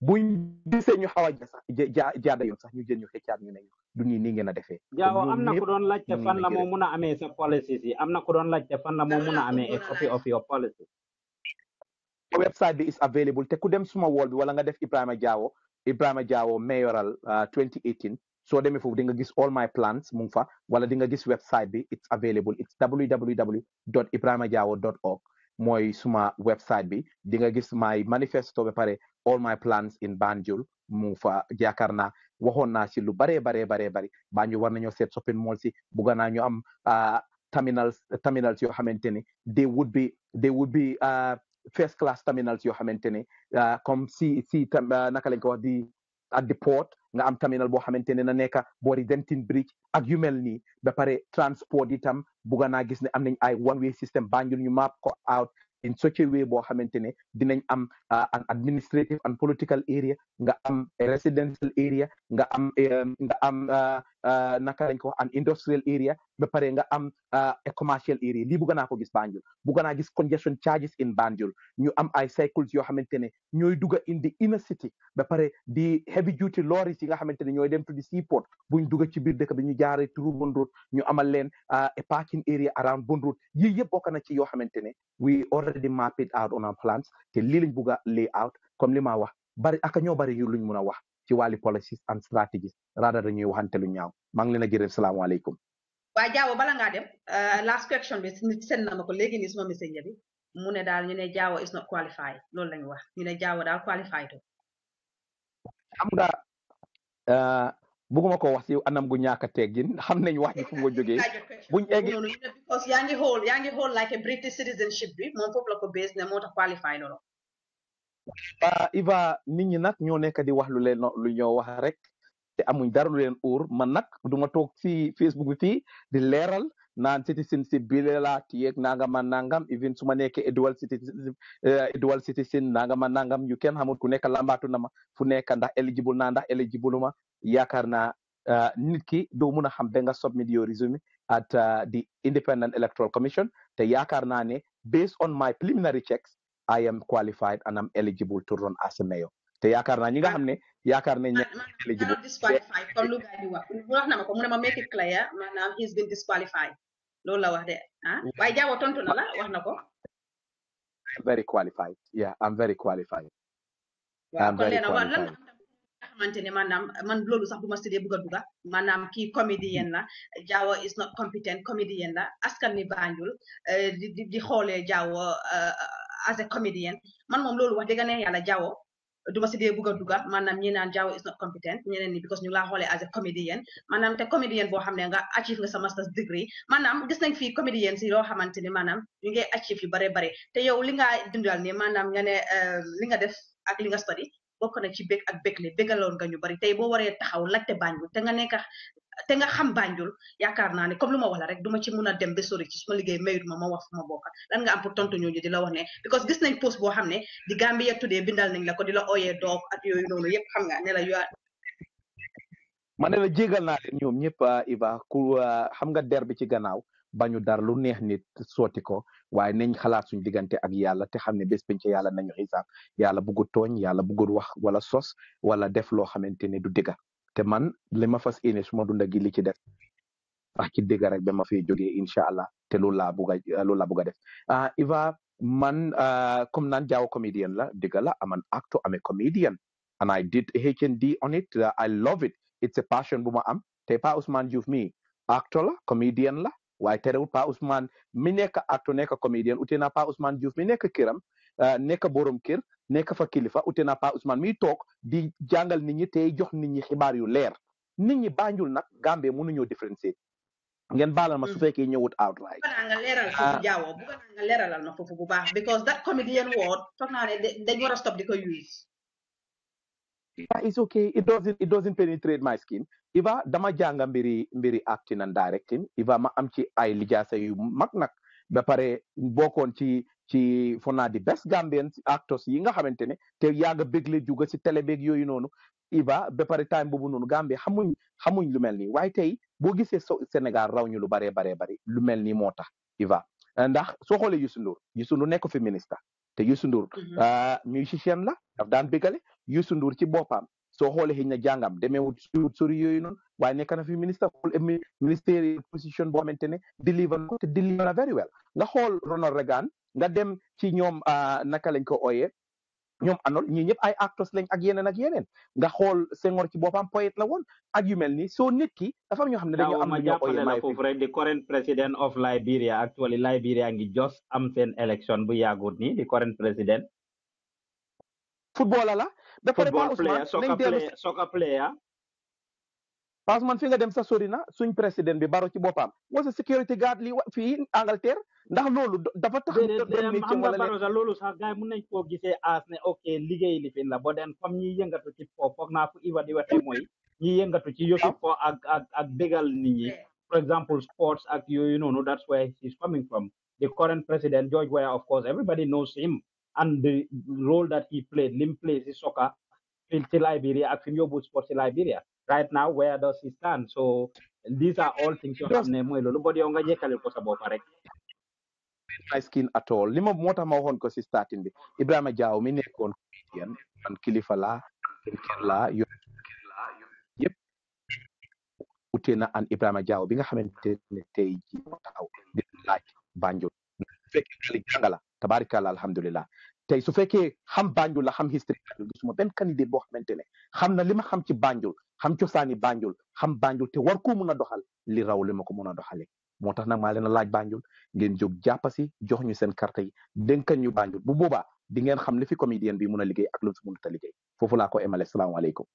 buñ gisee ñu xaw a sax ja jaada yoon sax ñu jël ñu xëccaat ñu ne du ni ngeen a defee. jaaw am na ku doon laajte fan la moo mun a amee sa policies yi am na ku doon laajte fan la moo mun a amee a copy of your policy. website bi is available te ku dem suma wall bi wala nga def Ibrahima Jawo Ibrahima Jawo mayoral 2018 uh, soo demee foofu di nga gis all my plans mu fa wala di nga gis website bi it's available it's www dot ibrahima jawo dot org. mooy suma website bi di nga gis may manifesto ba pare all my plans in Banjul mu fa yaakaar naa waxoon naa si bare bare. baree baree bari Banjul war nañoo seet shopping mall si bugga naa ñu am terminals terminals yo xamante they would be they would be first class terminals yo xamante ne comme si si naka lañ ko wax di at the port nga am terminal boo xamante ne na nekk boori Denton Bridge ak yu mel nii ba pare transport itam bugga naa gis ne am nañ ay one way system Banjul ñu map ko out in such way boo xamante ne dinañ am ah, an administrative and political area nga am residential area nga am eh, nga am ah, ah, naka lañ ko an industrial area ba pare nga am ah, e commercial area lii bugg naa ko gis Banjul bugg naa gis congestion charges in Banjul ñu am ay cycles yoo xamante ne ñooy dugga indi inner city ba pare di heavy duty lorries yi nga xamante ne ñooy dem to di seaport buñ dugga ci biir dëkk bi ñu jaaree turu Bond ñu amal leen a ah, e parking area around Bond Road yii yëpp bokk na ci yoo xamante ne we already map it out on our plans te lii lañ bugg a lay comme li ma wax bari ak ñoo bari yu luñ mun a wax ci wàlli policies and strategies rather dañuy waxante lu ñaaw maa ngi leen a salaamaaleykum waaye jaawo bala ngaa dem euh, last question bi nit seen na ma ko léegi nii suma message bi mu ne daal ñu ne jaawo is not qualified loolu lañu wax ñu ne jaawo daal qualified to xam nga euh, bëgguma ko wax si anam gu ñàkk a teggin xam nañ wax ji fu mu ko buñ eggi because yaa ngi xool yaa like a British citizenship bi moom foofu ko base ne moo tax qualify loolu euh, Iva nit ñi nag ñoo nekk di wax lu leen lu ñoo wax rek te amuñ dara lu leen uur man nag du ma toog si Facebook bi fii di leeral naan citizen si bile laa tiyeeg nangam ak nangam even su ma nekkee édual citizen édual eh, citizen nangam ak nangam yu kenn xamul ku nekk lambaatu na ma fu nekk ndax éligible naa ndax éligible ma yaakaar naa eh, nit ki doo mun a xam ba nga submit your resume at eh, the Independent Electoral Commission te yaakaar naa ne based on my preliminary checks I am qualified and am eligible to run as a te yaakaar naa ñi nga xam ne yaakaar nañ ne eligible disqualify comme lu gars yi wax wax ma ko mu ne ma make it loolu la wax de ah waaye jaawo tontu na wax na ko very qualified yeah I'm very qualified I'm very qualified xamante ne maanaam man loolu sax bu ma studier bëgg a maanaam kii comédien la jaawo is not competent comédien la askan ni Banjul eh, di di xoolee jaawo eh, a comédien man moom loolu wax dëgg ne du ma si dee bugg a duga maanaam ñi naan because ñu laa as a comédienne maanaam te comédienne boo xam ne nga achieve nga sa master's degree maanaam gis nañ fii comédienne si loo xamante ni maanaam ñu ngi achieve yu bare bare te yow li nga dundal ni maanaam nga ne eh, li nga def ak li nga study bokk na ci bég ak bégle bégaloon nga ñu bari tey boo waree taxaw laajte Banjul te nga nekk te nga xam banjul yaakaar naa ne comme lu ma wax la rek duma ci mun a dem ba sori ci suma liggéey mayut ma ma wax suma lan nga am pour tontu ñooñu di la wax ne because gis nañ post boo xam ne di Gambia tuddee bindal nañ la ko di la ooyee doof ak yooyu noonu yëpp xam nga ne la yaa ma ne la jégal naa ñoom ñëpp Iba ku uh, xam nga der bi ci gannaaw bañu dar lu neex nit sooti ko waaye nañ xalaat suñ diggante ak yàlla te xam ne bés penc yàlla nañu xisaab yàlla buggu tooñ yàlla buggu wax wala sos wala def loo xamante ne du te man li ma fas yéene suma dunda gi li ci def wax ci rek ba ma fiy jógee incha allah te loolu laa bugg a def ah Iva man ah, comme naan jaaw comédien la dëgg la am ah, an actor am a comedian and I did HND on it ah, I love it it's a passion bu ma am te Pa Ousmane Diouf mi actor la comedian la waaye terewul Pa Ousmane mi nekk actor nekk comedian ute na Pa Ousmane Diouf mi nekk këram nekk borom kër nekk fa kilifa ute Pa Ousmane di jàngal nit ñi jox nit ñi xibaar yu leer nit ñi différencier ngeen ma su mm. fekkee ñëwut outright. bëgg ah. bëgg naa nga leeralal ma bu baax because that comedian word foog naa ne war a stop di ko use. Ah, it's okay it doesn't it doesn't penetrate my skin iva dama jànga mbiri mbiri acting and directing iva ma am ci ay yu mag nag ba pare ci ci for naa di best Gambian actors yi nga xamante ne te yaga big bégle juga si télé beeg yooyu noonu Iba ba pare time boobu noonu Gambie xamuñ xamuñ lu mel nii waaye tey boo so Sénégal raw ñu lu baree baré baré. lu mel nii moo tax Iba ndax soo xoolee Youssou Ndour Youssou Ndour nekk fi ministre te Youssou Ndour mhm. ah, musicien la daf daan bégale Youssou Ndour ci boppam soo xoolee xëy na jàngam demeewut sori yooyu noonu waaye nekk na fi ministre eh, ministère position boo xamante ne deliver ko te deliver very well nga xool Ronald Reagan nga dem ci ñoom ah, naka lañ ko ooyee ñoom anol ñii ñëpp ay acteurs lañ ak yeneen ak yeneen nga xool Senghor ci boppam poète la woon ak yu mel nii soo nit ki dafa ñoo xam ne dañoo am ñoo ooyee la foofu rek di current president of bu yàggut nii di current president la dafa rek Ousmane nañ dellu soccer player parce que man fi nga dem sa sori suñ président bi baro ci boppam was a security guard li fii ndax loolu dafa tax. doon métier am nga sax loolu sax gars yi nañ koo gisee as ne ok liggéey li fi la bo den comme ñi yëngatu ci fo foog naa fu Iva di waxee mooy ñi yëngatu ci yëfu fo ak ak ak dégal nit ñi for example sports ak yooyu noonu that's where he's coming from the current president George Weah of course everybody knows him and the role that he played lim play si soccer ci Liberia ak fi mu sport ci Liberia right now where does he stand so these are all things yoo xam ne mooy loolu boo yow nga jëkkale ko sa bopp rek my skin at ma moo tax ma waxoon ko si starting bi Ibrahima Diaw mi nekkoon comedian man kilifa laa kenn laa yëpp na an Ibrahima Diaw bi nga xamante ne tey ji moo taxaw Banjul su fekkee li jàng alhamdulilah tey su fekkee xam Banjul la xam history Banjul boo xamante ne xam na li ma xam ci Banjul xam cosaani Banjul xam Banjul te war ko mun a doxal li raw li ma ko mun a doxalee moo tax na maa na laaj Banjul ngeen jóg jàppasi jox ñu seen carte yi dénkan ñu Banjul bu boobaa di ngeen xam li fi comédien bi mun a liggéey ak lu mu mënut a liggéey foofu laa ko emale salaamaaleykum.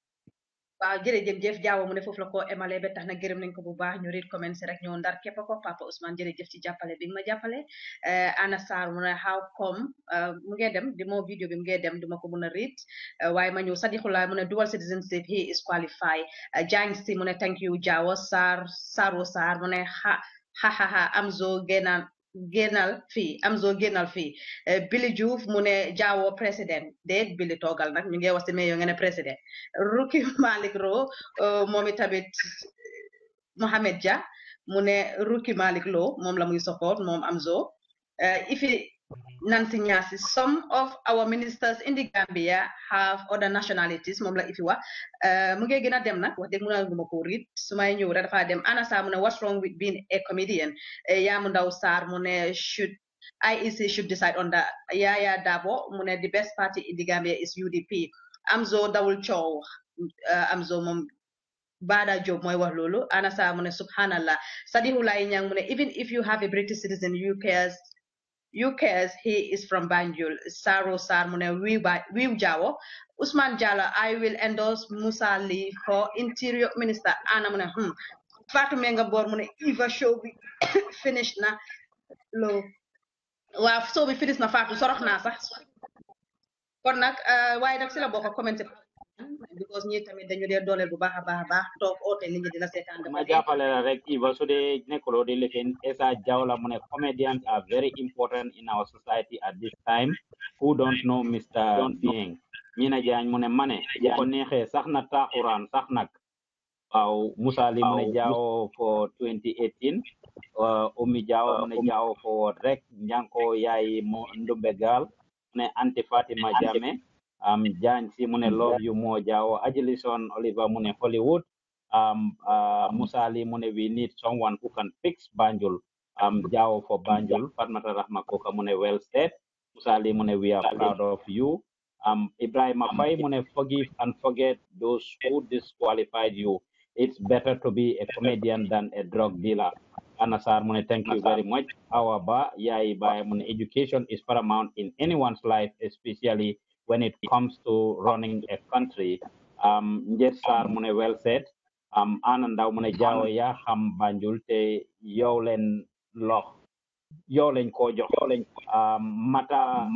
waaw jërëjëf jëf jaawo mu ne foofu la ko emale ba tax na gërëm nañ ko bu baax ñu rit commencé rek ñoo ndar képp ko papa Ousmane jërëjëf ci jàppale bi nga ma jàppale eh, Anna Sarr mu ne how come eh, mu ngee dem di moo vidéo bi mu ngee dem duma ko mun a rit eh, waaye ma ñëw Sadikulaay mu ne dual citizenship he is qualified Jang si mu ne thank you jaawo Sarr Saro Sarr mu ne xa Ha ha ha, amzou genal fi. Amzou genal fi. Eh, bili Jouf mounen jawo prezident. Dek bili to kalnak, minge wasi me yon gene prezident. Ruki Malik ro, eh, mounen tabit Mohamedja. Mounen Ruki Malik lo, mounen mounen mounen mounen amzou. Eh, Ife... Nansinyasi, some of our ministers in the Gambia have other nationalities moom la Ifiwa eh, mu ngi gën a dem na kwa dëgg mën naa ko read su dem Anna Sarr mu what's wrong with being a comedian eh, Yaamu Ndaw Sarr mu should IEC should decide on that Yaya Dabo mu the best party in the Gambia is UDP Amzo Dawul chow. Eh, Amzo moom Bada Job mooy wax loolu Anna Sarr mu subhanallah Sadihou Laye Niang mu even if you have a British citizen you cares UKS, he is from Banjul, Saro Sarmune Wiwjawo. Usman Jala, I will endorse Musa Lee for Interior Minister. And i hmm. Menga Bor Eva show bi finish na lo. waaw so bi finish na Fatou sorok nasa. Kornak kon nag euh, la because ñi tamit dañu dee dooleel bu baax a baax a baax toog oote nit ñi dina seetaan la rek Iba su very important in our society at this time who don't know Mr. Dieng Mina Jaañ mu ne mane bu ko neexee sax na taaxuraan sax nag waaw Musa Li mu ne jaaw for 2018 Omi Jaaw mu ne jaaw rek Njanko yaay Ndumbe Gaal mu ne Anti Fatima um, Jan C. Mune Love You Moja or Agilison Oliver Mune Hollywood. Um, uh, musali, Mune, we need someone who can fix Banjul. Um, Jao for Banjul. Fatmata Rahma Koka Mune, well said. Musali, Ali Mune, we are proud of you. Um, Ibrahim um, Afai Mune, forgive and forget those who disqualified you. It's better to be a comedian than a drug dealer. Anasar Mune, thank you very much. Our ba, Yai Ba Mune, education is paramount in anyone's life, especially when it comes to running a country. Um, Njet Sarr well said um, Anna Ndaw ya, ham Jawo yaa xam Banjul te yow leen lox um, Mata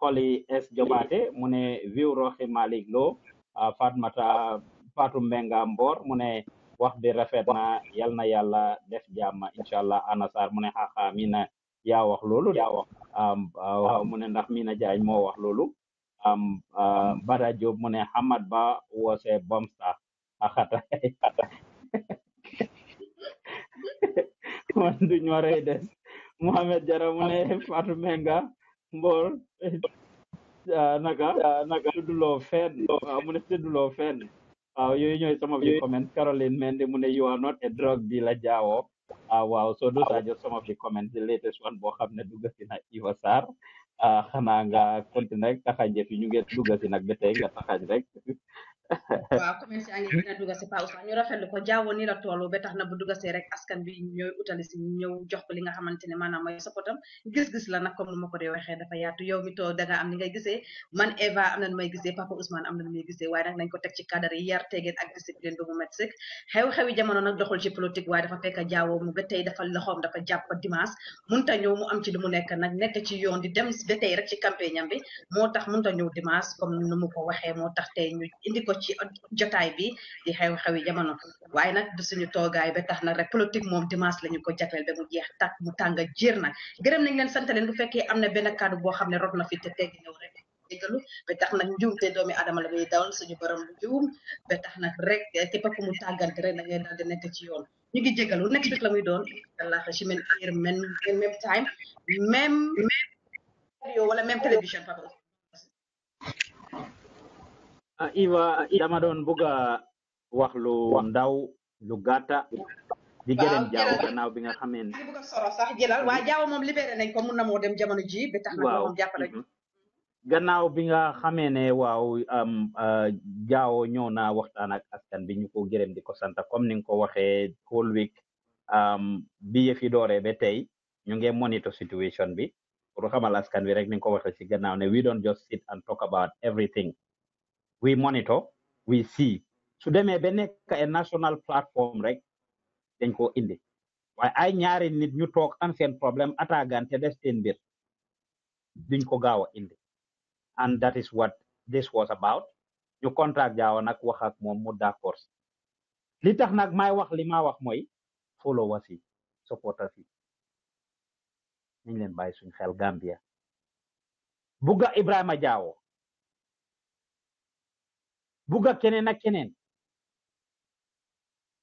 Koli es Jobaate mune view Viw Roxi Malik Lo uh, Fatmata Fatou Mbenga Mbor mu ne wax bi rafet na yal yalla def jamma incha allah Anna Sarr mu ne xaaxaa mi na yaa wax loolu yaa wax um, uh, mu ndax wax um, ah, Bada Job Mune Hamad Ba was a bombster. Akata, akata. Mandu ñore des. Mohamed Jara Mune Fatou Menga Mbor uh, ah, Naga Naga Tuduloo Fen uh, ah, Mune Tuduloo Fen. Waaw yooyu ñooy some of the comments. Caroline Mende Mune you are not a drug dealer Jawo. Uh, wow, so those are just some of the comments. The latest one boo xam ne dugg si na Iva Sarr. uh, ah, kananga kontinek taka jefinyu get duga sinag beteng kata kanjrek men ci ani dina dugg si Paa Ousmane ñu rafetlu ko jaawoon ni la tolu be tax na bu duga ci rek askan bi ñoy utali ci ñew jox ko li nga xamantene manam maanaam sopotam gis-gis la nak comme nu ma ko dee waxee dafa yaatu yow mi too danga am ni ngay gisee man Eva am nañ may gisee Papa Ousmane am nañ may gisee way nak nañ ko tek ci cadre yi yar tegen ak discipline ba mu met sëkk xew-xewi jamono nak doxul ci politique way dafa fekk jaawoo mu ba tay dafa loxom dafa japp dimanche munta ñew mu am ci limu nekk nag nekk ci yoon di dem be tay rek ci campagne am bi motax munta ñew dimanche comme nu mu ko waxe motax tay ñu indi ko ci jotaay bi di xew-xewi jamono waaye nag du suñu toogaay ba tax na rek politique moom dimanche la ko jagleel ba mu jeex tàkk mu tànga jéer nag gërëm nañ leen sant leen bu fekkee am na benn kàddu boo xam ne rot na fi te tegg ñëw rek jégalu ba tax nag doomi adama la muy dawal suñu borom lu juum ba tax nag rek képp ku mu tàggante rek na ngeen daal di nekk ci yoon ñu ngi jégalu next week la muy doon allah ci men wala même télévision papa Ah, iwa idama buga wax lu ndaw lu gata digeɗen jaw gannaaw bi nga ni buga soro sax jëlal wa jaw mom libéré nañ ko mën na mo dem jamono ji ba tax na moom jàppale gannaaw bi nga xamee ne waaw am e, jaw ñoo na waxtaan ak askan bi ñu ko gërëm di ko santa comme ni nga ko waxee whole week am bi yefi yi be tay ñu ngi monitor situation bi pour xamal askan bi rek ni nga ko waxee ci gannaaw ne we don't just sit and talk about everything we monitor we see su demee ba nekk a national platform rek dañ koo indi waaye ay ñaari nit ñu toog am seen problème ataagante def seen mbir duñ ko gaaw a indi and that is what this was about ñu contact jaaw nag wax ak moom mu d'accord li tax nag may wax li ma wax mooy followers si supporters yi ñu leen bàyyi suñ xel Gambia bugga Ibrahima Jaawo bugga keneen ak keneen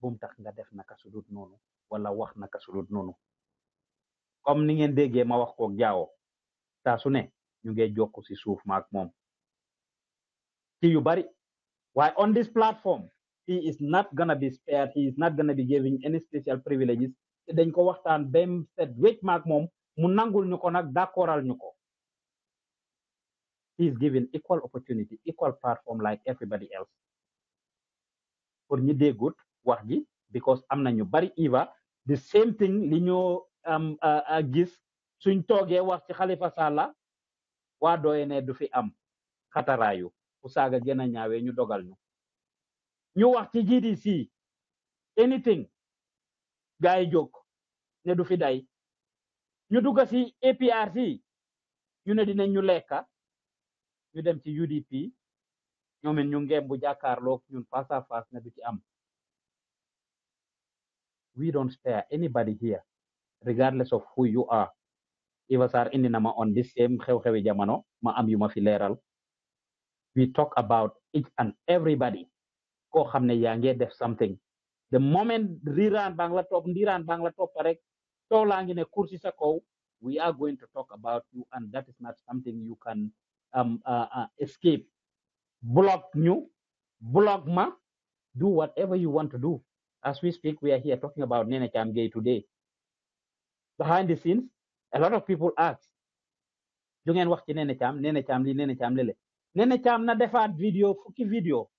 bum tax nga def naka sudut noonu wala wax naka sudut noonu comme ni ngeen déggee ma wax koog jaawo saa su ne ñu ngi jokk ci suuf maak moom ci yu bari waaye on this platform he is not gonna be spared he is not gonna be giving any special privileges te dañ ko waxtaan bem set wécc maak moom mu nangul ñu nag d'accordal ñu ko he's given equal opportunity equal platform like everybody else For ñi déggut wax ji because am na ñu bari Eva the same thing li ñoo am um, uh, uh, gis suñ toogee wax ci Halifa Sallah waa dooye du fi am xataraayu ku saaga gën a ñaawee ñu dogal ñu ñu wax ci GDC anything Gay yi jóg ne du fi day ñu dugg si APRC ñu ne dinañ ñu lekka ñu dem ci UDP ñu bu ñun face à face ne du ci am we don't spare anybody here regardless of who you are Eva Sarr indi na ma on this same xew-xewi jamono ma am yu ma fi leeral we talk about each and everybody koo xam ne yaa ngee def something the moment riiraan baa ngi la topp ndiiraan baa ngi la topp rek coow ngi ne sa kaw we are going to talk about you and that is not something you can um, uh, uh, escape. Block new. block ma, do whatever you want to do. As we speak, we are here talking about Nene Gay today. Behind the scenes, a lot of people ask, "You ngeen wax Nene Cham, Nene Cham Nene Cham lele." Nene Cham na defaat video fuki video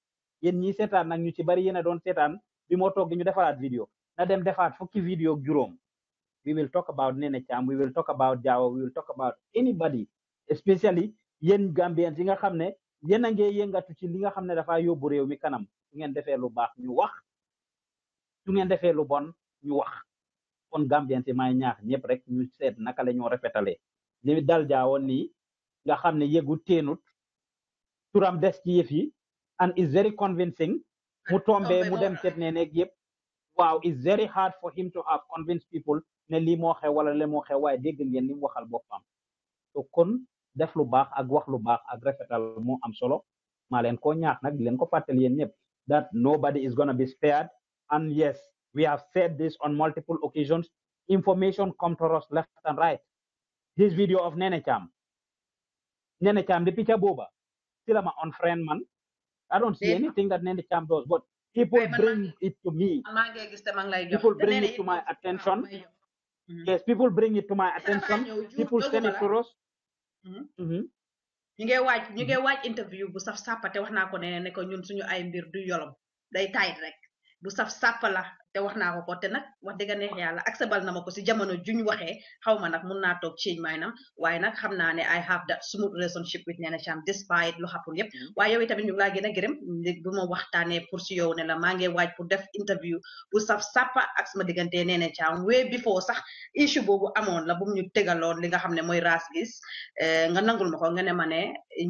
Yen ñi setan nag ñu ci bari yéen a setan bi moo toog ñu defaraat video na dem defaat fuki video ak juróom. We will talk about Nene Cham, we will talk about Jawa, we will talk about anybody, especially yéen Gambien yi nga xam ne yéen yëngatu ci li nga xam ne yóbbu réew mi kanam ngeen defee lu baax ñu wax su ngeen defee lu bon ñu wax kon Gambien yi maay ñaax ñëpp rek ñu seet naka la ñoo rafetalee dal jaawoon nii nga xam yëgu teenut turam des ci yëf yi and is very convincing mu tombee mu dem cet ne neeg yëpp waaw is very hard for him to have convinced people ne lii moo xew wala le moo xew waaye dégg ngeen li mu waxal boppam so kon def lu baax ak wax lu baax ak rafetal am solo maa leen ko ñaax nag di leen ko yéen ñëpp that nobody is gonna be spared and yes we have said this on multiple occasions information come to us left and right this video of Nene Cham Nene Cham picture booba Still am ma on friend man I don't see anything that Nene Cham does but people bring it to me people bring it to my attention yes people bring it to my attention people send it to us Mm-hmm. Mm-hmm. ñu ngi waaj ñu ngi mm-hmm. waaj interview bu saf sàppate wax naa ko ne ne ko ñun suñu ay mbir du yolom day tayit rek lu saf sàpp la te wax naa ko ko te nag wax dëgg neex yàlla acceptal na ma ko si jamono juñ waxee xaw ma nag mun naa toog change maay mind waaye nag xam naa ne I have that smooth relationship with Nene Cham despite lu xapul yëpp mm-hmm. waaye yow itamit ñu ngi laa gërëm bu ma waxtaanee pour si yow ne la maa ngi waaj pour def interview bu saf sàppa ak sama diggante Nene Cham way before sax issue boobu amoon la bu mu ñu tegaloon li nga xam ne mooy raas gis eh, nga nangul ma ko nga ne ma ne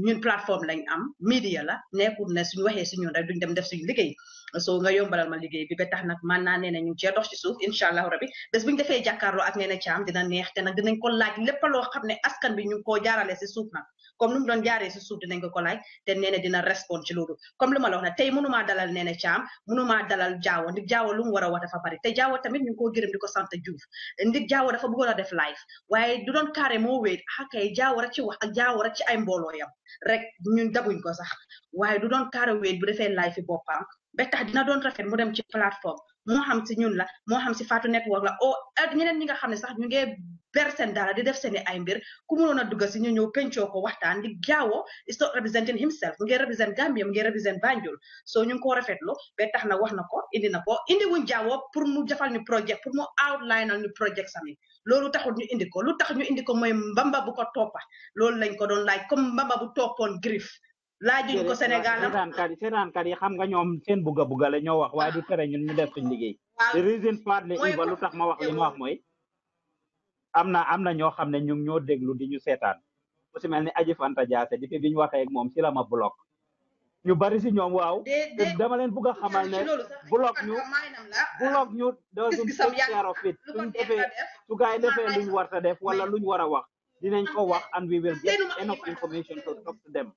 ñun plateforme lañ am media la nekkul ne suñu waxee suñu rek duñ dem def suñu liggéey so nga yombalal ma liggéey bi ba tax nag man naa nee na ñu ngi cee dox ci suuf incha allahu rabi bés bu ñu defee jàkkaarloo ak nee na caam dina neex te nag dinañ ko laaj lépp loo xam ne askan bi ñu ko jaarale si suuf nag comme nu mu doon jaaree si suuf dinañ ko ko laaj te nee na dina respond ci loolu comme lu ma la wax na tey mënumaa dalal nee na caam mënumaa dalal jaawo ndik jaawo lu mu war a wax dafa bari te jaawo tamit ñu ngi koo gërëm di ko sant Juuf ndik jaawo dafa bëggoon a def live waaye du doon carré moo wéet akay jaawo rek ci wax ak jaawo rek ci ay mbooloo yam rek ñun dabuñ ko sax waaye du doon carré wéet bu defee live fi boppam ba tax dina doon rafet mu dem ci plateforme moo xam si ñun la moo xam si Fatou Network la oo ak ñeneen ñi nga xam ne sax ñu ngee ber seen dara di def seeni ay mbir ku mënoon a dugg si ñu ñëw pencoo ko waxtaan di gaawo so not representing himself mu ngi represent Gambia mu ngi represent Banjul so ñu ngi ko rafetlu ba tax na wax na ko indi na ko indi wuñ jaawo pour mu jafal ñu projet pour mu outline ñu projet sami loolu taxul ñu indi ko lu tax ñu indi ko mooy mbamba bu ko toppa loolu lañ ko doon laaj comme mbamba bu toppoon griffe laajuñ ko sénégal sétankar sétankar yi xam nga ñoom seen bugga bugga la ñoo wax waaye du tere ñun ñu def suñ liggéey the reason partly iba lu tax ma wax li ma wax mooy amna na am na ñoo xam ne ñu ngi ñoo déglu di ñu seetaan ku si mel ni aji fanta jaase di fi biñ waxee ak moom si la ma bloc ñu bari si ñoom waaw dama leen bugg xamal ne bloc ñu bloc ñu doesn't take care of it suñ defee su gaay defee luñ warta def wala luñ war wax dinañ ko wax and we will get enough information to talk to them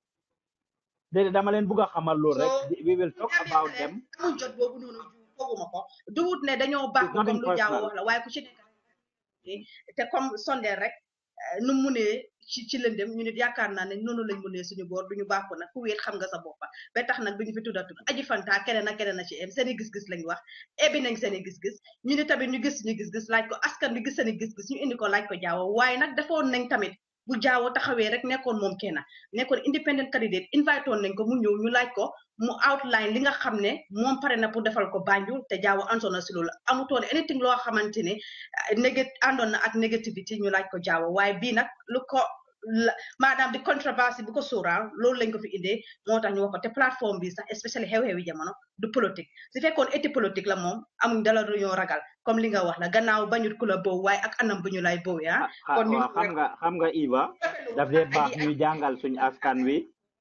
déedéet dama leen bugg a xamal loolu rek we will talk about eh, them jot boobu noonu fooguma ko duwut ne dañoo baax comme lu jaaw wax la waaye ku ci nekk te comme sondeel rek eh, nu mu ne ci ñu nit yaakaar naa ne noonu lañ mënee suñu boor duñu baax ko nag ku wéet xam nga sa boppa tax nag duñu fi tudda tudd aji fanta keneen ak keneen a ci em seen gis-gis lañ wax ebi nañ seen i gis-gis ñu ni tamit ñu gis suñu gis-gis laaj ko askan bi gis seen i gis-gis ñu indi ko laaj ko jaawo waaye nag defoon nañ tamit bu jaawo taxawee rek nekkoon moom kenn nekkoon independent candidate invite woon nañ ko mu ñëw ñu laaj ko mu outline li nga xam ne moom pare na pour defal ko Banjul te jaawo ansoon na si loolu amutoon anything loo xamante ne eh, négat àndoon na ak négativité ñu laaj ko jaawo waaye bii nag lu ko maanaam di controverse bi ko suuraa loolu lañ ko fi indee moo tax ñu te plateforme bi sax especially xew-xewi jamono du politique su fekkoon été politique la moom amuñ dala ñoo ragal comme li nga wax la gannaaw bañut ku la boow waaye ak ñu lay boow yaa ah. kon ñu xam nga xam nga Iba daf askan wi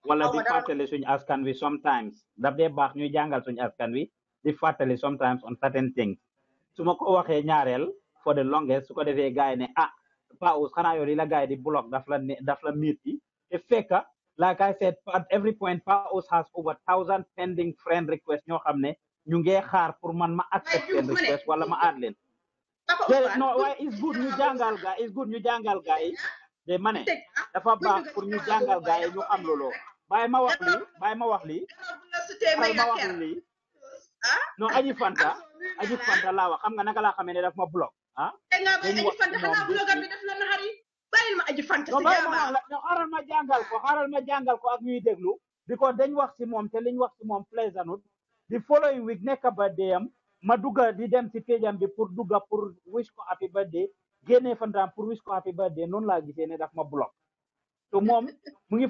wala di fàttali suñu askan wi sometimes daf dee baax ñuy jàngal suñu askan wi di fàttali sometimes on certain things su ma ko waxee the longest su ko defee gars ne ah Paus xanaa yow li la gars yi di block daf la ne daf la métti te fekk laa I said at every point Paus has over thousand pending friend request ñoo xam ne ñu ngi xaar pour man ma accept request wala ma add leen. non waaye good ñu jàngal gaa it's good ñu jàngal gaa yi de ma ne dafa baax pour ñu jàngal gaa yi ñu am looloo bàyyi ma wax lii bàyyi ma wax li bàyyi ma wax lii ah? non aji fanta aji fanta laa wax xam nga naka laa xamee ne daf ma block ah tey ngaa bay aji fanta xanaa blogueur bi ma aji fanta si jaama xaaral ma jàngal ko xaaral ma jàngal ko ak ñuy déglu because dañ wax si moom te liñ wax si moom plaisanut di following week nekk birthday am ma dugga di dem si péjam bi pour dugga pour wish ko happy birthday génne fantaam pour wish ko happy birthday noonu laa gisee ne daf ma block to moom mu ngi